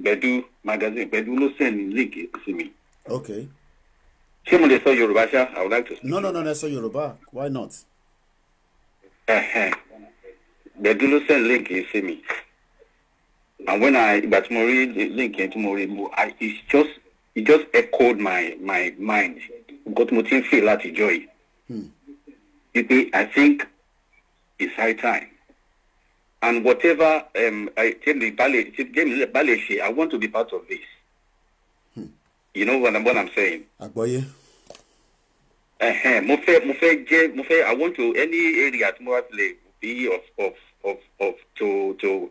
gbẹdú magazine gbẹdú ló sẹ́ni link sí mi. okay. ṣé mo lè sọ yorùbá ṣá i would like to. no no no let's sọ yorùbá why not. gbẹdú ló sẹ́ni link sí mi and when i ìgbà tí mo rí link yẹn tí mo rí mo i it just it just echoed my my mind nǹkan tí mo ti ń feel láti joy. yìí. Hmm. wípé i think it's high time and whatever um, I, James Bale ṣe I want to be part of this. Hmm. you know what, what I'm saying. àgbọ̀yé. mo fẹ́ mo fẹ́ jẹ́ mo fẹ́ I want to any area tí play, be of of of of to to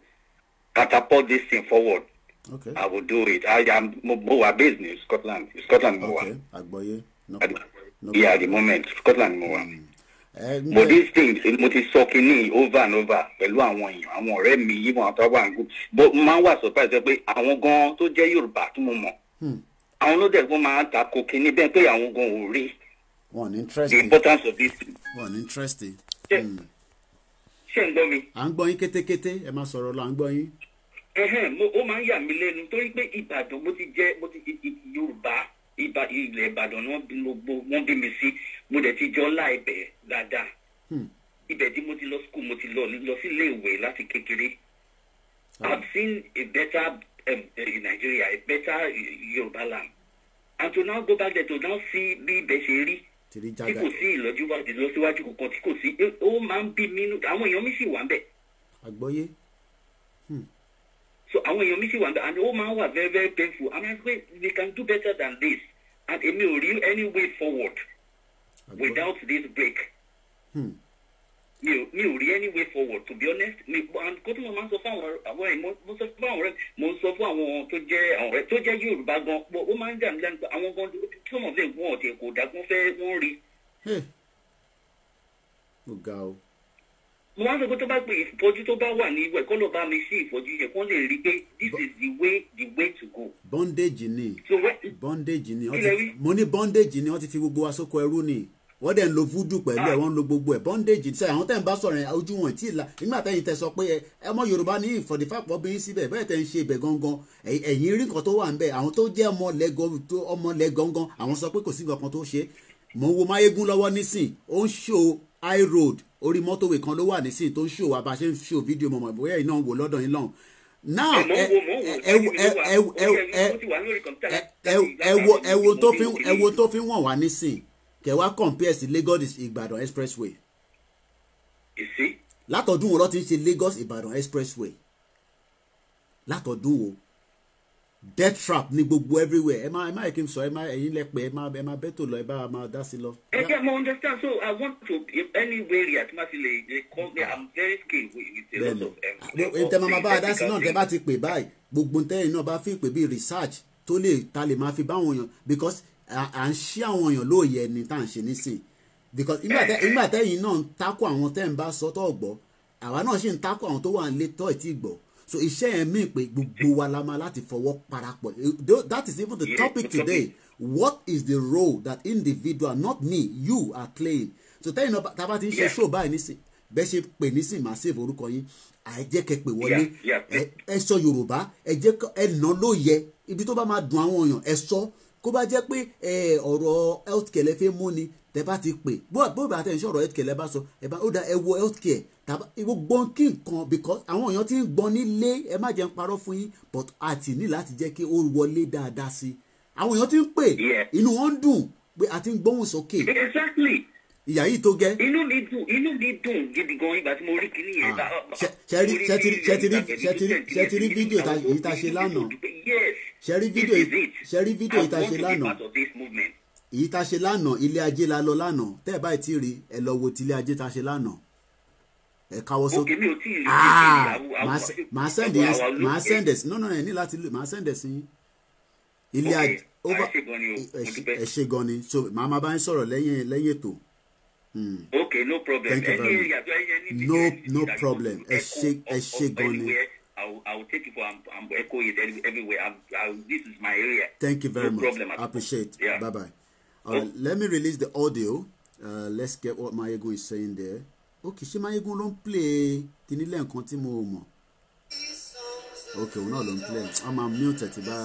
catapult this thing forward. Okay. I will do it. I am mo wa based Scotland. Scotland mo Okay. Agboye. No, no, yeah, at the moment Scotland mo Mm mo dey stay mo ti sọ kinní over and over pẹ̀lú àwọn èèyàn àwọn ọ̀rẹ́ mi yìí wọn àtàwọn àgùn bó máa ń wà surprise pé àwọn gan tó jẹ́ yorùbá tí mo mọ̀ hmm. àwọn ló dẹ̀ fún máa ń takò kinní bẹ́ẹ̀ pé àwọn gan ò rí the importance of this thing. wọ́n interesting. Hmm. ṣé ń gbọ́ mi. à ń gbọ́ yín kétékété ẹ máa sọ̀rọ̀ lọ à ń gbọ́ yín. ó máa ń yà mí lẹ́nu torí pé ìbàdàn mo ti jẹ́ mo ti yorùbá ilẹ̀ ìbàdàn wọ́n bí mi sí mo dẹ̀ ti jọ ńlá ibẹ̀ dáadáa hmm. ibẹ̀ tí mo ti lọ school mo ti lọ lọ sí ilé ìwé láti kékeré ah. i seen a better um, eh, Nigeria a better eh, Yorùbá land and to now go back there to now see bí ibẹ̀ ṣe rí tí kò sí ìlọsíwájú kankan tí kò sí eh, ó máa ń bí mi nú àwọn èèyàn mi sì wà ń bẹ̀. àgbọ́yé. Hmm. so àwọn èèyàn mi sì wà ń bẹ̀ and ó máa ń wà very very painful and i say we can do better than this and èmi ò rí any way forward okay. without this break. Hmm mi ò mi ò rí any way forward to be honest mi and kó tí mo máa ń sọ fún àwọn àwọn ẹ̀ mo sọ fún àwọn ọ̀rẹ́ mo ń sọ fún àwọn tó jẹ́ àwọn ọ̀rẹ́ tó jẹ́ Yorùbá gan pọ̀ ó máa ń dà mí lẹ́nu pé àwọn gan tí wọ́n lè gún ọ̀tẹ̀ kò dàgbọ́n fẹ́ wọ́n rí. ó ga o mo wá sọ pé tó bá pè ìfọ́jú tó bá wà ní ìwẹ̀ kọ́ ló bá mi sí ìfọ́jú yẹn kó lè rí pé this is the way the way to go. bondage ni bondage ni mo ní bondage ni wọ́n ti fi gbogbo wa sóko ẹrú ni wọ́n dẹ̀ ń lo voodoo pẹ̀lú ẹ̀ ah. wọ́n ń lo gbogbo ẹ̀ bondage ṣe àwọn tẹ̀ ń bá sọ̀rọ̀ yẹn ojú wọn tí ìlà nígbà tẹ̀yìn tẹ̀ sọ pé ẹ mọ yorùbá ní ìfọ̀dífàpọ̀ obìnrin síbẹ̀ bẹ́ẹ̀ tẹ̀ ń ṣe ibẹ̀ gangan ẹ̀yìn rí nǹkan tó wà ń bẹ̀ àwọn tó jẹ́ ọmọlẹ̀ gangan àwọn sọ pé kò sí nǹkan tó ṣe mò ń wo máyégún lọ́wọ́ nísìn ó ń ṣó high road orí mọ́tòwé kan ló wà nísìnyí tó ń ṣò wá bá a ṣe ń ṣò fídíò mọ̀mọ́ bóyá iná wò lọ́dọ̀ yín lọ́hùn now ẹwo tó fi wọ̀n wá nísìn kẹwàá compare sí Lagos Ìbàdàn expressway látọ̀dún wo ló ti ń ṣe Lagos Ìbàdàn expressway látọ̀dún wo death trap ni gbogbo everywhere ẹ máa ẹ máa kí n sọ ẹ máa ẹ̀yin lẹpẹ ẹ máa ẹ máa bẹtò lọ ẹ bá máa dá sí lọ. ẹ jẹ́ mo understand so I want to if any way rí àti fi lè lè call me I'm very skilled with a lot of. bẹ́ẹ̀ni ètò ẹ̀ máa bá a dá sí náà tẹ́ bá ti pè báyìí gbogbo ntẹ́yìn náà bá fi pè bí research tó lè ta lè máa fi bá àwọn èèyàn because à ń ṣí àwọn èèyàn lóòyè ẹni tá à ń ṣe nísìn because nígbà eh. tẹ́yìn náà ń takò àwọn tẹ́ ń bá sọ tọ́ gbọ́ àwa náà ṣì ń takò àwọn tó wà ń lé tọ́ ì so iṣẹ́ yẹn mí pé gbogbo wa la máa láti fọwọ́ parapọ̀ eh, that is even the yeah, topic today what is the role that individual not me you are playing so tẹ́yìn náà tábà ti ń ṣe show báyìí nísìn bẹ́ẹ̀ ṣe pè nísìn máa save orúkọ yín àìjẹ́ kẹ́ pè wọlé ẹ sọ Yorùbá ẹ jẹ́ ẹ nà lóye ibi tó bá máa dùn àwọn èèyàn ẹ sọ kó bá jẹ́ pé ọ̀rọ̀ health care lẹ fẹ́ mú ni tẹ bá ti pè bó bá tẹ̀ ń ṣọ̀rọ̀ health care lẹ sọ ẹ bá ó da ẹ wo health care tàbá gbogbo kí nǹkan because àwọn èèyàn ti ń gbọ́n nílé ẹ má jẹ́ ń parọ́ fún yín but a ti ní láti jẹ́ kí ó wọlé dáadáa sí i àwọn èèyàn ti ń pè inú wọn ń dùn pé a ti ń gbóhùn sókè. exactly ìyá yìí tó gẹ́. inú mi dùn inú mi dùn gidi gan ìgbà tí mo rí kinní yẹn. ṣẹ́rí ṣẹ́rí ṣẹ́rí ṣẹ́rí fídíò yìí ta ṣe lánàá. ṣẹ́rí fídíò ṣẹ́rí fídíò yìí ta ṣe lánàá. yìí ta ṣe lánàá ilé ajé la lọ lánàá tẹ́ ẹ̀ báyìí ti rí ẹ lọ wo ti ilé ajé ta ṣe lánàá ẹ káwọ́ sókè ah, màá send yes màá send yes no no ẹ ní láti lò màá send yes yín ilé ajé over ẹ ṣe gan ni so màá máa bá yín sọ̀rọ̀ lẹ́yìn lẹ́yìn ètò. Okay, hmm. no problem thank you very much no no problem ẹ ṣe ẹ ṣe gan ni. I will, take it for I'm, I'm echo it everywhere. I'm, I this is my area. Thank you very no much. Problem I appreciate. Yeah. Bye bye. All oh. Uh, let me release the audio. Uh, let's get what Mayego is saying there. Okay, ṣé Máyégún ló ń play kíní lẹ́ẹ̀kan tí mo mọ̀ Okay, òun náà ló ń play I'm unmuted tí bá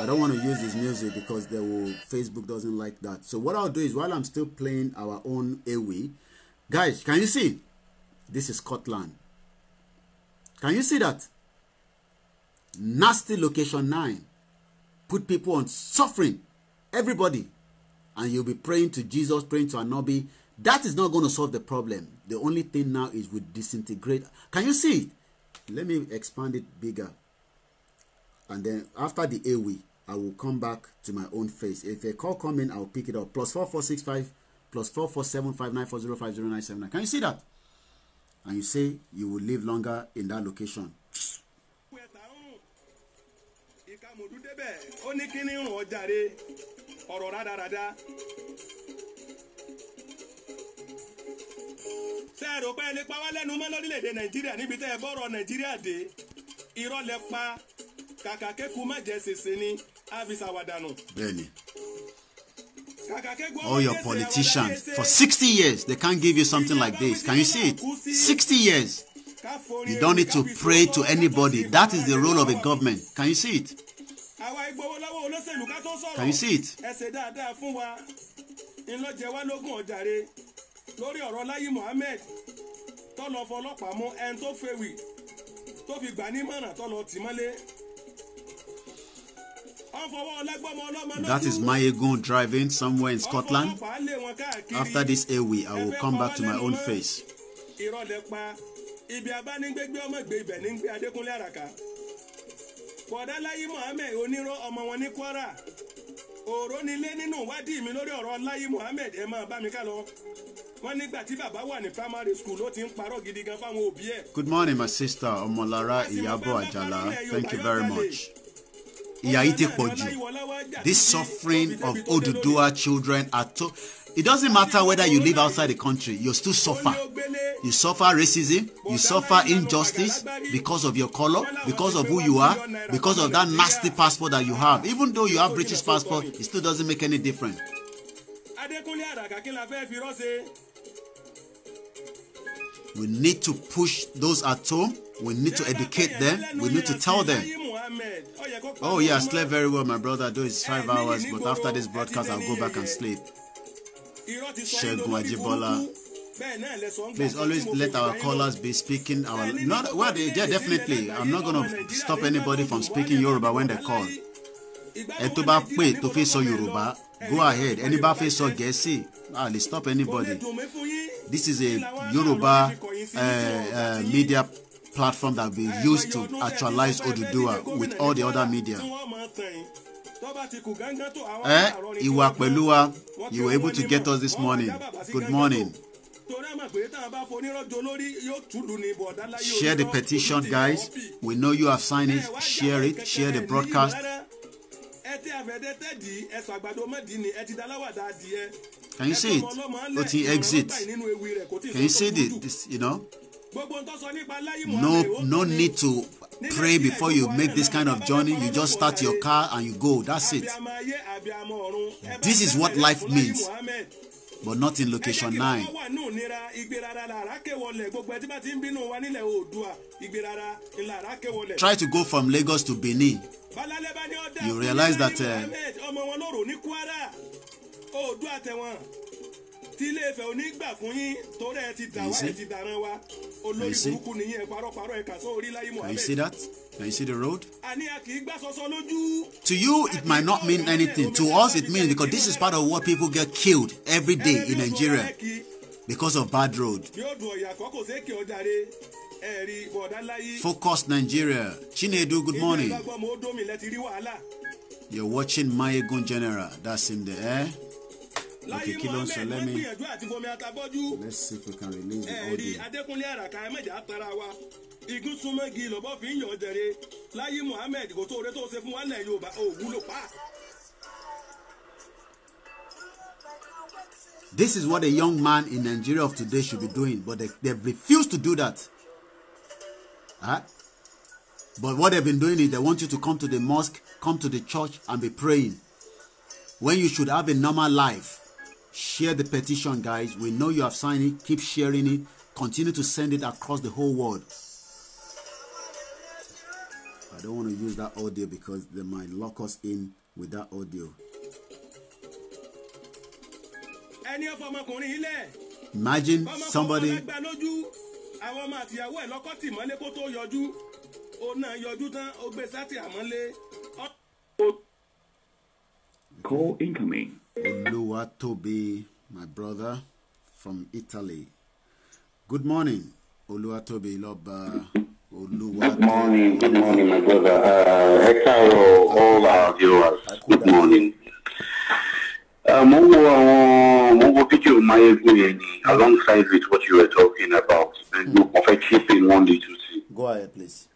I don't want to use his music because they will Facebook doesn't like that so what I'll do is while I'm still playing our own ewe guys can you see this is Scotland can you see that nasty location nine put people on suffering everybody and you'll be praying to Jesus praying to Anobi That is not going to solve the problem. The only thing now is we disintegrate. Can you see? Let me expand it bigger. And then after the AWE, I will come back to my own face. If a call come in, will pick it up. Plus four four six five, plus four four four seven five five nine nine zero zero 447594050979. Can you see that? And you say you will live longer in that location. ọ̀rọ̀ rádaràda ṣé ẹ pé ẹ pa wá lẹ́nu mọ́ lórílẹ̀‐èdè nàìjíríà níbi tẹ́ ẹ bọ́rọ̀ nàìjíríà dé irọ́ lẹ pa kàkà kéku má jẹ́ ni á fi ṣàwàdànù. all your politicians for sixty years they can't give you something like this can you see it sixty years you don't need to pray to anybody that is the role of a government can you see it can you see it lórí ọ̀rọ̀ láyé Mohammed tó fọlọ́pàá mú ẹni tó fèwì tó fi gbà nímọ̀ràn tó tì mọ́lé. That is Mayegun driving somewhere in Scotland. After this airway, I will come back to my own face. ibi Mohammed onírọ́ ọmọ wọn ní Kwara ọ̀rọ̀ nílé nínú ìwádìí mi lórí ọ̀rọ̀ Láyí Mohammed ẹ̀ máa bá mi ká lọ wọ́n nígbà tí bàbá wà ní primary school ló ti ń parọ́ gidi gan fáwọn òbí ẹ̀. good morning my sister ọmọlára ìyábọ̀ àjàlá thank you very much. ìyà yìí ti pọ̀ jù this suffering of Oduduwa children are it doesn't matter whether you live outside the country you still suffer you suffer racism you suffer injustice because of your color because of who you are because of that nasty passport that you have even though you have British passport it still doesn't make any difference. Adékúnlé Àràká kí la fẹ́ fi rọ́ ṣe. We need to push those at home. We need to educate them. We need to tell them. Oh, yeah, I slept very well, my brother, though it's five hours, but after this broadcast, I'll go back and sleep. Segun Ajibola. Please always let our callers be speaking our not well yeah, definitely I'm not gonna stop anybody from speaking Yoruba when they call. Ẹ tó bá pè tó fi go ahead ẹni bá fẹ́ sọ gẹ̀ẹ́sì a lè stop anybody this is a Yoruba uh, uh, media platform that we use to actualize Oduduwa with all the other media. Eh, You ìwà pẹ̀lú wa you were able to get us this morning good morning. Share the petition guys we know you have signed it share it share the broadcast ẹ tẹ àfẹ́dẹ́ tẹ́ dì í ẹ̀sùn àgbàdo mọ́dì ni ẹ ti daláwàdà adìyẹ. can you say it o ti exit can you say the you know no no need to pray before you make this kind of journey you just start your car and you go that's it this is what life means but not in location nine. ẹ̀jẹ̀ kí wọ́n wà ní ònira ìgbérara làrá kéwọlẹ̀ gbogbo ẹtí bá ti ń bínú wa nílẹ̀ oòdùà ìgbérara làrá kéwọlẹ̀. try to go from Lagos to Benin. you realize that. Uh, ọmọ wọn ló ní Kwara oòdùà tẹ̀wọ̀n tí ilé Ifẹ̀ ò fún yín torí ẹ ti dà wá ẹ ti dàran wa olórí burúkú nìyẹn parọ́parọ́ ẹ kà láyé Muhammed. Can you see that? Can you see the road? Àní a kì í gbà sọsọ lójú. To you it might not mean anything to us it means because this is part of what people get killed every day in Nigeria because of bad road. Yóò dùn ọ̀yà kọ́kọ́ sí èkè ọjà rẹ̀. Focus Nigeria. Chinedu, good morning. You're watching Mayegun General. That's him there. Eh? láyé mohammed wọn gbìyànjú àti fomi atabọ́jú ẹ̀rí adékúnlé àràkà ẹ̀mẹ́jà tara wa igun súnmọ́gi lọ́bọ́ fi ń yàn jẹ̀re láyé mohammed kò tó oore tó ṣe fún wálẹ̀ yorùbá òwúlò pa. This is what a young man in Nigeria of today should be doing, but they, they've refused to do that. Huh? But what they've been doing is they want you to come to the mosque, come to the church, and be praying when you should have a normal life. Share the petition, guys. We know you have signed it. Keep sharing it. Continue to send it across the whole world. I don't want to use that audio because they might lock us in with that audio. Imagine somebody. Call incoming. Oluwatobi, my brother from Italy. Good morning, Oluwatobi Loba. Good morning, good morning, my brother. Uh, Hector, all our viewers, good morning. Uh, mo wo mo wo fídíò Mayegun yẹn mm. alongside with what you were talking about. Mo fẹ́ chip in one little thing. Go ahead, please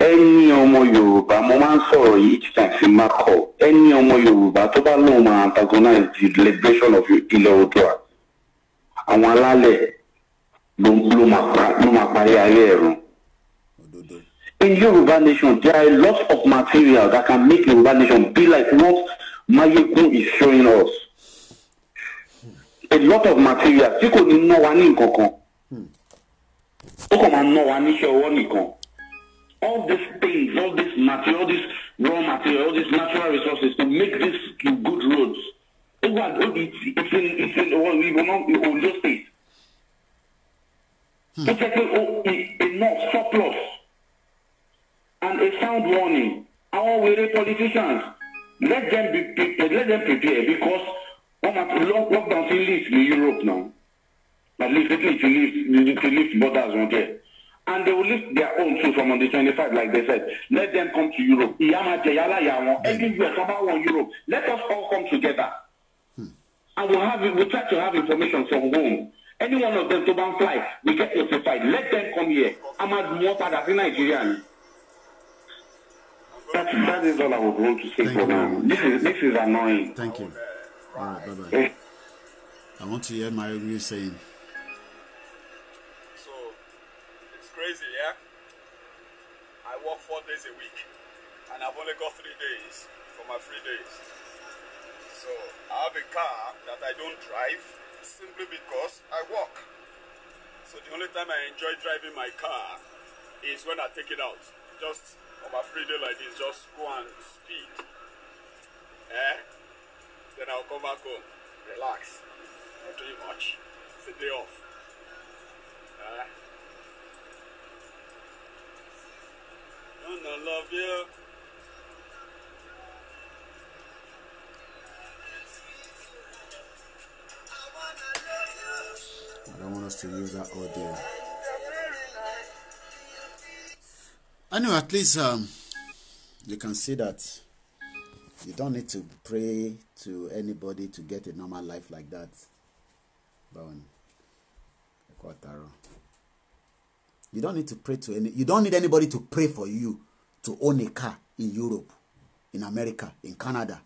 ẹni ọmọ yorùbá mo máa ń sọ̀rọ̀ yìí each time fi máa kọ̀ ẹni ọmọ yorùbá tó bá lóun máa antagonize the liberation of ilẹ̀ oòduà àwọn alálẹ̀ ló máa parí ayé ẹ̀rùn. in yorùbá nation there are a lot of material that can make yorùbá nation be like what mayegun is showing us a lot of material tí kò ní ná wa ní nǹkan kan hmm. ó kàn máa ná wa níṣẹ́ ọwọ́ nìkan all these things, all this material, all this raw material, all these natural resources to make these good roads. It's in, it's in, well, we will not, in Ondo State. Hmm. It's enough surplus and a sound warning. Our weary politicians, let them be prepared, let them prepare because one at long lockdown in leaves Europe now. At least it needs to leave, to leave borders on there and they will lift their own too from on the five like they said. Let them come to Europe. Anywhere, somehow in Europe. Let us all come together. Hmm. And we'll, have, we'll try to have information from home. Any one of them to ban fly, we get notified. Let them come here. I'm at more than That, that is all I would want to say Thank for now. This is, this is annoying. Thank you. All right, bye bye. Eh. I want to hear my review saying. crazy, yeah? I work four days a week and I've only got three days for my free days. So I have a car that I don't drive simply because I walk. So the only time I enjoy driving my car is when I take it out. Just on my free day like this, just go and speed. Eh? Then I'll come back home. Relax. Not too much. It's a day off. Eh? and I love you. don't want us to use that audio. Anyway, at least um, you can see that you don't need to pray to anybody to get a normal life like that. Báwo ni? Ẹ You don't need to pray to any. You don't need anybody to pray for you to own a car in Europe, in America, in Canada.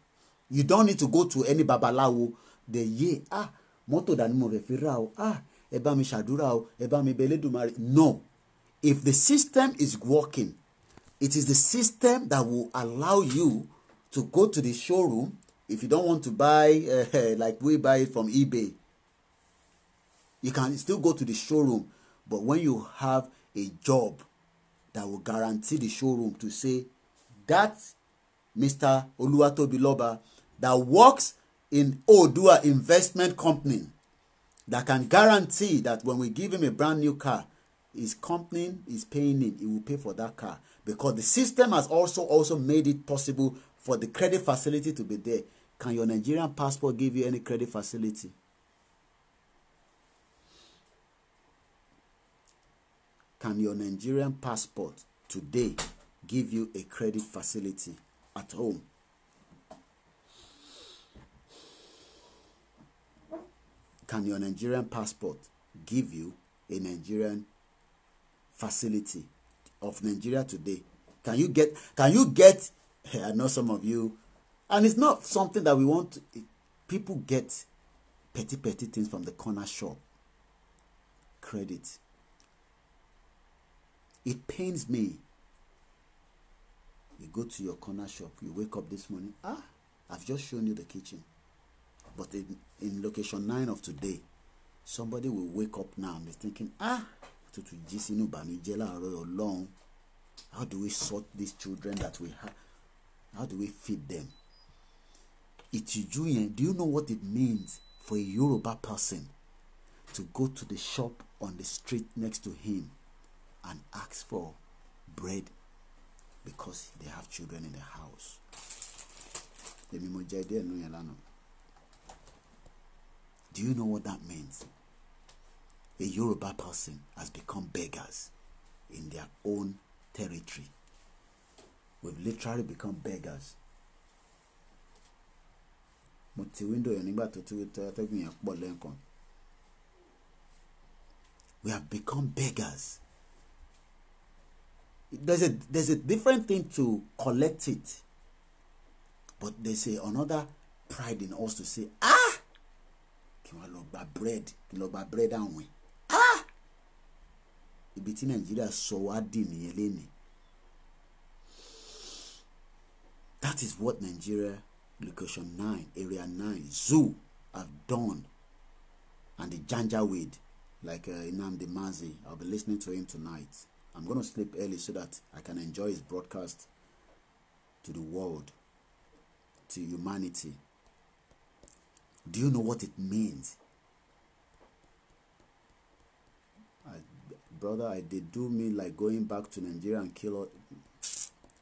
You don't need to go to any babalawo. The ye ah moto dání mo fẹ́ fi ra o ah ẹ bá mi ṣàdúrà o ẹ bá mi bẹ Elédùmarè. No, if the system is working, it is the system that will allow you to go to the showroom if you don't want to buy uh, [laughs] like we buy it from eBay. You can still go to the showroom, but when you have a job that will guarantee the showroom to say that Mr. Oluwatobiloba that works in Odua Investment Company that can guarantee that when we give him a brand new car, his company is paying him, he will pay for that car because the system has also also made it possible for the credit facility to be there. Can your Nigerian passport give you any credit facility? Can your Nigerian passport today give you a credit facility at home? Can your Nigerian passport give you a Nigerian facility of Nigeria today? Can you get, can you get, [laughs] I know some of you, and it's not something that we want, to, people get petty, petty things from the corner shop. Credit It pains me. You go to your corner shop, you wake up this morning, ah, I've just shown you the kitchen. But in, in location nine of today, somebody will wake up now and be thinking, ah, tutu jí sínú ìbànújẹ́ láàárọ̀ ọlọ́run how do we sort these children that we have how do we feed them ìtìjú yẹn do you know what it means for a Yoruba person to go to the shop on the street next to him and ask for bread because they have children in the house. Do you know what that means? A Yoruba person has become beggars in their own territory. We've literally become beggars. Mo ti window yẹn nígbà tó ti atẹ́gùn yẹn pọ̀ lẹ́ẹ̀kan. We have become beggars there's a there's a different thing to collect it but they say another pride in us to say ah kí wọn lọ gba bread kí lọ gba bread àwìn ah ibi tí nàìjíríà sọ wá dì nìyẹn lẹ́nu that is what nigeria location nine area nine zoo have done and the Janja weed, like uh, Inamdi Mazi I'll be listening to him tonight. I'm going to sleep early so that I can enjoy his broadcast to the world, to humanity. Do you know what it means? I, brother, I, they do me like going back to Nigeria and kill. All,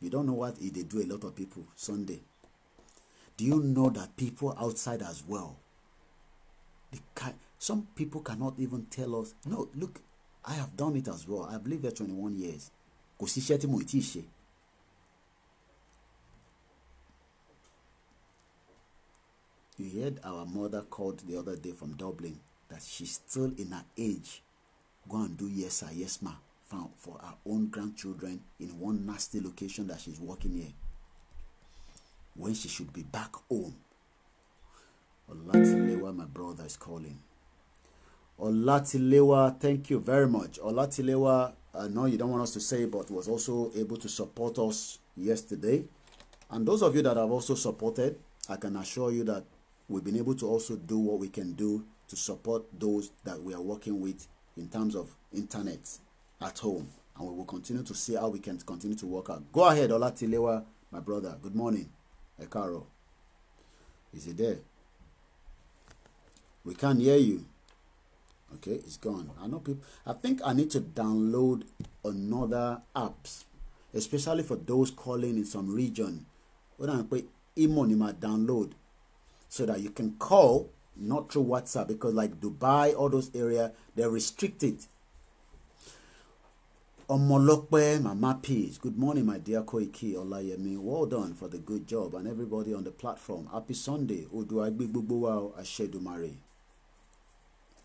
you don't know what they do a lot of people Sunday. Do you know that people outside as well? Can, some people cannot even tell us. No, look, I have done it as well. I believe that twenty one years. Kò síṣẹ́ tí mo ti ṣe. You heard our mother called the other day from Dublin that she's still in her age. Go and do yes sir, yes ma found for her own grandchildren in one nasty location that she's working here. When she should be back home. Olatilewa, my brother, is calling. Olatilewa, thank you very much. Olatilewa, I know you don't want us to say, but was also able to support us yesterday. And those of you that have also supported, I can assure you that we've been able to also do what we can do to support those that we are working with in terms of internet at home. And we will continue to see how we can continue to work out. Go ahead, Olatilewa, my brother. Good morning. Ekaro. Is he there? We can't hear you okay it's gone i know people i think i need to download another apps especially for those calling in some region when i pay imo my download so that you can call not through whatsapp because like dubai all those area they're restricted my Mama Peace. Good morning, my dear Koiki Olayemi. Well done for the good job and everybody on the platform. Happy Sunday. Oduagbi Gbubuwao Ashedumare.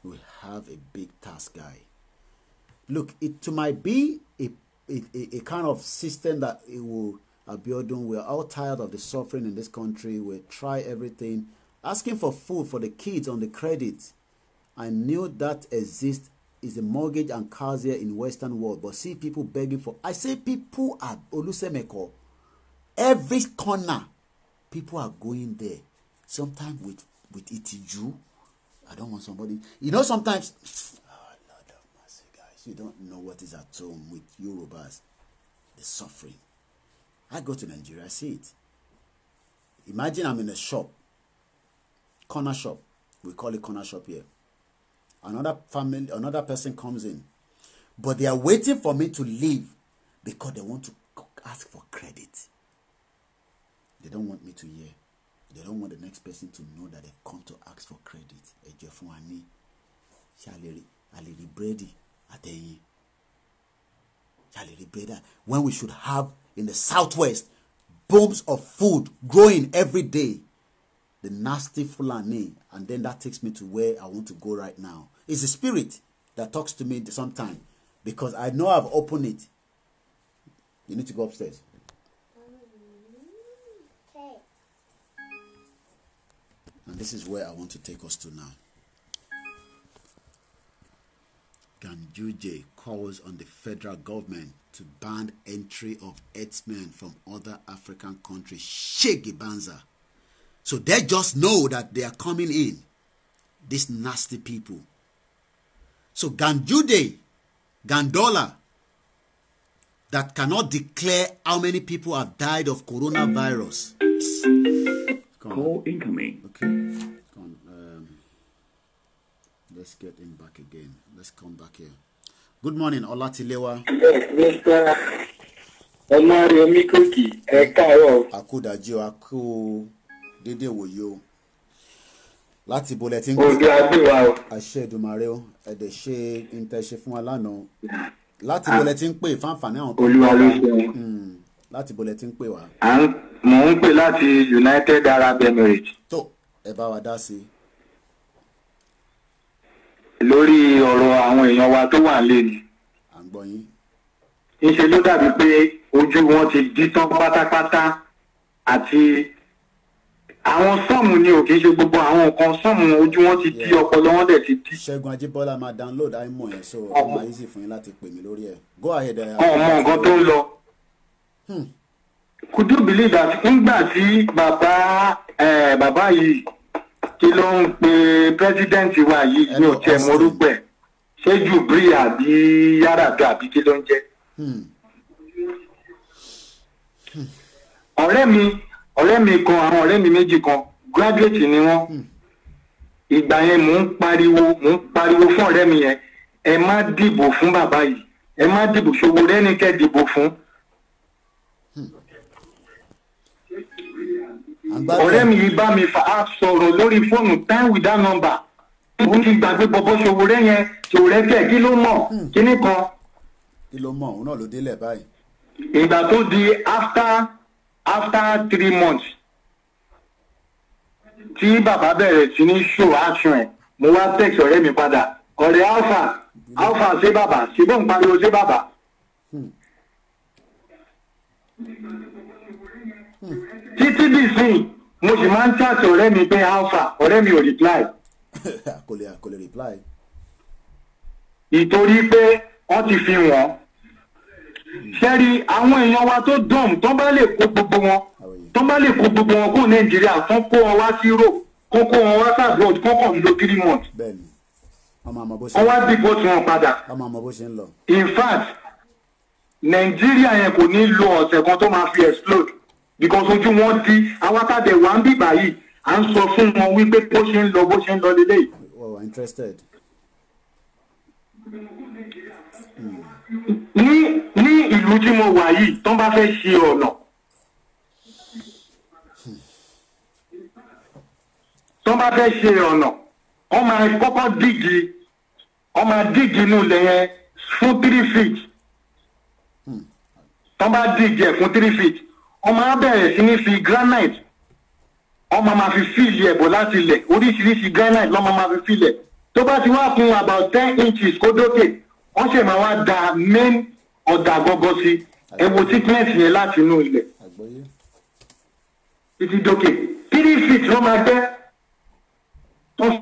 we have a big task guy look it might be a, a, a kind of system that it will Abiodun, we're all tired of the suffering in this country. We try everything. Asking for food for the kids on the credit. I knew that exists is a mortgage and cars here in Western world. But see people begging for. I say people at Olusemeko. Every corner, people are going there. Sometimes with, with itiju. I don't want somebody. You know, sometimes, oh, Lord of mercy, guys, you don't know what is at home with Yorubas, the suffering. I go to Nigeria, I see it. Imagine I'm in a shop, corner shop. We call it corner shop here. Another family, another person comes in, but they are waiting for me to leave because they want to ask for credit. They don't want me to hear they don't want the next person to know that they come to ask for credit ẹ fún wa ní ṣé a lè rí búrẹ́dì àtẹ̀yìn ṣé a lè when we should have in the southwest booms of food growing every day the nasty Fulani and then that takes me to where I want to go right now it's the spirit that talks to me sometimes because I know I've opened it you need to go upstairs. And this is where I want to take us to now. Ganjuje calls on the federal government to ban entry of herdsmen from other African countries. Shaggy Banza. So they just know that they are coming in. These nasty people. So Ganjude, Gandola, that cannot declare how many people have died of coronavirus. Gone. Call incoming. Okay. Gone. Um, let's get him back again. Let's come back here. Good morning, Olatilewa. Yes, Mr. Ọlárẹ̀mí Kòkì, ẹ káàárọ̀. Àkúdàjí o, àkú dédé wòye o. Láti ibo lẹ ti ń gbé. Òde Adéwà o. Àṣẹ Èdùmàrè o, ẹ̀dẹ̀ ṣe ń tẹ́ ṣe fún wa lánàá. Láti ibo lẹ ti àwọn tó ń bá wa. Hmm, láti ibo lẹ ti À ń mò ń pè láti United Arab Emirates. tó ẹ bá wa dá sí i. lórí ọ̀rọ̀ àwọn èèyàn wa tó wà nílé ni. à ń gbọ́ yín. ńṣe ló dàbí pé ojú wọn ti dí tán pátápátá àti àwọn sọ́ọ̀mù ni ò kì í ṣe gbogbo àwọn nǹkan sọ́ọ̀mù ojú wọn ti dí ọpọlọ wọn dẹ̀ ti dí. ṣẹ́gun ajíbọ́lá máa download àìmọ̀ yẹn so ó máa easy fún yín láti pè mí lórí ẹ̀ go ahead. ọmọ nǹkan tó ń lọ. Hmm could you believe that nígbà tí bàbá bàbá yìí kí ló ń pe president wa yìí ní òtí ẹ̀ morúgbó ẹ̀ ṣé jubri àbí yàràdó àbí kí ló ń jẹ́. Hmm. Hmm. ọ̀rẹ́ mi ọ̀rẹ́ mi kan àwọn ọ̀rẹ́ mi méjì kan graduate ni wọ́n hmm. ìgbà yẹn mò ń pariwo mò ń pariwo fún ọ̀rẹ́ mi yẹn ẹ má dìbò fún bàbá yìí ẹ má dìbò ṣòwò rẹ́ni kẹ́ dìbò fún ọ̀rẹ́ mi yìí bá mi fà á sọ̀rọ̀ lórí fóònù time without number mo ti gbàgbé bọ́bọ́ ṣòwúrẹ́ yẹn ṣòwúrẹ́ kẹ̀ kí ló mọ̀ hmm. kíní kan. kí ló mọ̀ òun náà ló délẹ̀ báyìí. ìgbà tó di after after three months tí bàbá bẹ̀rẹ̀ sí ní ṣò action ẹ̀ mo wá text ọ̀rẹ́ mi padà ọ̀rẹ́ alpha alpha ṣé bàbá ṣé bó ṣé bàbá títí dì sí mo sì máa ń chat ọ̀rẹ́ mi pé alpha ọ̀rẹ́ mi ò reply. [laughs] kò lè kò lè reply. ìtorí pé wọ́n ti fi wọ́n sẹ́rí àwọn èèyàn wa tó dùn tó bá lè kó gbogbo wọn tó bá lè kó gbogbo wọn kó nàìjíríà fún kó wọn wá sí europe kó kó wọn wá sí kó kàn lò three months. bẹ́ẹ̀ni wọ́n wá bí bó ti wọn padà. in fact nàìjíríà yẹn kò ní lo ọ̀sẹ̀ kan tó máa fi explode because ojú wọn di awátàdé wa ń bìbà yìí à ń sọ fún wọn wípé bó ṣe ń lọ bó ṣe ń lọ lélẹ̀. interested. Hmm. ní ní ìlú tí mo wà yìí tán bá fẹ́ ṣe ọ̀nà tán bá fẹ́ ṣe ọ̀nà wọ́n máa kọ́kọ́ dígí wọ́n máa dígí inú ilẹ̀ yẹn fún three feet hmm. tán bá dígí ẹ̀ fún three feet wọ́n máa bẹ̀rẹ̀ sí ní fi granite wọ́n máa fi fíìlì ẹ̀bọ̀ láti ilẹ̀ oríṣiríṣi granite lọ́mọ máa fi fílẹ̀ tó bá ti wá fún about ten inches kó dókè wọ́n ṣe máa wá da main ọ̀dà gọ́gọ́ sí ẹ wo thickness yẹn láti inú ilẹ̀ títí dókè three feet ló máa jẹ́ tó ṣe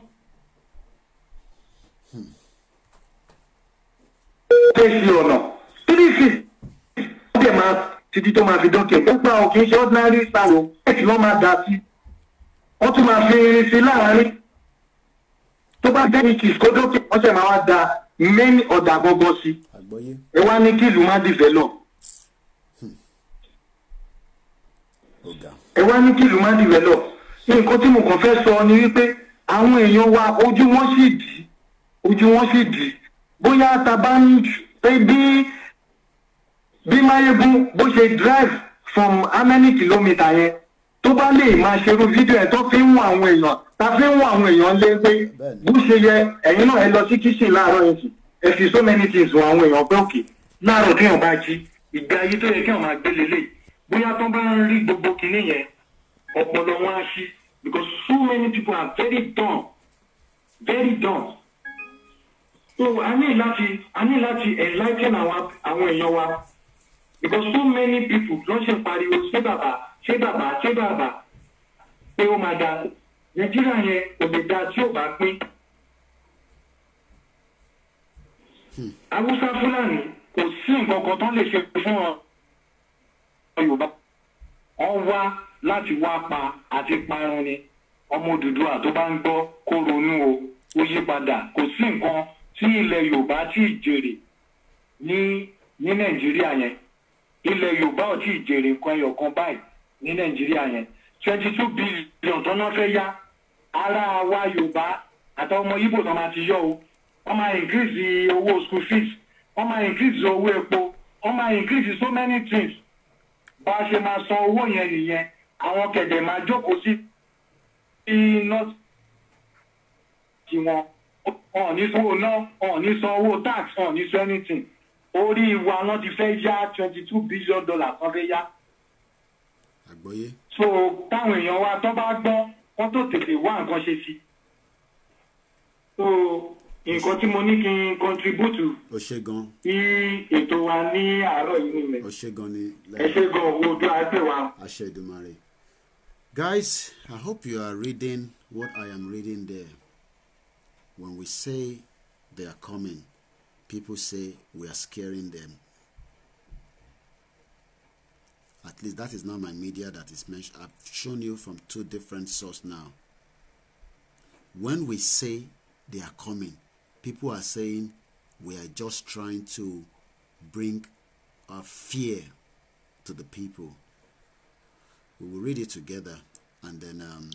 ọ̀nà three feet ó dẹ̀ máa títí tó máa fi dọ́kẹ̀ gbẹ́gbà ò kì í ṣe ordinary star o ẹ̀kì lọ́ máa dà sí wọ́n tún máa fi irin sí láàárín tó bá jẹ́ ìkìs kó wọ́n ṣẹ̀ máa wá da main ọ̀dà gọ́gọ́ sí ẹ wá ní kí ìlú má develop ẹ wá ní kí má develop nǹkan tí mo kàn fẹ́ sọ ni wípé àwọn èèyàn wa ojú wọn sì dì ojú wọn sì dì bóyá ta bá ń pé bí bí Máyégún bó ṣe drive from amẹ́ni kìlómítà yẹn tó bá lè máa ṣerú fídíò ẹ̀ tó fi ń wọ àwọn èèyàn ta fi ń wọ àwọn èèyàn lé pé bó ṣe yẹ ẹ̀yin náà ẹ lọ sí kíṣìn láàárọ̀ yẹn sì ẹ fi so many things wọ àwọn èèyàn pé òkè láàárọ̀ kí èèyàn bá jí ìgbé ayé tó yẹ kí èèyàn máa gbé lélẹ̀ bóyá tó bá ń rí gbogbo kinní yẹn ọpọlọ wọn á ṣí because so many people are very dumb very dumb so a ní láti a ní láti enlighten àwọn èèyàn wa because so many people ló ṣe pariwo ṣé bàbá ṣé bàbá ṣé bàbá pé ó máa da nàìjíríà yẹn kò lè da tí ò bá pín. haúsá fúlàní kò sí nǹkan kan tó lè ṣe fún ọ yorùbá ọ wá láti wá pa àti parun ni ọmọ Odùduwà tó bá ń gbọ́ kó ronú o ó yí padà kò sí nǹkan tí ilẹ̀ yorùbá tí ì jèrè ní ní nàìjíríà yẹn ilẹ̀ yorùbá ò tí ì jèrè nǹkan ẹyọ kan báyìí ní nàìjíríà yẹn twenty two billion tó náà fẹ́ yá ara wa yorùbá àtàwọn ọmọ ibo tó máa ti yọ o wọ́n máa increase owó school fees wọ́n máa increase owó epo wọ́n máa increase so many things bá a ṣe máa san owó yẹn nìyẹn àwọn kẹ̀dẹ̀ máa jókòó sí iná tiwọn wọn ò ní sanwó náà wọn ò ní sanwó tax wọn ò ní sanwó anything orí wa wọ́n ti fẹ́ yá twenty two billion dollar kan fẹ́ yá. àgbọ́yé. so táwọn èèyàn wa tó bá gbọ́ wọ́n tó tètè wá nǹkan ṣe sí. so nǹkan tí mo ní kí n contribute. ó ṣe gan. sí ètò wa ní àárọ̀ yìí nìyẹn. ó ṣe gan ni. ẹ ṣe gan ojú àgbẹ̀ wa. àṣẹ Èdùmàrè. Guys, I hope you are reading what I am reading there. When we say they are coming, people say we are scaring them. At least that is not my media that is mentioned. I've shown you from two different sources now. When we say they are coming, people are saying we are just trying to bring a fear to the people. We will read it together and then um,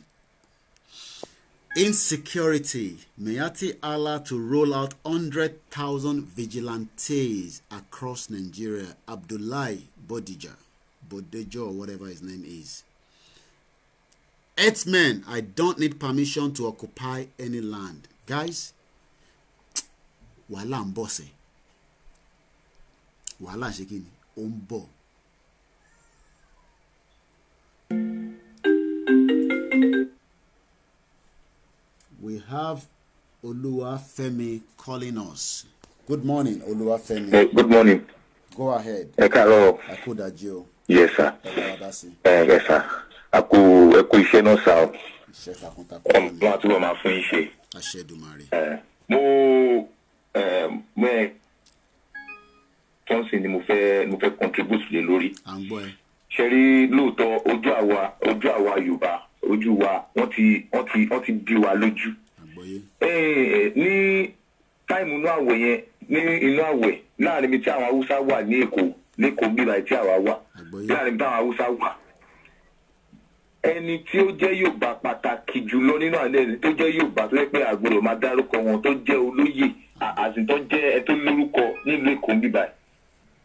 Insecurity. Mayati Allah to roll out 100,000 vigilantes across Nigeria. Abdullahi Bodija, Bodejo, whatever his name is. men. I don't need permission to occupy any land. Guys, wàhálà ń bọ̀ sẹ́. Wàhálà thank you we have Femi calling us. Good morning, Femi. Hey, eh, good morning. Go ahead. Ẹ eh, káàárọ̀. Ẹ kú o. Yes sir. Ẹ bá wa dá sí. Ẹ eh, bẹ sá. A kú ẹ kú iṣẹ́ náà sá o. máa fún yín ṣe. Aṣẹ́dùmarè. Mo mo ẹ Tọ́nsìn ni mo fẹ́ mo fẹ́ contribute lé lórí. À ń gbọ́ ẹ. Ṣé rí lóòótọ́ ojú àwa ojú àwa Yorùbá ojú wa wọ́n ti wọ́n ti wọ́n ti bí wa lójú. ní táìmù inú àwẹ̀ yẹn ní inú àwẹ̀ láàrin ibi tí àwọn haúsá wà ní èkó lẹ́kọ̀ọ́ bíbá tí àwa wà láàrin báwọn haúsá wà ẹni tí ó jẹ́ yorùbá pàtàkì jùlọ nínú àlẹ́ ẹni tó jẹ́ yorùbá tó yẹ pé àgbọ̀dọ̀ máa dárúkọ wọn tó jẹ́ olóyè àtìtọ́ jẹ́ ẹ tó lórúkọ nílùú èkó bíbá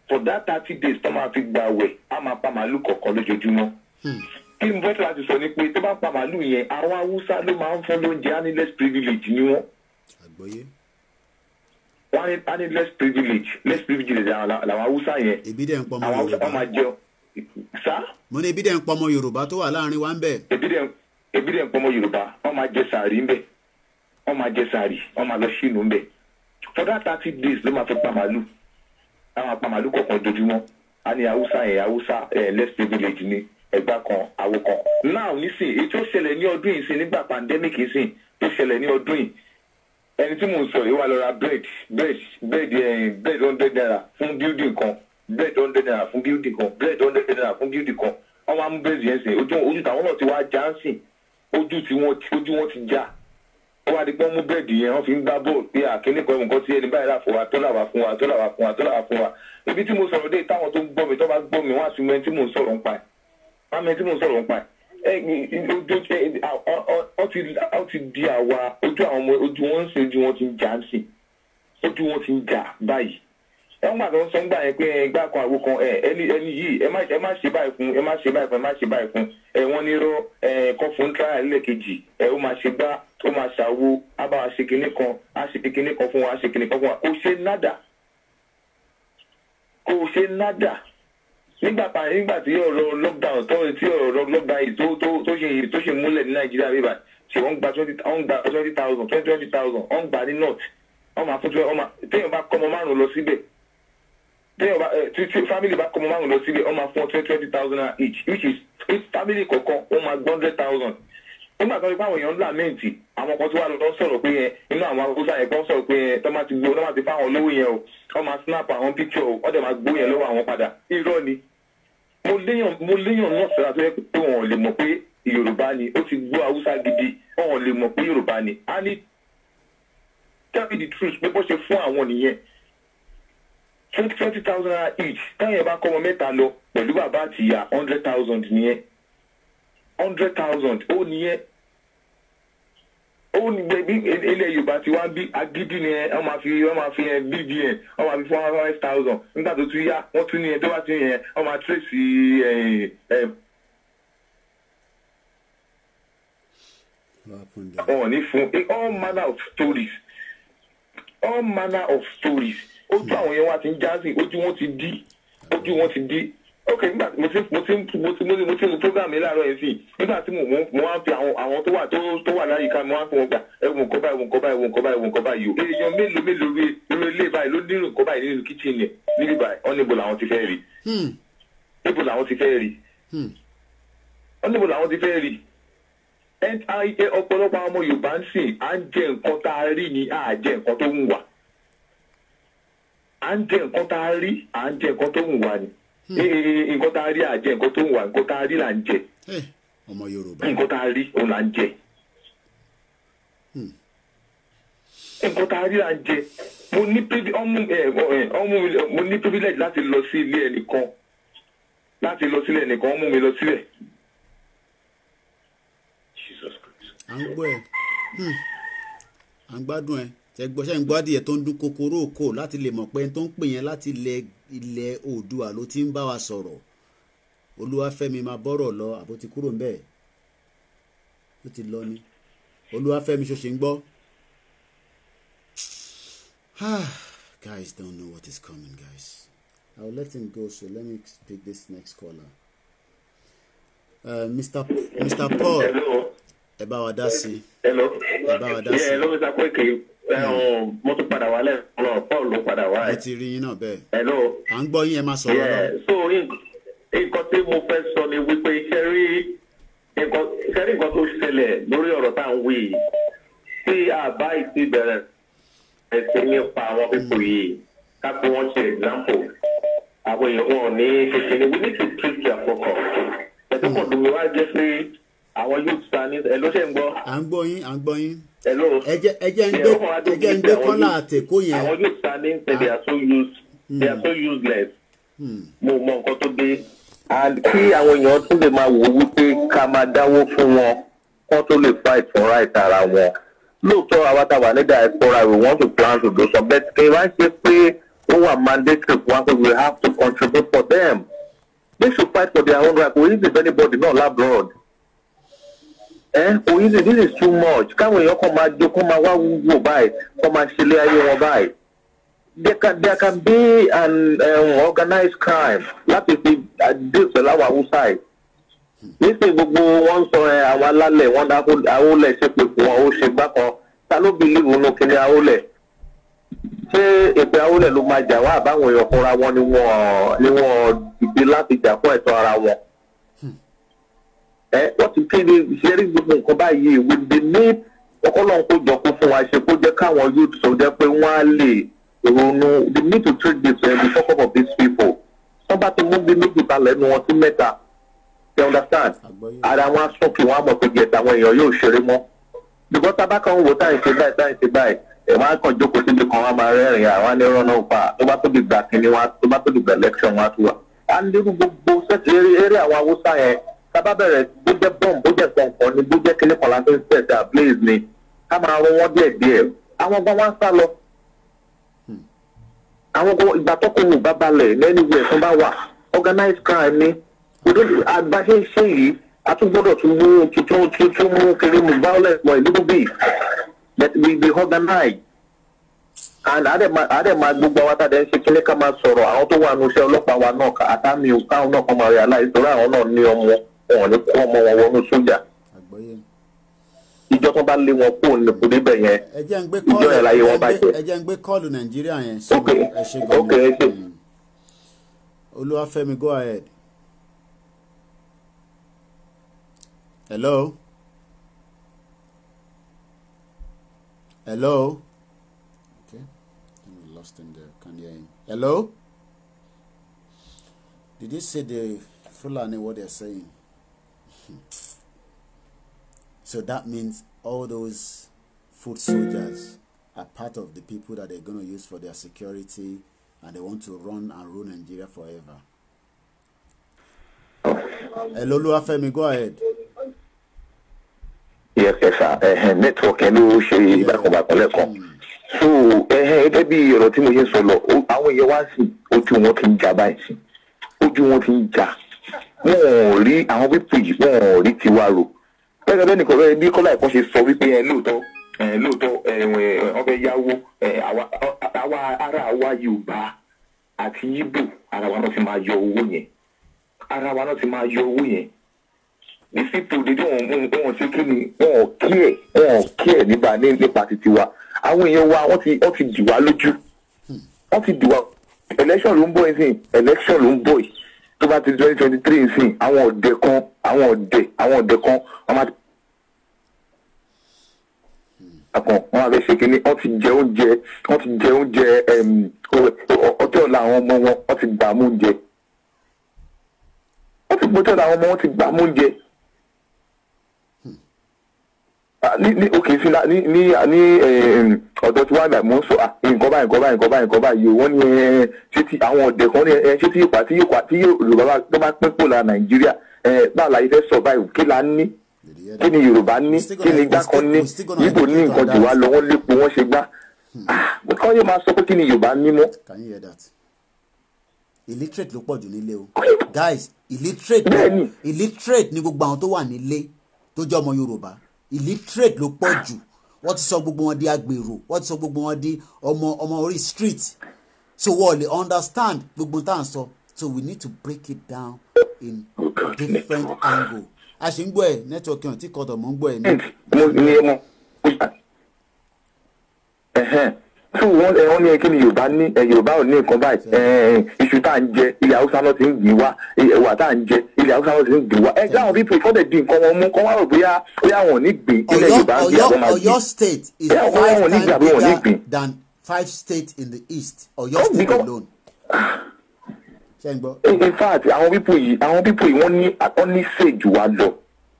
for that thirty days tó máa fi gbà wẹ̀ á máa pa màálù kọ̀ọ̀kan lójoojúmọ́. Hmm kí n fẹ́ láti sọ ni pé tó bá pa màálù yẹn àwọn haúsá ló máa ń fún lóúnjẹ aniless privilege ni wọ́n. àgbọ̀yé. wọ́n ní aniless privilege less privilege làwọn haúsá yẹn. ebi dẹ̀ ń pọ̀ mọ́ yorùbá àwọn haúsá máa jẹun. sá. mo ní ebi dẹ̀ ń pọ̀ mọ́ yorùbá tó wà láàrin wa ń bẹ̀. ebi dẹ̀ ń pọ̀ mọ́ yorùbá wọ́n máa jẹ sàárì ń bẹ̀ wọ́n máa jẹ sàárì wọ́n máa lọ sínú ń bẹ̀ for that thirty days ló máa fi pa màálù àwọn àpamàálù kọ̀ọ̀kan dojúmọ́ a ní haúsá yẹn haúsá eh, less privilege ni ẹgbà kan àwo kan now nísìn èyí tó ṣẹlẹ̀ ní ọdún yìí sí nígbà pandemic yìí sí tó ṣẹlẹ̀ ní ọdún yìí ẹni tí mò ń sọ yìí wà lọ ra bread bread bread eh, bread hundred naira fún building kan bread hundred naira fún building kan bread hundred naira fún building kan wọn wá mú bread yẹn sìn ojú ojú tàwọn náà ti wá já ń sìn ojú tí wọn ojú wọn ti já wọn wá di pé wọn mú bread yẹn wọn fi ń gbá bọ́ọ̀lù pé àkíní kan nǹkan tí ẹni báyìí rà fún wa tó là wá fún wa tó fún wa tó fún wa ibi tí mo sọ̀rọ̀ dé táwọn tó ń gbọ́ mi tó bá gbọ́ mi wọ́n á sì mọ ẹni tí mò ń sọ̀rọ̀ ń pa ẹ̀ àmì tí mo sọ̀rọ̀ ń pa ọ ti di àwa ojú àwọn ọmọ ojú wọn ń ṣe ojú wọn ti ń jà ń sìn ojú wọn ti ń jà báyìí ẹ gbà tó ń sọ ń gbà yẹn pé ẹgbà kan àwo kan ẹni ẹni yìí ẹ má ẹ má ṣe báyìí fún ẹ má ṣe báyìí fún ẹ má ṣe báyìí fún ẹ wọn ní rọ ẹ kọ fún tíráyà lẹ́ẹ̀kejì ẹ ó máa ṣe bá ó máa ṣàwo á bá wa ṣe kinní kan á ṣe kinní kan fún wa á ṣe kinní kan fún wa kò ṣe nádà kò ṣe nádà nígbà tá nígbà tí lockdown tó tí ọ̀rọ̀ lockdown yìí tó tó tó ṣe tó ṣe múlẹ̀ ní nàìjíríà bíbà wọ́n gba twenty wọ́n gba twenty thousand twenty twenty thousand wọ́n gba ní north wọ́n máa fún twelve wọ́n téèyàn bá kọ́mọ márùn lọ síbẹ̀ téèyàn eh, family bá kọ́mọ márùn lọ síbẹ̀ wọ́n máa fún twenty twenty thousand each which is each family kọ̀ọ̀kan wọ́n máa gbọ́ hundred thousand nígbà tó ń àwọn èèyàn ńlá àwọn kan tó wà sọ̀rọ̀ pé yẹn inú àwọn yẹn kan sọ̀rọ̀ pé yẹn tó máa ti o wọ́n máa snap àwọn picture o wọ́n dẹ̀ máa gbó yẹn lọ́wọ́ àwọn padà mo léyàn mo léyàn náà pé wọn ò lè mọ̀ pé yorùbá ni ó ti gbọ́ haúsá gidi wọn ò lè mọ̀ pé yorùbá ni a ní tell me the truth pé bó ṣe fún àwọn nìyẹn twenty twenty thousand naira each táyẹn bá kọ́ ọmọ mẹ́ta lọ pẹ̀lú bàbá àtìyà hundred thousand nìyẹn hundred thousand ó nìyẹn ó ní gbẹbí e-, ilẹ̀ yorùbá ti wá bí agídí ni ẹ ọ máa fi ọ máa fi yẹn bdn ọ máa fi four hundred five thousand nígbà tó tún yá wọ́n tún ní ẹ tó bá tún yẹn ọ máa tracy ẹ ẹ. wọn ò ní fún eh, all manner of stories all manner of stories ojú àwọn yẹn wá ti ń jásìn ojú wọn ti dí ojú wọn ti dí ok nígbà tí mo ti mo ti mo ti mo ti mo program yìí láàárọ̀ yẹn sí nígbà tí mo mo wá fi àwọn àwọn tó wà tó tó wà láyìíká mo wá fi wọn gbà ẹwùn nǹkan báyìí ẹwùn nǹkan báyìí ẹwùn nǹkan báyìí ẹwùn nǹkan báyìí o. èèyàn mélòó mélòó rí irú ilé báyìí ló nírú nǹkan báyìí nínú kíchìnì níbi báyìí ọ́nìbò làwọn ti fẹ́ rí. níbo hmm. làwọn ti fẹ́ rí. Hmm. ọ́nìbò làwọn ti fẹ́ rí. ọ̀pọ̀lọpọ̀ àwọn ọmọ yorùbá ń sìn à ń jẹ nǹkan tá a rí ni à jẹ nǹkan tó ń wà. à ń jẹ nǹkan tá a rí à ń jẹ nǹkan tó ń wà ni. Hmm. Eh, eh, eh, nǹkan tá a rí à ń jẹ nǹkan tó ń wà nǹkan tá a rí là ń jẹ nǹkan tá a rí òun là ń jẹ hmm. nǹkan tá a rí là ń jẹ mo ní mo ní privilege láti lọ sí ilé ẹnìkan láti lọ sílẹ̀ ẹnìkan mú mi lọ sílẹ̀. à ń gbọ́ ẹ̀ hmm. à ń gbádùn ẹ̀ tẹ gbọ́ sẹ́yìn gbádùn ẹ̀ tó ń dún kòkòrò kò láti lè mọ̀ pé ẹni tó ń pè yẹn láti lè ilẹ̀ oòdùà ló ti ń bá wa sọ̀rọ̀ olúwafẹ́mi máa bọ́rọ̀ lọ àbó ti kúrò ńbẹ̀ ó ti lọ ni olúwafẹ́mi ṣoṣe ń gbọ́. Ah, guys don't know what is coming guys i will let him go so let me pick this next caller uh, mr P mr paul ẹ bá wa dá sí ẹ bá wa dá sí mo padà wá lẹ́ẹ̀kan paul padà wá ẹ ti rí yín náà bẹ́ẹ̀. hello. à ń gbọ́ yín ẹ máa sọ̀rọ̀ lọ. so nǹkan tí mo fẹ́ sọ ni wípé ṣẹ́rí nǹkan tó ṣẹlẹ̀ lórí ọ̀rọ̀ tá à ń wí yìí tí àbá ìtì bẹ̀rẹ̀ ẹ̀sìn nípa àwọn pípò hmm. yìí ká pé wọ́n ṣe example àwọn èèyàn wọn ní ṣèṣe ni we need to treat their focus. wá jẹ́ pé àwọn youth ẹjẹ ẹjẹ ń gbé ẹjẹ ń gbé yẹn. àwọn yóò sá ní ṣe they are so used they are so useless. Hmm. mo mọ nǹkan tó dé kí àwọn èèyàn tún lè máa wò wípé ká máa dáwó fún wọn kán tó lè fight for right ara wọn lóòótọ́ àwa tá a wà ní we want to plan to do some but kì í wá ṣe pé ó wà mandatory fún wa pé we have to contribute for them they should fight for their own rights. we need to be anybody not labroad. oyin ní this is too much káwọn èèyàn kan máa jókòó máa wá wúwo báyìí kọ́ máa ṣe ayé wọn báyìí there can be an um, organized crime láti fi uh, dé pẹ̀lú haúsá yìí gbogbo wọn sọ ẹ àwọn alálẹ̀ wọn dáko àwọlẹ̀ ṣe ta ló bí nù kí àwọlẹ̀ ṣé èpè àwọlẹ̀ ló máa jà wá àbáwọn èèyàn fúnra wọn ni ni dìde ẹ wọ́n ti kéde ìṣẹ́rí gbogbo nǹkan báyìí with the need ọkọ́lọ́hún kó jọ kó fún wa ṣe kó jẹ́ káwọn youth sọ jẹ́ pé wọ́n á lè ronú the need to treat this uh, the focus of these people wọ́n bá ti mú bí méjì ba lẹ́nu wọn sí mẹ́ta you understand ara wọn á sọ̀kì wọn á mọ̀ pé gẹ̀ẹ́sì àwọn èèyàn yóò ṣeré mọ́ because tabaka ń wò táyì ṣe báyìí táyì ṣe báyìí ẹ̀ wọ́n á kàn jókòó síbi kan wọ́n á máa rẹ́rìn àwọn á ní rọ́nà pa tó bá tó di gbà kínní wọn tó bá tó gbà election wọn á tù wá. a nírú gbogbo sẹ́tì eré àwọn haúsá yẹn tábà bẹ̀rẹ̀ jẹ́ bọ́m bó jẹ́ kọ̀ọ̀kan ni bó jẹ́ kílé kan láti ń tẹ̀sẹ̀ ablaze ni ká máa rọ wọ́n díẹ̀ díẹ̀ àwọn gan wá ń sá lọ. Hmm. àwọn gan ìgbà tọkùn wò bá balẹ̀ lẹ́nu ìwé ẹ̀sùn bá wà organized crime ni àgbáṣe ṣe yìí a tún gbọ́dọ̀ tún mú tuntun tuntun mú kiri mu violence mọ̀ ìlú bíi that we be organized and àdè máa gbogbo àwọn àtàdé ń ṣe kílé ká máa sọ̀rọ̀ àwọn tó wà nù iṣẹ́ ọlọ́pàá wa náà àtàmì òkà náà kan máa realize torí àwọn náà ní ọmọ wọn ò ní kó ọmọ wọn wọnú sójà ìjọ tó bá lé wọn kó ní kò débẹ̀ yẹn ìjọ yẹn láyé wọn bàjẹ́. ẹ jẹ́ ń gbé kọ́ọ̀lù nàìjíríà yẹn sí ẹ ṣe gan-an ok ẹ hmm. go ahead. hello. hello. okay I lost him there can't hear him hello. did you see the fulani what they're saying him. So that means all those foot soldiers are part of the people that they're going to use for their security and they want to run and rule Nigeria forever. Hello, Luafemi, go ahead. Yes, yes, sir. Network, hello, ṣe ìbákọ̀bàkọ̀ lẹ́kọ̀ọ́. So, gẹ́gẹ́ bí ọ̀rọ̀ tí mo ṣe ń sọ lọ, àwọn I want your one thing. ti ń jà báyìí sí. Ojú wọn ti ń jà wọn ò rí àwọn web page wọn ò rí tiwa rò bẹ́ẹ̀ bẹ́ẹ̀ nìkan bẹ́ẹ̀ bí kọ́lá ẹ̀kọ́ ṣe sọ wípé ẹ lóòótọ́ ẹ lóòótọ́ ẹ wọ́n fẹ́ yáwó ẹ àwa ará wa Yorùbá àti Ìgbò ara wa náà ti máa yọ owó yẹn ara wa náà ti máa yọ owó yẹn ní sípò dídí wọn wọn ti kí ni wọn ò kí ẹ wọn ò kí ẹ nípa nípa títí wa àwọn èèyàn wa wọn ti wọn ti dì wá lójú wọn ti dì wá election ló ń bọ̀ yìí election ló ń bọ̀ yìí tó bá ti twenty twenty three nsìn àwọn ọ̀dẹ̀ kan àwọn ọ̀dẹ̀ àwọn ọ̀dẹ̀ kan wọ́n máa kan wọ́n máa fẹ́ ṣe kínní wọ́n ti jẹ oúnjẹ wọ́n ti jẹ oúnjẹ ọtí ọ̀la àwọn ọmọ wọn wọ́n ti gbà mú oúnjẹ wọ́n ti gbọ́tọ̀ làwọn ọmọ wọn ti gbà mú oúnjẹ. Ah, ní ní òkè sí ní ní ní eh, ọ̀dọ̀ tí wọ́n àgbà mọ́ sọ ah, nǹkan báyìí nǹkan báyìí nǹkan báyìí nǹkan báyìí wọ́n ní eh, ṣé ti àwọn ọ̀dẹ̀ kan ní eh, ṣé ti ipa tí yóò tí Yorùbá tó bá pín pò la Nàìjíríà báwo la yìí fẹ́ survive kí la ní kí ni Yorùbá ní kí ni igbá kan ní Ìgbò ní nǹkan jù wá lọ wọ́n lépo wọ́n ṣe gbá hmm. ah, kọ́ yóò máa sọ pé kí ni Yorùbá ní mọ́. Can you hear that? illiterate ló pọ̀ jù guys illiterate illiterate ni gbogbo àwọn tó wà nílé tó jẹ́ ọmọ Yorùbá illiterate ló pọ̀ jù wọ́n ti sọ gbogbo wọn di agbèrò wọ́n ti sọ gbogbo wọn di ọmọ ọmọ orí street so wọ́n lè understand gbogbo tá à ń sọ so we need to break it down in different angle a ṣe ń gbọ́ ẹ̀ network yẹn tí kọ́tọ̀ mọ́ ń gbọ́ ẹ̀ ní. mo ní ẹ mọ tí wọ́n ẹ wọ́n ní kí ni yorùbá ní ẹ eh, yorùbá ò ní nǹkan báyìí eh, iṣu tá à ń jẹ ilẹ̀ haúsá náà ti ń gbìn wá eh, ẹ̀wà tá à ń jẹ ilẹ̀ haúsá náà ti ń gbìn wá ẹ láwọn people ìfọ́ di nǹkan wọn mú kọ́ wá rò bóyá bóyá wọn ò ní gbìn ilẹ̀ yorùbá ń gbìn àbọ̀ máa gbìn Ọ̀yọ́ state is five times bigger than five states in the east Ọ̀yọ́ state alone [sighs] in fact àwọn pípò yìí àwọn pípò yìí wọ́n ní wọ́n ní ṣèjú wa lọ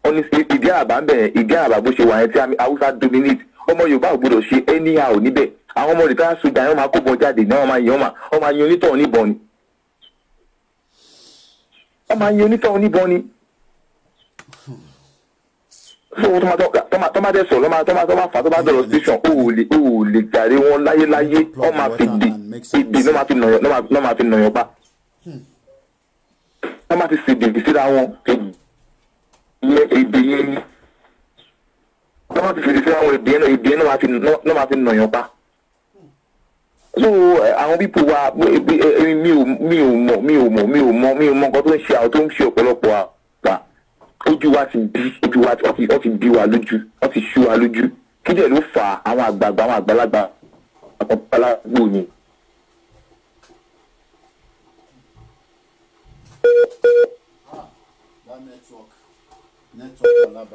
wọ́n ní ìdí àbá ń bẹ̀rẹ̀ ìdí àbá bó ṣe wà yẹn tí haúsá dominate ọmọ yorùbá ò gbọdọ̀ ṣe anyhow níbẹ̀ àwọn ọmọ rìtáyà sójà yẹn máa kó bọ jáde náà máa yẹn wọ́n máa yẹn onítọ̀ oníbọn ni wọ́n máa yẹn onítọ̀ oníbọn ni tọ́mátẹ́ sọ̀rọ̀ lọ́mọ tọ́mátẹ́ bá fà tó bá dọ̀rọ̀ station ó ò lè ó ò lè jàre wọn láyéláyé wọ́n máa fi dè èdè náà máa fi nàyàn náà máa fi nàyàn pa náà máa fi sèdè síra wọn èdè yẹn ni náà máa fi sèdè síra wọn èdè yẹn náà máa fi nàyàn pa so àwọn pípò wa eh, eh, mi ò mi ò mọ̀ mi ò mọ̀ mi ò mọ̀ mi ò mọ̀ nǹkan tó ń ṣe àwọn tó ń ṣe ọ̀pọ̀lọpọ̀ àpà ojú wa ti bí ojú wa ti ọ ti bí wa lójú ọ ti ṣú wa lójú kí dẹ̀ ló fa àwọn àgbààgbà àwọn àgbàlagbà àwọn àgbàlagbà yìí.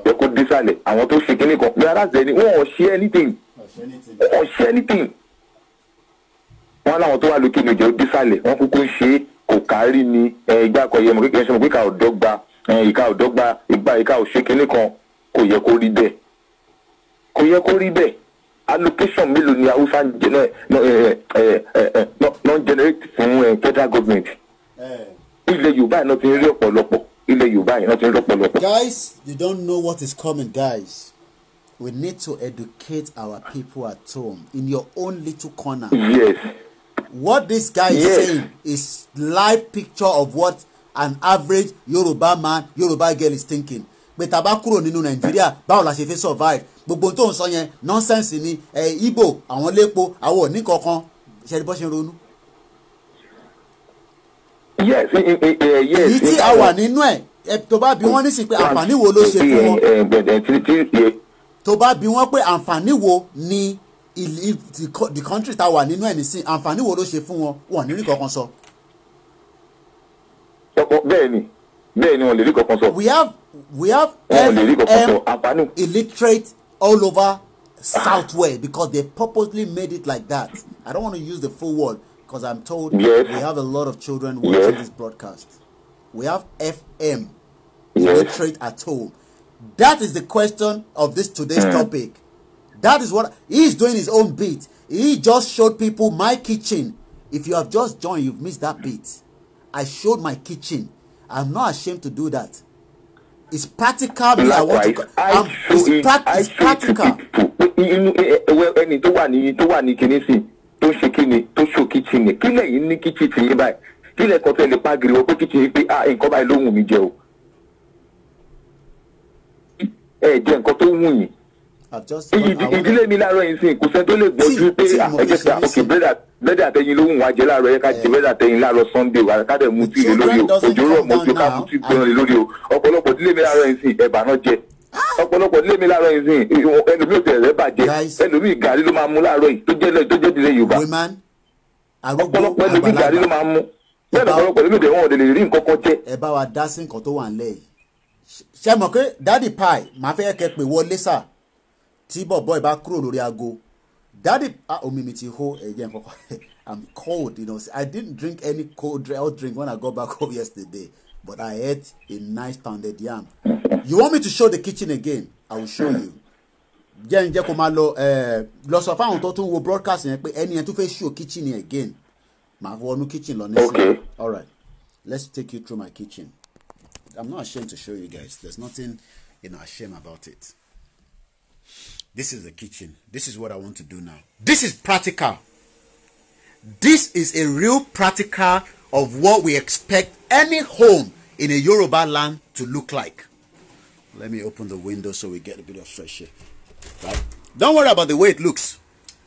yẹ kó dísàlẹ̀ àwọn tó ṣe kínní kan pé aláṣẹ ni wọ́n ò ṣe anything wọ́n ò ṣe anything wọ́n láwọn tó wà lókè ní ọjọ́ dísàlẹ̀ kúkú ń ṣe kò kárí ni ìgbà àkọyẹ mọ̀ kékeré ṣe mọ̀ pé ìka ọ̀dọ́gba ìka ọ̀dọ́gba ìgbà ìka òṣè kínní kan kò yẹ kó rí bẹ́ẹ̀ kò yẹ kó rí bẹ́ẹ̀ allocation mélòó ni haúsá non generate fún federal government eh. ilẹ̀ yorùbá yìí náà ti ń rí ọ̀pọ̀lọpọ̀ ilẹ̀ yorùbá yìí náà ti ń rí ọ̀pọ̀lọpọ̀. guys you don't know what is coming guys. We need to educate our people at home in your own little corner. Yes what this guy is saying is live picture of what an average Yoruba man Yoruba girl is thinking pé tá a bá kúrò nínú Nàìjíríà báwo la ṣe fi survive gbogbo tó ń sọ yẹn nonsense ni ibo àwọn lépo àwọn òní kankan ṣẹlẹ bó ṣe ń ronú. yes yes. èyí tí a wà nínú ẹ tó bá bí wọn nísìnyí pé àǹfààní wo ló ṣe fún wọn tó bá bí wọn pé àǹfààní wo ni the country ta wà nínú ẹ̀ nísìn àǹfààní wo ló ṣe fún wọn wọn ní rí kankan sọ. bẹ́ẹ̀ ni wọn lè rí kankan sọ. we have we have fm illiterate all over southwest because they purposely made it like that i don't want to use the full word because i'm told yes. we have a lot of children watching yes. this broadcast we have fm yes. illiterate at home that is the question of this today's mm. topic That is what he is doing his own beat. He just showed people my kitchen. If you have just joined, you've missed that beat. I showed my kitchen. I'm not ashamed to do that. It's practical. Likewise, I want to. I um, it's, pra I it's practical. Eh, eh, ẹni tó wà ní tó wà ní kinní sí tó ṣe kíni tó ṣò kitchen ni kí lẹ́yìn ní kitchen ti yín báyìí kí lẹ́kọ̀ọ́ tẹ̀lé pàgìrì wọ́n pé kitchen yín pé ah nǹkan báyìí ló wù mí jẹ o. ẹ jẹ nǹkan tó wù yín ìdílé mi láàárọ̀ yìí sìn kò sẹ́ni tó lè gbọ́jú pé ẹ̀jẹ̀ sà òkè bẹ́ẹ̀dà bẹ́ẹ̀dà tẹ̀yìn ló ń wá jẹ láàárọ̀ yẹ ká jẹ bẹ́ẹ̀dà tẹ̀yìn láàárọ̀ sunday wà ká dẹ̀ mutí lé lórí o òjò rọ̀ mọ́jú ká mutí gbẹ̀rẹ̀ lórí o ọ̀pọ̀lọpọ̀ ìdílé mi láàárọ̀ yìí sìn ẹ̀bà náà jẹ ah. ọ̀pọ̀lọpọ̀ ilé mi láàárọ̀ yìí ẹlòmíì òtẹ rẹ bàjẹ́ ẹlòmíì gàrí ló máa mú láàárọ̀ yìí tó jẹ tó jẹ ìdílé yorùbá ọ̀pọ̀lọpọ̀ ẹlòmíì gàrí ló máa mú bẹ́ẹ̀ ọ̀pọ̀lọpọ̀ ẹlòmíì òtẹ wọn ò lè rí nǹkan kan jẹ. ẹ bá wa dá sí nǹkan tó wà nílẹ̀ yìí ṣe mọ̀ pé dádì pai màá fẹ́ kẹ́ pè wọlé sáà tí bọ̀bọ̀ ìbá kúrò lórí aago dáàdì ah, omi mi ti hó ẹ̀jẹ̀ nǹkan [laughs] i'm cold you know i didn't drink any cold drink when i got back [laughs] home yesterday but i ate a nice pounded yam you want me to show the kitchen again i will show you jẹ́ ǹjẹ́ kó máa lọ eh, lọ sọ fáwọn tó tún wo broadcast yẹn pé ẹni yẹn tún fẹ́ show kitchen yẹn again màá wọnú kitchen lọ nísìnyí all right let's take you through my kitchen i'm not ashamed to show you guys there's nothing you know ashamed about it. This is the kitchen. This is what I want to do now. This is practical. This is a real practical of what we expect any home in a Yoruba land to look like. Let me open the window so we get a bit of fresh air. Right? Don't worry about the way it looks.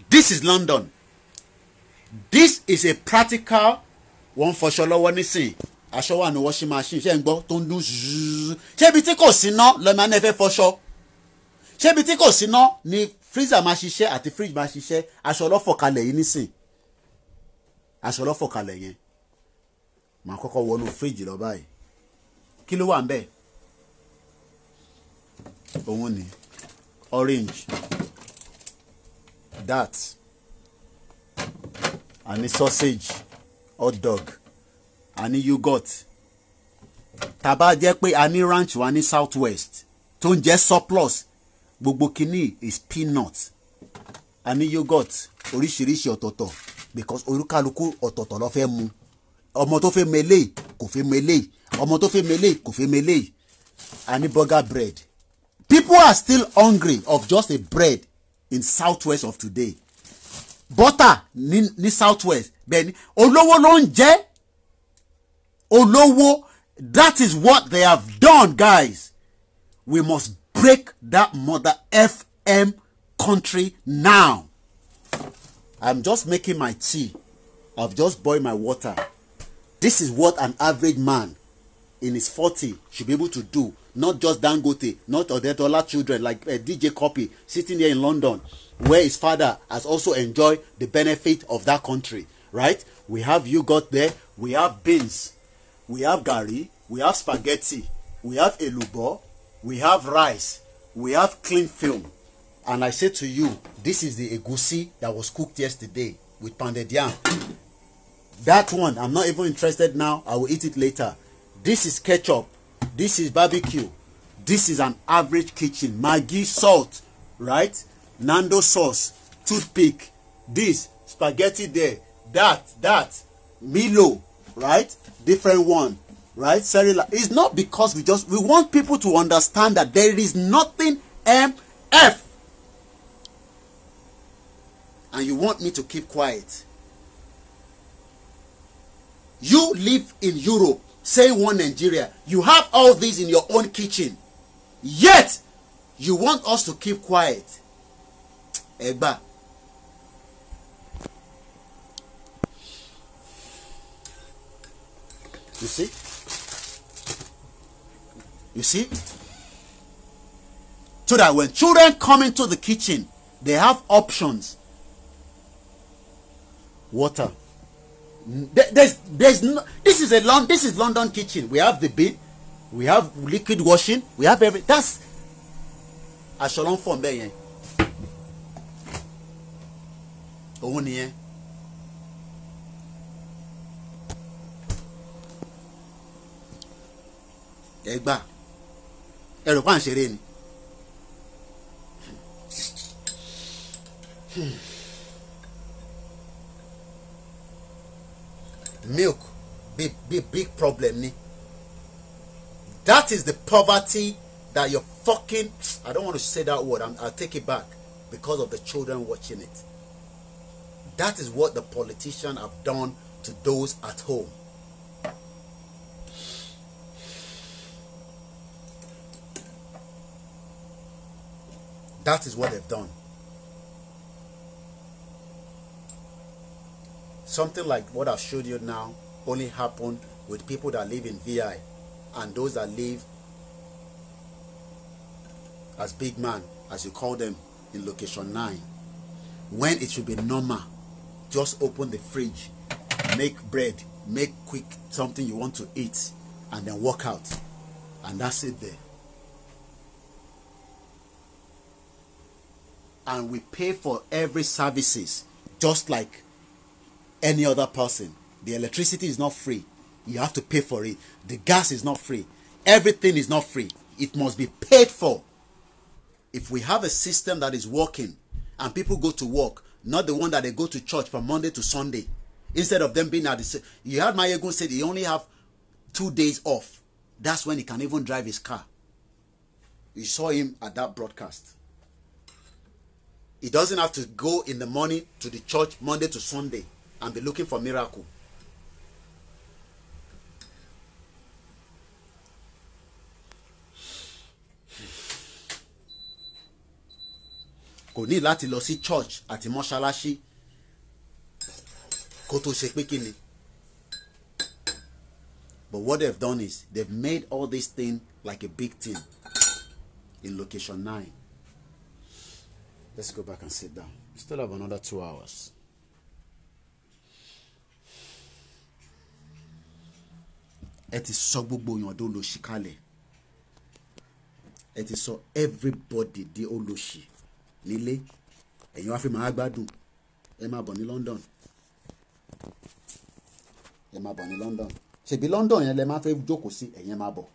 This is London. This is a practical one for Ṣọlọ́wọ́ nísìn. Aṣọ wà ní washing machine. Ṣé ń gbọ́ tó ń dún ṣé ibi tí kò sí ná lọ́ọ́ máa fẹ́ fọṣọ ṣébi tí kò síná ni freezer máa ṣiṣẹ́ àti fridge máa ṣiṣẹ́ aṣọ ọlọ́fọ̀kalẹ̀ yìí nísìn aṣọ ọlọ́fọ̀kalẹ̀ yẹn màá kọ́kọ́ wọnú fridge lọ báyìí kí ló wà ń bẹ̀ òun ni orange dat àní sausage hot dog àní yogurt tàbá jẹ́ pé a ranch wa ní south west tó ń jẹ́ surplus gbogbo kínní is peanut a ní yogurt oríṣiríṣi ọ̀tọ̀ọ̀tọ̀ because olúkálukú ọ̀tọ̀ọ̀tọ̀ ló fẹ́ mu ọmọ tó fẹ́ mele kò fẹ́ mele ọmọ tó fẹ́ mele kò fẹ́ mele a burger bread people are still hungry of just a bread in southwest of today butter ni ni southwest bẹ́ẹ̀ ni olówó ló ń jẹ́ olówó that is what they have done guys we must break that mother FM country now. I'm just making my tea. I've just boiled my water. This is what an average man in his 40 should be able to do. Not just Dangote, not Odetola children like uh, DJ Copy sitting here in London where his father has also enjoyed the benefit of that country, right? We have you got there, we have beans, we have gari, we have spaghetti, we have elubo, we have rice we have clean film and i say to you this is the egusi that was cooked yesterday with pounded yam that one i'm not even interested now i will eat it later this is ketchup this is barbecue this is an average kitchen maggi salt right nando sauce toothpick this spaghetti there that that milo right different one right? Very large. It's not because we just we want people to understand that there is nothing MF. And you want me to keep quiet. You live in Europe, say one Nigeria. You have all this in your own kitchen. Yet, you want us to keep quiet. Egba. You see? You see? So that when children come into the kitchen, they have options. Water. There's, there's no, this is a long, this is London kitchen. We have the bin, we have liquid washing, we have every. That's aṣọ ló ń fọ̀ bẹ́ẹ̀ yẹn òun nìyẹn. ẹ ẹ̀rù pa ń ṣeré ni. milk big big big problem ni that is the poverty that you're fucking i don't want to say that word I'm, i'll take it back because of the children watching it that is what the politicians have done to those at home That is what they've done. Something like what I've showed you now only happened with people that live in VI and those that live as big man, as you call them, in location 9. When it should be normal, just open the fridge, make bread, make quick something you want to eat, and then walk out. And that's it there. and we pay for every services just like any other person. The electricity is not free. You have to pay for it. The gas is not free. Everything is not free. It must be paid for. If we have a system that is working and people go to work, not the one that they go to church from Monday to Sunday, instead of them being at the you heard Mayegun say he only have two days off. That's when he can even drive his car. You saw him at that broadcast. He doesn't have to go in the morning to the church Monday to Sunday and be looking for miracle. kò ní láti lọ sí church àti mọ́ṣáláṣí kó tó ṣe pé kí ni. But what they've done is they've made all this thing like a big thing in location nine. Let's go back and sit down. We still have another two hours. Ẹ ti sọ gbogbo èèyàn tó lòṣì kalẹ̀. Ẹ ti sọ everybody di olòṣì nílé. Ẹ̀yin wá fi máa gbádùn. Ẹ máa bọ̀ ní London. Ẹ máa bọ̀ ní London. Ṣèbí London yẹn lẹ máa fẹ́ jókòó sí ẹ̀yin máa bọ̀.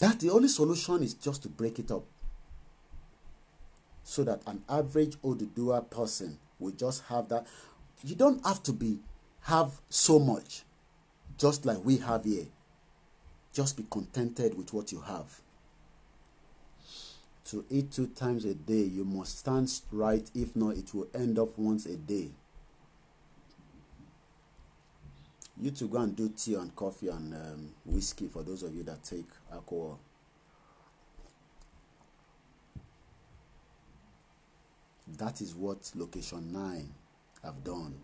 That the only solution is just to break it up. so that an average Oduduwa person will just have that. You don't have to be have so much, just like we have here. Just be contented with what you have. To eat two times a day, you must stand right, if not, it will end up once a day. You to go and do tea and coffee and um, whiskey for those of you that take alcohol. That is what location 9 have done.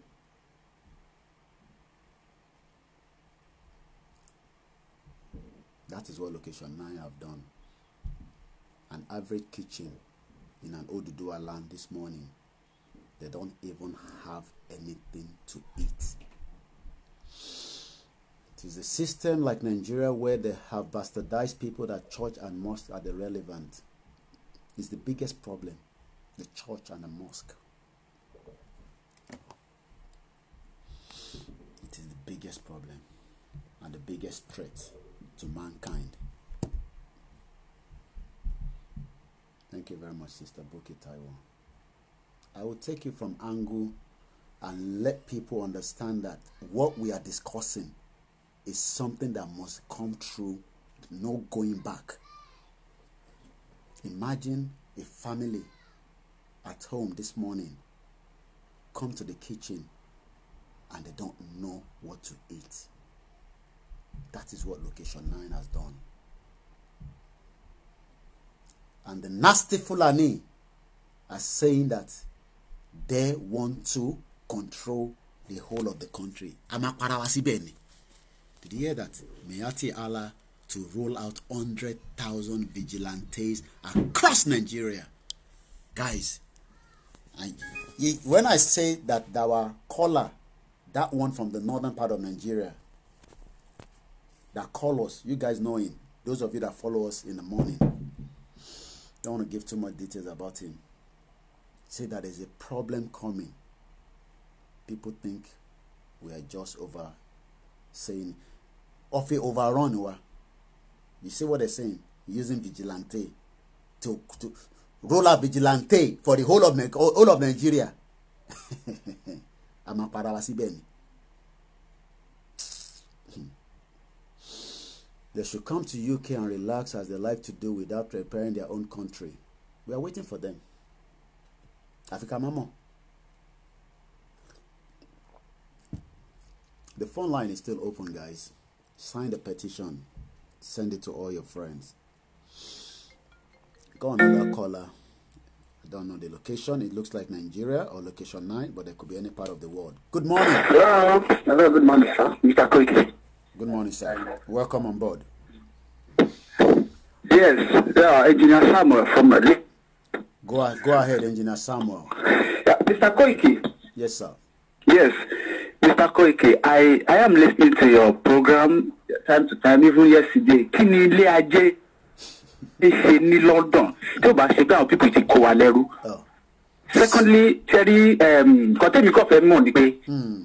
That is what location 9 have done. An average kitchen in an Oduduwa land this morning. They don't even have anything to eat. It is a system like Nigeria where they have bastardized people that church and mosque are the relevant. It's the biggest problem the church and the mosque. It is the biggest problem and the biggest threat to mankind. Thank you very much, Sister Boki Taiwan. I will take you from angle and let people understand that what we are discussing is something that must come true, no going back. Imagine a family at home this morning come to the kitchen and they don't know what to eat. That is what Location 9 has done. And the nasty Fulani are saying that they want to control the whole of the country. Amaparawa síbẹ̀ ni. Did you hear that? Mayati Allah to roll out 100,000 vigilantes across Nigeria. Guys, And he, when I say that our caller, that one from the northern part of Nigeria, that call us, you guys know him. Those of you that follow us in the morning, don't want to give too much details about him. Say that there's a problem coming. People think we are just over saying off a overrun. You see what they're saying? Using vigilante to to roll out vigilante for the whole of, whole of Nigeria a [laughs] para wa hmm. They should come to UK and relax as they like to do without repairing their own country. We are waiting for them. Africa Mama. The phone line is still open, guys. Sign the petition. Send it to all your friends. Go another caller. I don't know the location. It looks like Nigeria or location nine, but it could be any part of the world. Good morning. Hello. Hello. Good morning, sir. Mr. Quick. Good morning, sir. Welcome on board. Yes, yeah, Engineer Samuel from Madrid. Go, ahead, go ahead, Engineer Samuel. Yeah, Mr. Koike. Yes, sir. Yes, Mr. Koike, I, I am listening to your program time to time, even yesterday. Kini le ilé ṣe ní London tí ó bá ṣe pé àwọn people ti kó wa lẹ́rú oh. secondly tẹ́rí ehm, kọ́tẹ́mi kọ́fẹ́ mọ̀ ni pé hmm.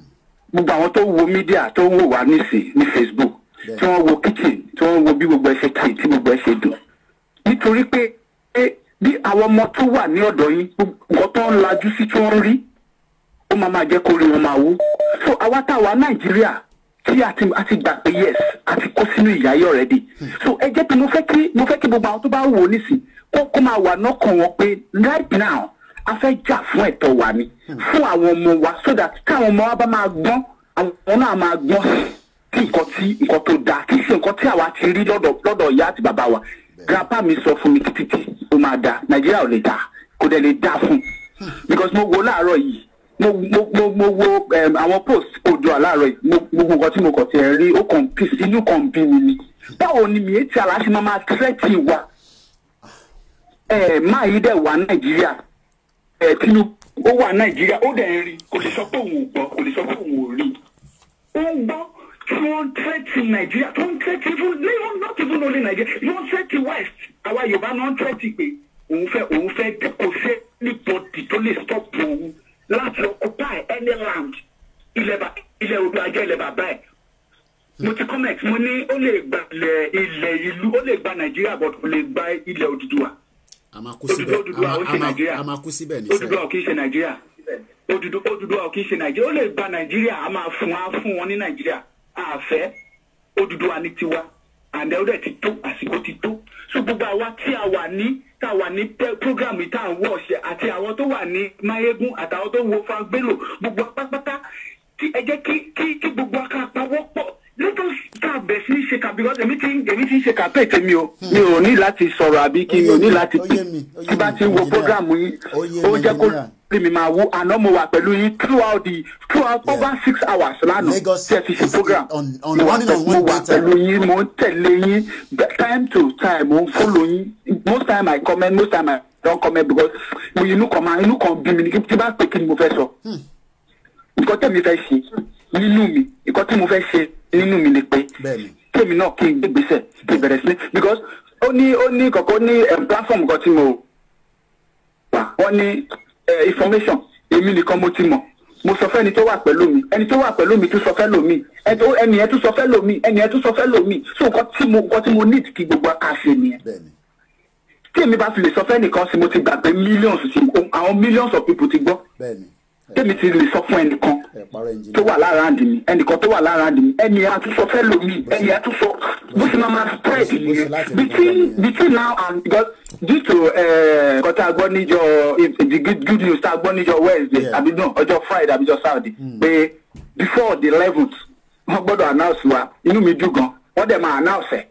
gbogbo àwọn tó wo mídíà tó wò wá nísìn ní Facebook tí wọ́n wo kitchen tí wọ́n wo bí gbogbo ẹ ṣe kì tí gbogbo ẹ ṣe dùn nítorí pé bí àwọn ọmọ tó wà ní ọ̀dọ̀ yín nǹkan tó ń lajú sí tí wọ́n rí ó máa máa jẹ́ kó wọn máa wú so àwa táwa Nàìjíríà tí a ti a ti gbà pé yes a ti kó sínú ìyá yìí already so ẹ jẹ́ pé mo fẹ́ kí mo fẹ́ kí gbogbo àwọn tó bá wò ó nísìn kó kó máa wà lọ́kàn wọn pé right now a fẹ́ jà fún ẹ̀tọ́ wa ni fún àwọn ọmọ wa so that káwọn ọmọ wa bá máa gbọ́n àwọn náà máa gbọ́n sí nǹkan tí nǹkan tó dáa kì í ṣe nǹkan tí àwa ti rí lọ́dọ̀ lọ́dọ̀ ìyá àti bàbá wa grandpa mi sọ fún mi títí ó máa dáa nàìjíríà ò lè dáa kò dẹ̀ lè dáa fún because mo wò láàárọ̀ yìí mo mo mo wo àwọn post Oòduà láàárọ̀ yìí gbogbo nǹkan tí mo kàn ti ẹ̀ rí ó kàn bí inú kan bí mi ni báwo ni mi ètí aláṣẹ máa máa tírẹ́tì wa máa yí dẹ̀ wá Nàìjíríà Tinubu ó wà Nàìjíríà ó dẹ̀ ń rí kò lè sọ pé òun ò gbọ́ kò lè sọ pé òun ò rí ó ń gbọ́ tí wọ́n ń tírẹ́tì Nàìjíríà tó ń tírẹ́tì fún léwọ́n náà ti fún lórí Nàìjíríà wọ́n ń tírẹ́tì West àwa Yorùbá náà ń tírẹ́tì pé òun fẹ́ òun fẹ́ kò sí anybody tó lè stop òun láti occupy any land ilẹ̀ odò ajé ilẹ̀ bàbá ẹ̀ mo ti comment mo ní ó lè gba ilẹ̀ ìlú ó lè gba nàìjíríà but ó lè gba ilẹ̀ Odùduwà Odùduwà ó ṣe nàìjíríà Odùduwà ò kì í ṣe nàìjíríà Odùduwà ò kì í ṣe nàìjíríà ó lè gba nàìjíríà a máa fún wa fún wọn ní nàìjíríà àfẹ́ Odùduwà ní tiwa àdẹ ọdẹ ti tó àsìkò ti tó so gbogbo àwa tí a wà ní tá a wà ní program tá à ń wọ ọ̀sẹ̀ àti àwọn tó wà ní mayegun àtàwọn tó wo fangbélò gbogbo pátápátá tí ẹ jẹ́ kí kí kí gbogbo aká pawọ́ pọ̀ lẹ́tọ̀ tá bẹ̀ sí ṣe kàbí because èmi ti èmi ti ń ṣe kàpẹ́ tèmi o hmm. mi ò ní láti sọ̀rọ̀ àbí kí mi ò ní láti tí bá ti wo program yìí ó jẹ́ kó lèmi máa wo àná mo wà pẹ̀lú yín throughout the throughout yeah. over six hours lánàá tí ẹ fi ṣe program mo wà pẹ̀lú yín mo ń tẹ̀lé yín time to time mo ń follow yín most time I comment most time I don comment because mo inú kan máa inú kan bí mi ni tí bá pè kí ni mo fẹ́ sọ hmm. nǹkan tẹ̀mí fẹ́ ṣe nínú mi nǹkan tí mo fẹ́ ṣe nínú mi ni pé tèmi náà kí n gbé gbèsè kí n bẹ̀rẹ̀ sí because ó ní ó ní kọ̀kọ́ ní eh, platform kan tí mo wà wọ́n ní information èmi nìkan mo ti mọ̀ mo sọ fẹ́ni tó wà pẹ̀lú mi ẹni tó wà pẹ̀lú mi tún sọ fẹ́ lómi ẹni yẹn tún sọ fẹ́ lómi ẹni yẹn tún sọ fẹ́ lómi so nǹkan tí mo nǹkan tí mo need kí gbogbo aka ṣe nìyẹn tí èmi bá fi lè sọ fẹ́ nìkan sí mo ti gbàgbé millions àwọn millions of people ti gbọ́. bẹ́ẹ̀ni tèmi ti lè sọ fún ẹnìkan tó wà lára àdì mi ẹnìkan tó wà lára àdì mi ẹnì yẹn àtúnṣọ fẹ́ lomi ẹnì yẹn àtúnṣọ bó ṣe máa máa spread nìyẹn between between now and because due to eh, nǹkan tá a gbọ́ níjọ the good good news tá a gbọ́ níjọ Wednesday àbí no ọjọ́ Friday àbíjọ Saturday hmm. pé before the eleventh wọ́n gbọ́dọ̀ announce wa inú mi dùn gan wọ́n dẹ̀ máa announce ẹ̀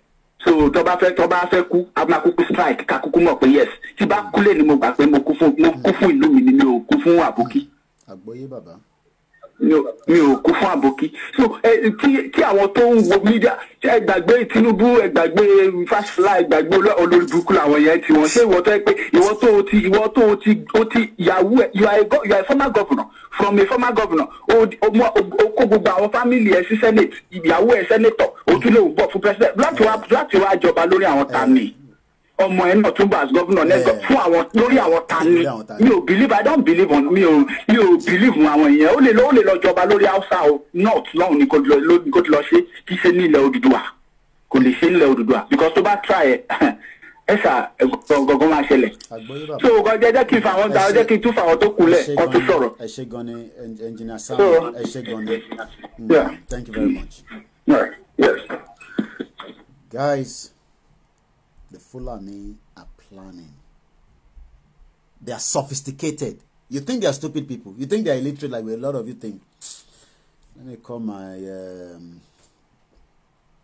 so tó bá fẹ́ tó bá fẹ́ kú a máa strike ká kúkú mọ̀ pé yes tí bá kú lè ní mo gbà pé mo kú fún ìlú mi ni mi ò kú fún àbókí àgbọ́yé bàbá. mi ò kú fún àbòkí so tí àwọn tó ń wo mídíà ẹ Tinubu ẹ gbàgbé fásilá ẹ gbàgbé olórí burúkú làwọn yẹn ti wọn ṣé ìwọ tó yẹ pé ìwọ tó o ti ìwọ tó o ti o ti yahoo ẹ you are a you are former governor from a former governor o kó gbogbo àwọn family ẹ sí senate ìyàwó ẹ senator o tún lè bọ̀ fún president láti wá jọba lórí àwọn tani ọmọ ẹ náà tún bá as governor fún àwọn lórí àwọn tani mi ò believe i don't believe on mi ò mi ò believe on àwọn èèyàn ó lè lọ ó lè lọ jọba lórí hausa o north lọ́hùn ni kò ti lọ ṣe kí ṣe ní ilẹ̀ Odùduwà kò lè ṣe ní ilẹ̀ Odùduwà because tó bá try [laughs] ẹ ẹsà gọgọ máa ṣẹlẹ̀ so ọgọ jẹjẹ kí n fa àwọn ta ọjẹ kí n tún fa àwọn tó kù lẹ kó tún sọ̀rọ̀. ẹ ṣé gan ni engineer Sam ẹ ṣé gan ni mm, thank you very much. Yes. guys. Fulani are planning. They are sophisticated. You think they are stupid people. You think they are illiterate like a lot of you think. Let me call my um,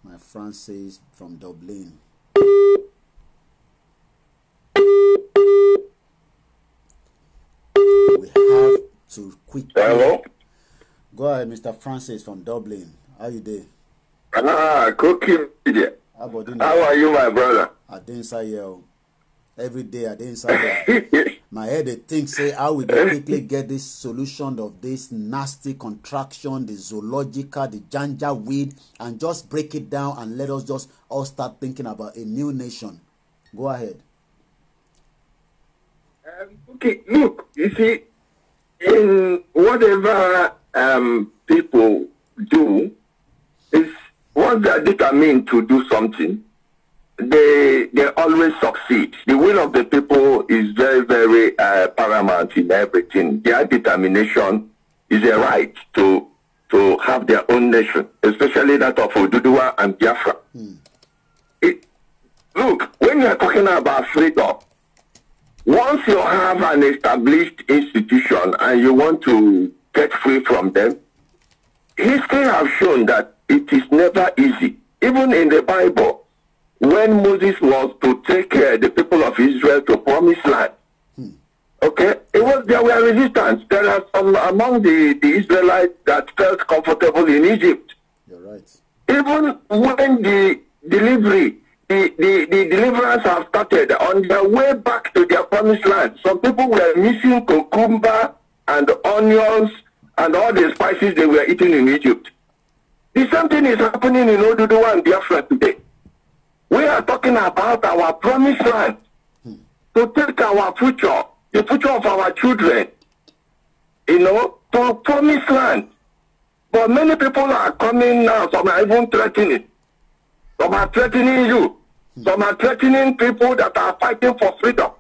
my Francis from Dublin. We have to quickly. Hello. Go ahead, Mr. Francis from Dublin. How you doing? Ah, cooking. How are you, my brother? I didn't say you. Every day I didn't say you. [laughs] my head they think say how we quickly get this solution of this nasty contraction, the zoological, the janja weed, and just break it down and let us just all start thinking about a new nation. Go ahead. Um, okay, look, you see, in whatever um, people do, once they are determined to do something, they they always succeed. The will of the people is very very uh, paramount in everything. Their determination is a right to to have their own nation, especially that of Oduduwa and Biafra. Mm. It, look, when you are talking about freedom, once you have an established institution and you want to get free from them, history has shown that it is never easy. Even in the Bible, when Moses was to take uh, the people of Israel to promised land, hmm. okay, it was there were resistance. There are some among the, the Israelites that felt comfortable in Egypt. You're right. Even when the delivery, the, the, the deliverance have started on their way back to their promised land, some people were missing cucumber and onions and all the spices they were eating in Egypt. The same thing is happening in Oduduwa and Biafra today. We are talking about our promised land to take our future, the future of our children, you know, to promised land. But many people are coming now, some are even threatening. Some are threatening you. Some are threatening people that are fighting for freedom.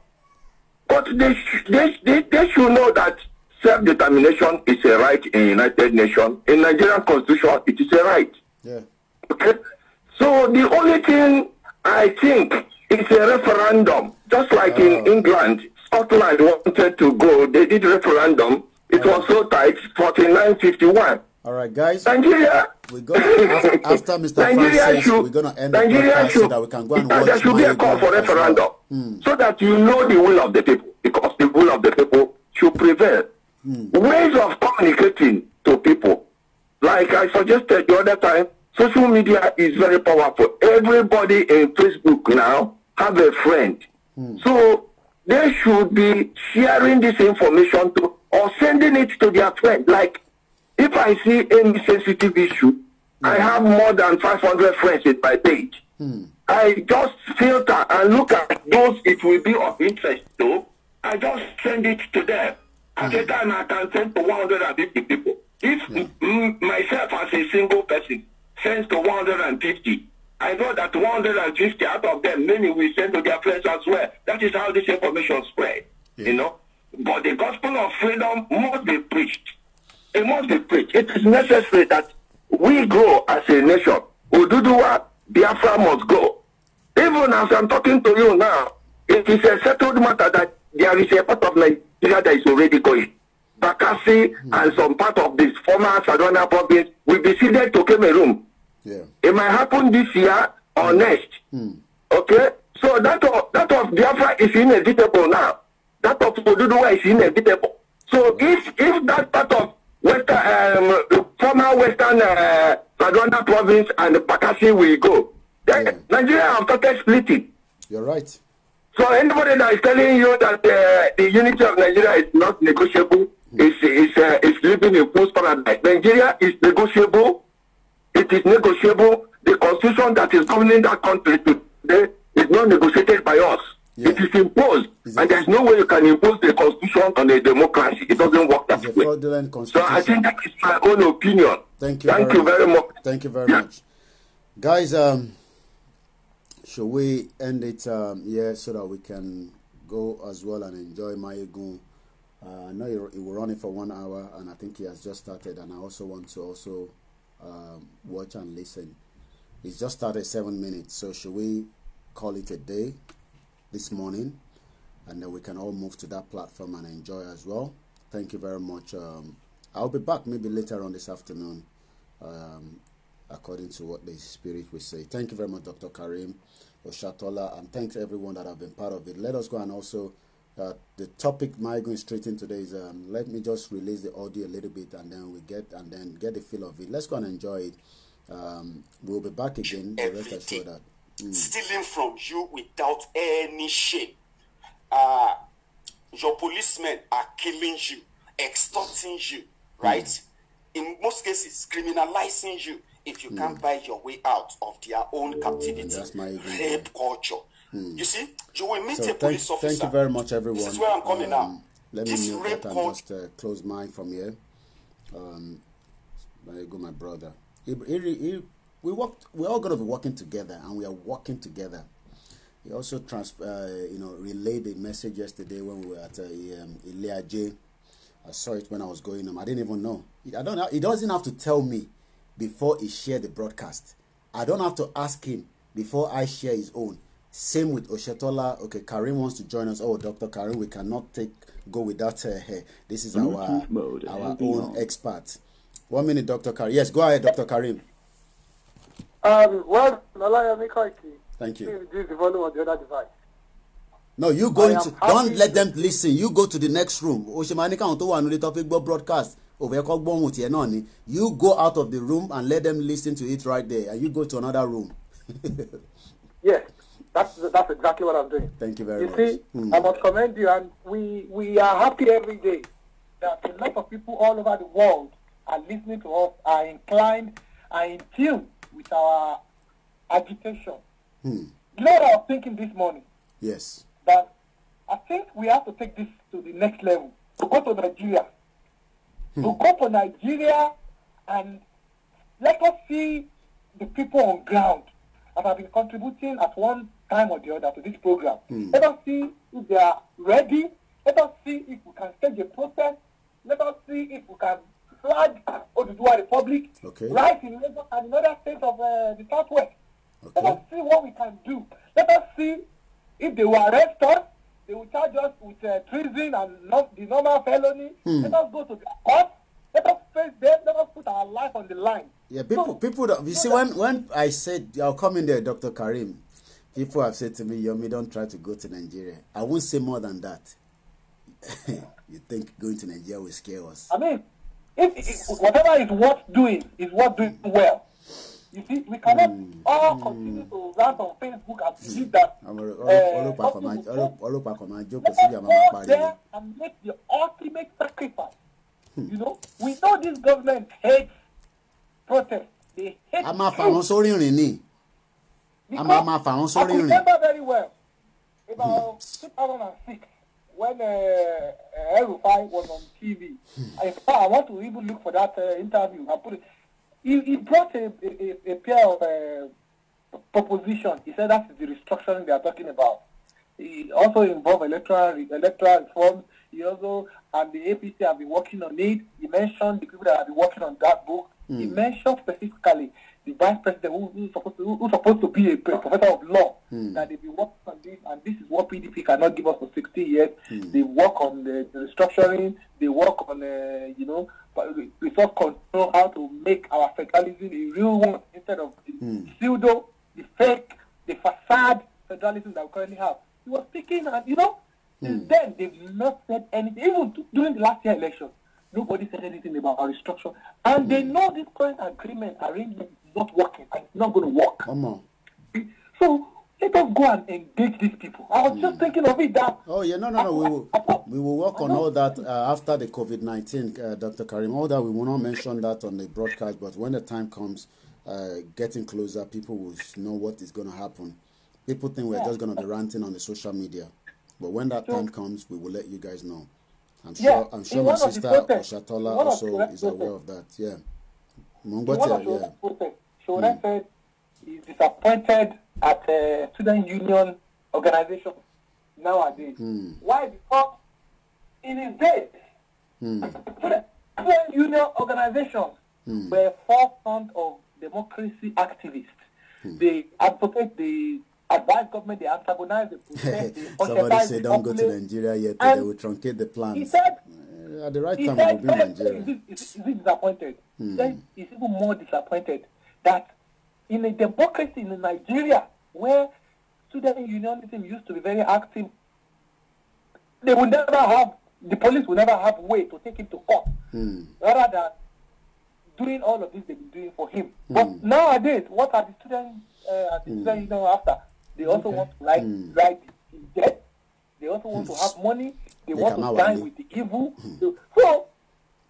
But they, sh- they, sh- they, they should know that self-determination is a right in United Nations. In Nigerian Constitution, it is a right. Yeah. Okay. So the only thing I think is a referendum, just like uh, in ah. England. Scotland wanted to go. They did referendum. It was right. so tight, 49-51. All right, guys. Nigeria. [laughs] We're gonna, after, after Mr. Nigeria we're going to end the podcast so that we can go and watch There should be a call for referendum well. hmm. so that you know the will of the people because the will of the people should prevail mm. ways of communicating to people. Like I suggested the other time, social media is very powerful. Everybody in Facebook now have a friend. Mm. So they should be sharing this information to or sending it to their friend. Like if I see any sensitive issue, mm. I hmm. have more than 500 friends in my page. Mm. I just filter and look at those it will be of interest to. I just send it to them. Akeka time, I can send to 150 people. If yeah. m- myself as a single person sends to 150, I know that 150 out of them, many will send to their friends as well. That is how this information spread, yeah. you know. But the gospel of freedom must be preached. It must be preached. It is necessary that we grow as a nation. Ududuwa, Biafra must go. Even as I'm talking to you now, it is a settled matter that there is a part of Nigeria that is already going. Bakassi hmm. and some part of this former Sadona province will be ceded to Cameroon. Yeah. It might happen this year or hmm. next. Hmm. Okay? So that of, that of Biafra is inevitable now. That of Oduduwa is inevitable. So yeah. if if that part of Western, um, former Western uh, Sadona province and Bakassi will go, then yeah. Nigeria have started splitting. You're right. So anybody that is telling you that uh, the unity of Nigeria is not negotiable is is uh, is living in post paradise. Nigeria is negotiable. It is negotiable. The constitution that is governing that country today is not negotiated by us. Yeah. It is imposed, exactly. and there is no way you can impose the constitution on a democracy. It doesn't work that way. So I think that is my own opinion. Thank you. Thank very you very much. much. Thank you very yeah. much, guys. Um, should we end it um, here so that we can go as well and enjoy Mayegun? Uh, I know he, he will run it for one hour, and I think he has just started. And I also want to also um, watch and listen. He's just started seven minutes, so should we call it a day this morning, and then we can all move to that platform and enjoy as well. Thank you very much. Um, I'll be back maybe later on this afternoon. Um, according to what the Spirit will say. Thank you very much, Dr. Karim Oshatola, and thanks everyone that have been part of it. Let us go and also, uh, the topic my going straight into today is um, let me just release the audio a little bit and then we get and then get the feel of it. Let's go and enjoy it. Um, we'll be back again. The rest that. Mm. Stealing from you without any shame. Uh, your policemen are killing you, extorting you, hmm. right? Mm. In most cases, criminalizing you if you mm. can't buy your way out of their own hmm, captivity, rape culture. Mm. You see, you will meet so a thank, police officer. Thank you very much, everyone. This is where I'm coming um, now. Let this me mute that I'm just uh, close mine from here. Um, there go, my brother. He, he, he, we worked. We're all going to be working together, and we are working together. He also trans, uh, you know, relayed the message yesterday when we were at uh, um, Ilea J. I saw it when I was going home. I didn't even know. I don't. He doesn't have to tell me before he share the broadcast. I don't have to ask him before I share his own. Same with Oshetola. Okay, Karim wants to join us. Oh, Dr. Karim, we cannot take go without uh, her. this is our mode, our own expert. One minute, Dr. Karim. Yes, go ahead, Dr. Karim. Um, well, Malaya Mikoiki. Thank you. This the volume on the other device. No, you go I into. Don't let them listen. You go to the next room. Oshimani kan tó wà nílé tó broadcast òfẹ́ kọ́ gbóhùn tiẹ̀ náà ni you go out of the room and let them listen to it right there and you go to another room. [laughs] yes that's that's exactly what i'm doing. thank you very you much. you see hmm. i must commend you and we we are happy every day that a lot of people all over the world are listening to us are inclined are in tune with our agitation. Hmm. You know what I was thinking this morning? Yes. That I think we have to take this to the next level. To go to Nigeria, Mm. We'll go for Nigeria and let us see the people on ground that have been contributing at one time or the other to this program. Mm. Let us see if they are ready. Let us see if we can stage a process. Let us see if we can flag Oduduwa Republic okay. right in Lagos and in other states of uh, the Southwest. Okay. Let us see what we can do. Let us see if they will arrest us they will charge us with uh, treason and not the normal felony. Mm. Let us go to the court. Let us face them. Let us put our life on the line. Yeah, people, so, people. you so see, when when I said I'll come in there, Doctor Karim, people have said to me, "Yomi, don't try to go to Nigeria." I won't say more than that. [laughs] you think going to Nigeria will scare us? I mean, if, if whatever is worth doing is worth doing well. You see, we cannot mm. all hmm. continue mm. to rant on Facebook and believe that. Hmm. ọlọ́pàá eh, kan máa jókòó síbi àmọ́ máa parí. Let us go there and make the ultimate sacrifice. Hmm. You know, we know this government hate protest. They hate. A máa fà wọ́n sórí ìrìn ni. A máa máa fà sórí ìrìn. I remember very well about two thousand and six when uh, eh, uh, eh, Rufai was on TV. Hmm. In fact, I want to even look for that uh, interview and put it. He, he brought a, a, a pair of uh, He said that is the restructuring they are talking about. He also involved electoral, electoral reforms. He also, and the APC have been working on it. He mentioned the people that have been working on that book. Mm. He hmm. mentioned specifically the vice president who, who's supposed to, who, who's supposed to be a professor of law mm. that they've been working on this and this is what PDP cannot give us for 60 years. Mm. They work on the, the restructuring, they work on uh, you know resource control, how to make our federalism a real one instead of the mm. pseudo, the fake, the facade federalism that we currently have. He was speaking and you know hmm. since then they've not said anything. Even t- during the last year election, nobody said anything about our restructure. And they hmm. know this current agreement arrangement not working. It's not going to work. Come on. So let us go and engage these people. I was mm. just hmm. thinking of it that. Oh yeah, no, no, no. We will we will work on all that uh, after the COVID nineteen, uh, Dr. Karim. All that we will not mention that on the broadcast, but when the time comes, uh, getting closer, people will know what is going to happen. People think we're yeah. just going to be ranting on the social media, but when that so, time comes, we will let you guys know. I'm yeah, sure. I'm sure my sister Oshatola also is aware of that. Yeah. One of those yeah. protests, mm. said he's disappointed at uh, student union organization nowadays. Mm. Why? Because in his days, mm. student, union organizations mm. were forefront of democracy activists. Mm. They advocate, they advise government, they antagonize [laughs] the process. Somebody said, don't go to Nigeria yet, they will truncate the plan." He said, mm. Uh, at the right he time, said, it will be Nigeria. He's, he's disappointed. Then hmm. he's even more disappointed that in a democracy in Nigeria, where student unionism used to be very active, they would never have, the police would never have way to take him to court. Hmm. Rather than doing all of this they've been doing for him. Hmm. But nowadays, what are the students, uh, are the students, you know, after? They also okay. want to like, mm. like, death They also want to have money. They, want to dine with the evil. Hmm. so,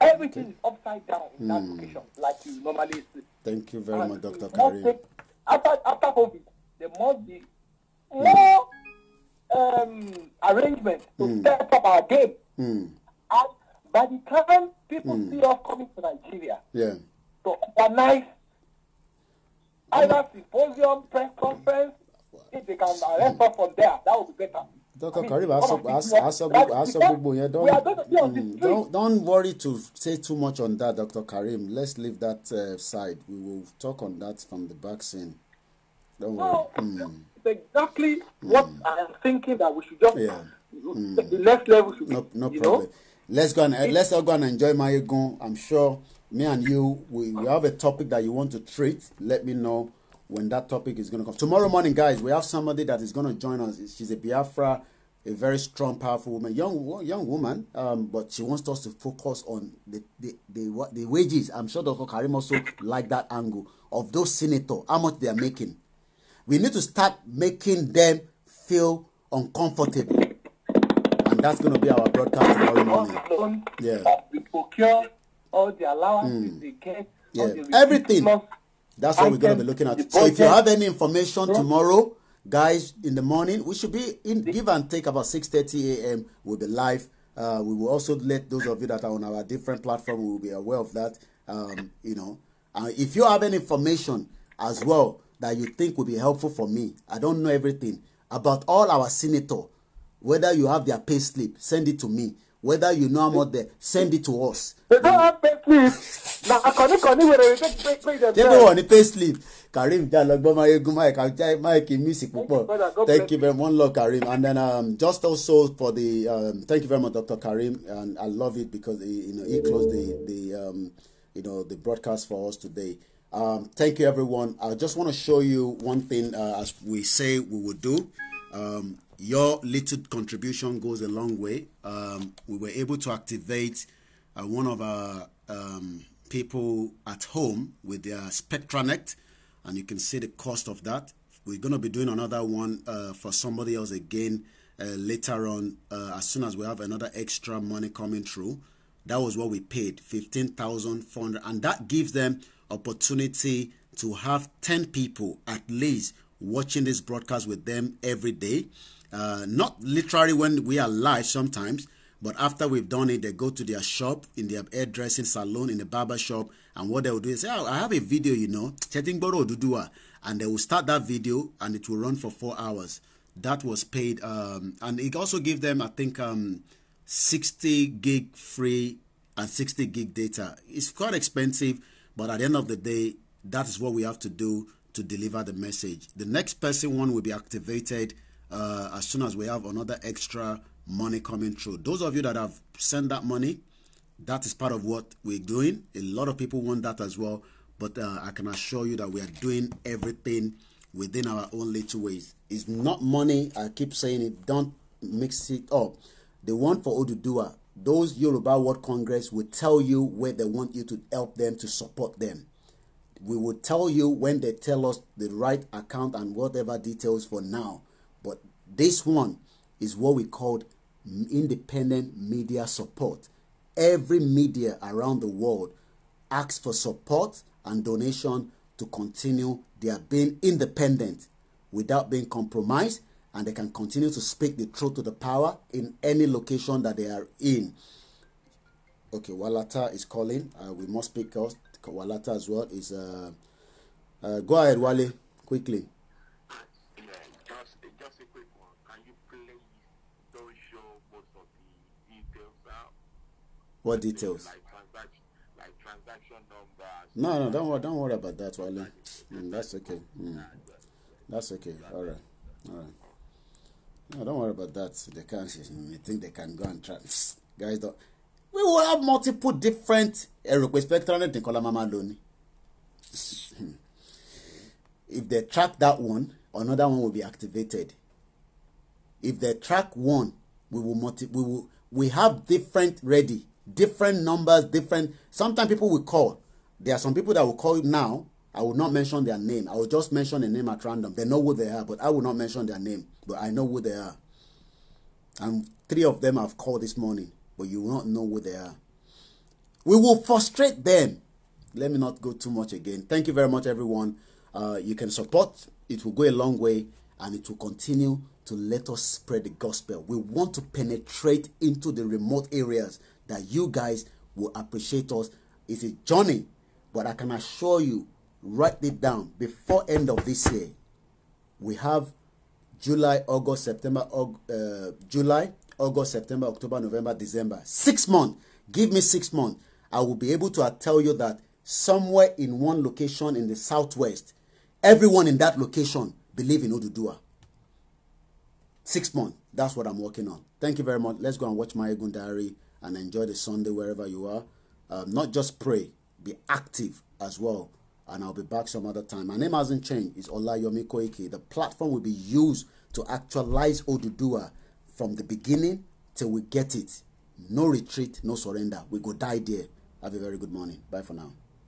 everything is upside down in that hmm. location, like you normally see. Thank you very much, Dr. Karim. After, after COVID, there must be more um, arrangement to hmm. step up our game. And by the time people mm. see us coming to Nigeria yeah. to organize either symposium, press conference, if they can arrest us from there, that would be better. Dr. Kariba, ask gbogbo hmm, Don't, don't, worry to say too much on that, Dr. Karim. Let's leave that uh, side. We will talk on that from the back scene. Don't worry. No, mm. exactly mm. what I am thinking that we should just yeah. mm. the hmm. next level should no, be. No you problem. Know? Let's go and uh, let's all go and enjoy Mayegun. I'm sure me and you we, we have a topic that you want to treat. Let me know when that topic is going to come. Tomorrow morning, guys, we have somebody that is going to join us. She's a Biafra, a very strong, powerful woman, young young woman, um, but she wants us to focus on the the, the, the wages. I'm sure Dr. Karim also like that angle of those senators, how much they are making. We need to start making them feel uncomfortable. And that's going to be our broadcast tomorrow morning. Yeah. We procure all the allowances mm. they get. Yeah. Everything. That's what I we're going to be looking at. So if you have any information tomorrow, guys, in the morning, we should be in give and take about 6.30 a.m. We'll be live. Uh, we will also let those of you that are on our different platform, will be aware of that. Um, you know, uh, if you have any information as well that you think would be helpful for me, I don't know everything about all our senator, whether you have their pay slip, send it to me whether you know how much they send it to us. they don have pay slip na akọnikọni wèrè we take pay pay dem. tẹ́gbẹ́ wọ̀ ní pay slip karim jalogbo mayegun mike ajay mike misi púpọ̀ thank you very much love karim and then um, just also for the um, thank you very much dr karim and i love it because he, you know, he closed the the um, you know the broadcast for us today. Um, thank you everyone. I just want to show you one thing uh, as we say we will do. Um, your little contribution goes a long way. Um, we were able to activate uh, one of our um, people at home with their Spectranet, and you can see the cost of that. We're going to be doing another one uh, for somebody else again uh, later on uh, as soon as we have another extra money coming through. That was what we paid, 15,400, and that gives them opportunity to have 10 people at least watching this broadcast with them every day uh, not literally when we are live sometimes, but after we've done it, they go to their shop, in their hairdressing salon, in the barber shop, and what they will do is, oh, I have a video, you know, Chetingboro Dudua, and they will start that video, and it will run for four hours. That was paid, um, and it also gave them, I think, um, 60 gig free and 60 gig data. It's quite expensive, but at the end of the day, that is what we have to do to deliver the message. The next person one will be activated uh, as soon as we have another extra money coming through. Those of you that have sent that money, that is part of what we're doing. A lot of people want that as well, but uh, I can assure you that we are doing everything within our own little ways. It's not money. I keep saying it. Don't mix it up. The one for Odudua, those Yoruba World Congress will tell you where they want you to help them to support them. We will tell you when they tell us the right account and whatever details for now. This one is what we called independent media support. Every media around the world asks for support and donation to continue their being independent without being compromised and they can continue to speak the truth to the power in any location that they are in. Okay, Walata is calling. Uh, we must pick up Walata as well. Is uh, uh, go ahead, Wale, quickly. What details? No, no, don't worry, don't worry about that, Wale. Mm, that's okay. Mm. That's okay. All right, all right. No, don't worry about that. They can't. They think they can go and try? Guys, don't. We will have multiple different ẹ̀rọ pé spectrum ẹ̀dín kọ́lá máa máa If they track that one, another one will be activated. If they track one, we will multi we will we have different ready different numbers, different. Sometimes people will call. There are some people that will call now. I will not mention their name. I will just mention a name at random. They know who they are, but I will not mention their name. But I know who they are. And three of them have called this morning, but you will not know who they are. We will frustrate them. Let me not go too much again. Thank you very much, everyone. Uh, you can support. It will go a long way, and it will continue to let us spread the gospel. We want to penetrate into the remote areas that you guys will appreciate us. It's a journey, but I can assure you, write it down before end of this year. We have July, August, September, uh, July, August, September, October, November, December. Six months. Give me six months. I will be able to tell you that somewhere in one location in the southwest, everyone in that location believe in Odudua. Six months. That's what I'm working on. Thank you very much. Let's go and watch my Egun Diary. and enjoy the Sunday wherever you are. Um, not just pray, be active as well. And I'll be back some other time. My name hasn't changed. It's Olayomi Koike. The platform will be used to actualize Odudua from the beginning till we get it. No retreat, no surrender. We go die there. Have a very good morning. Bye for now.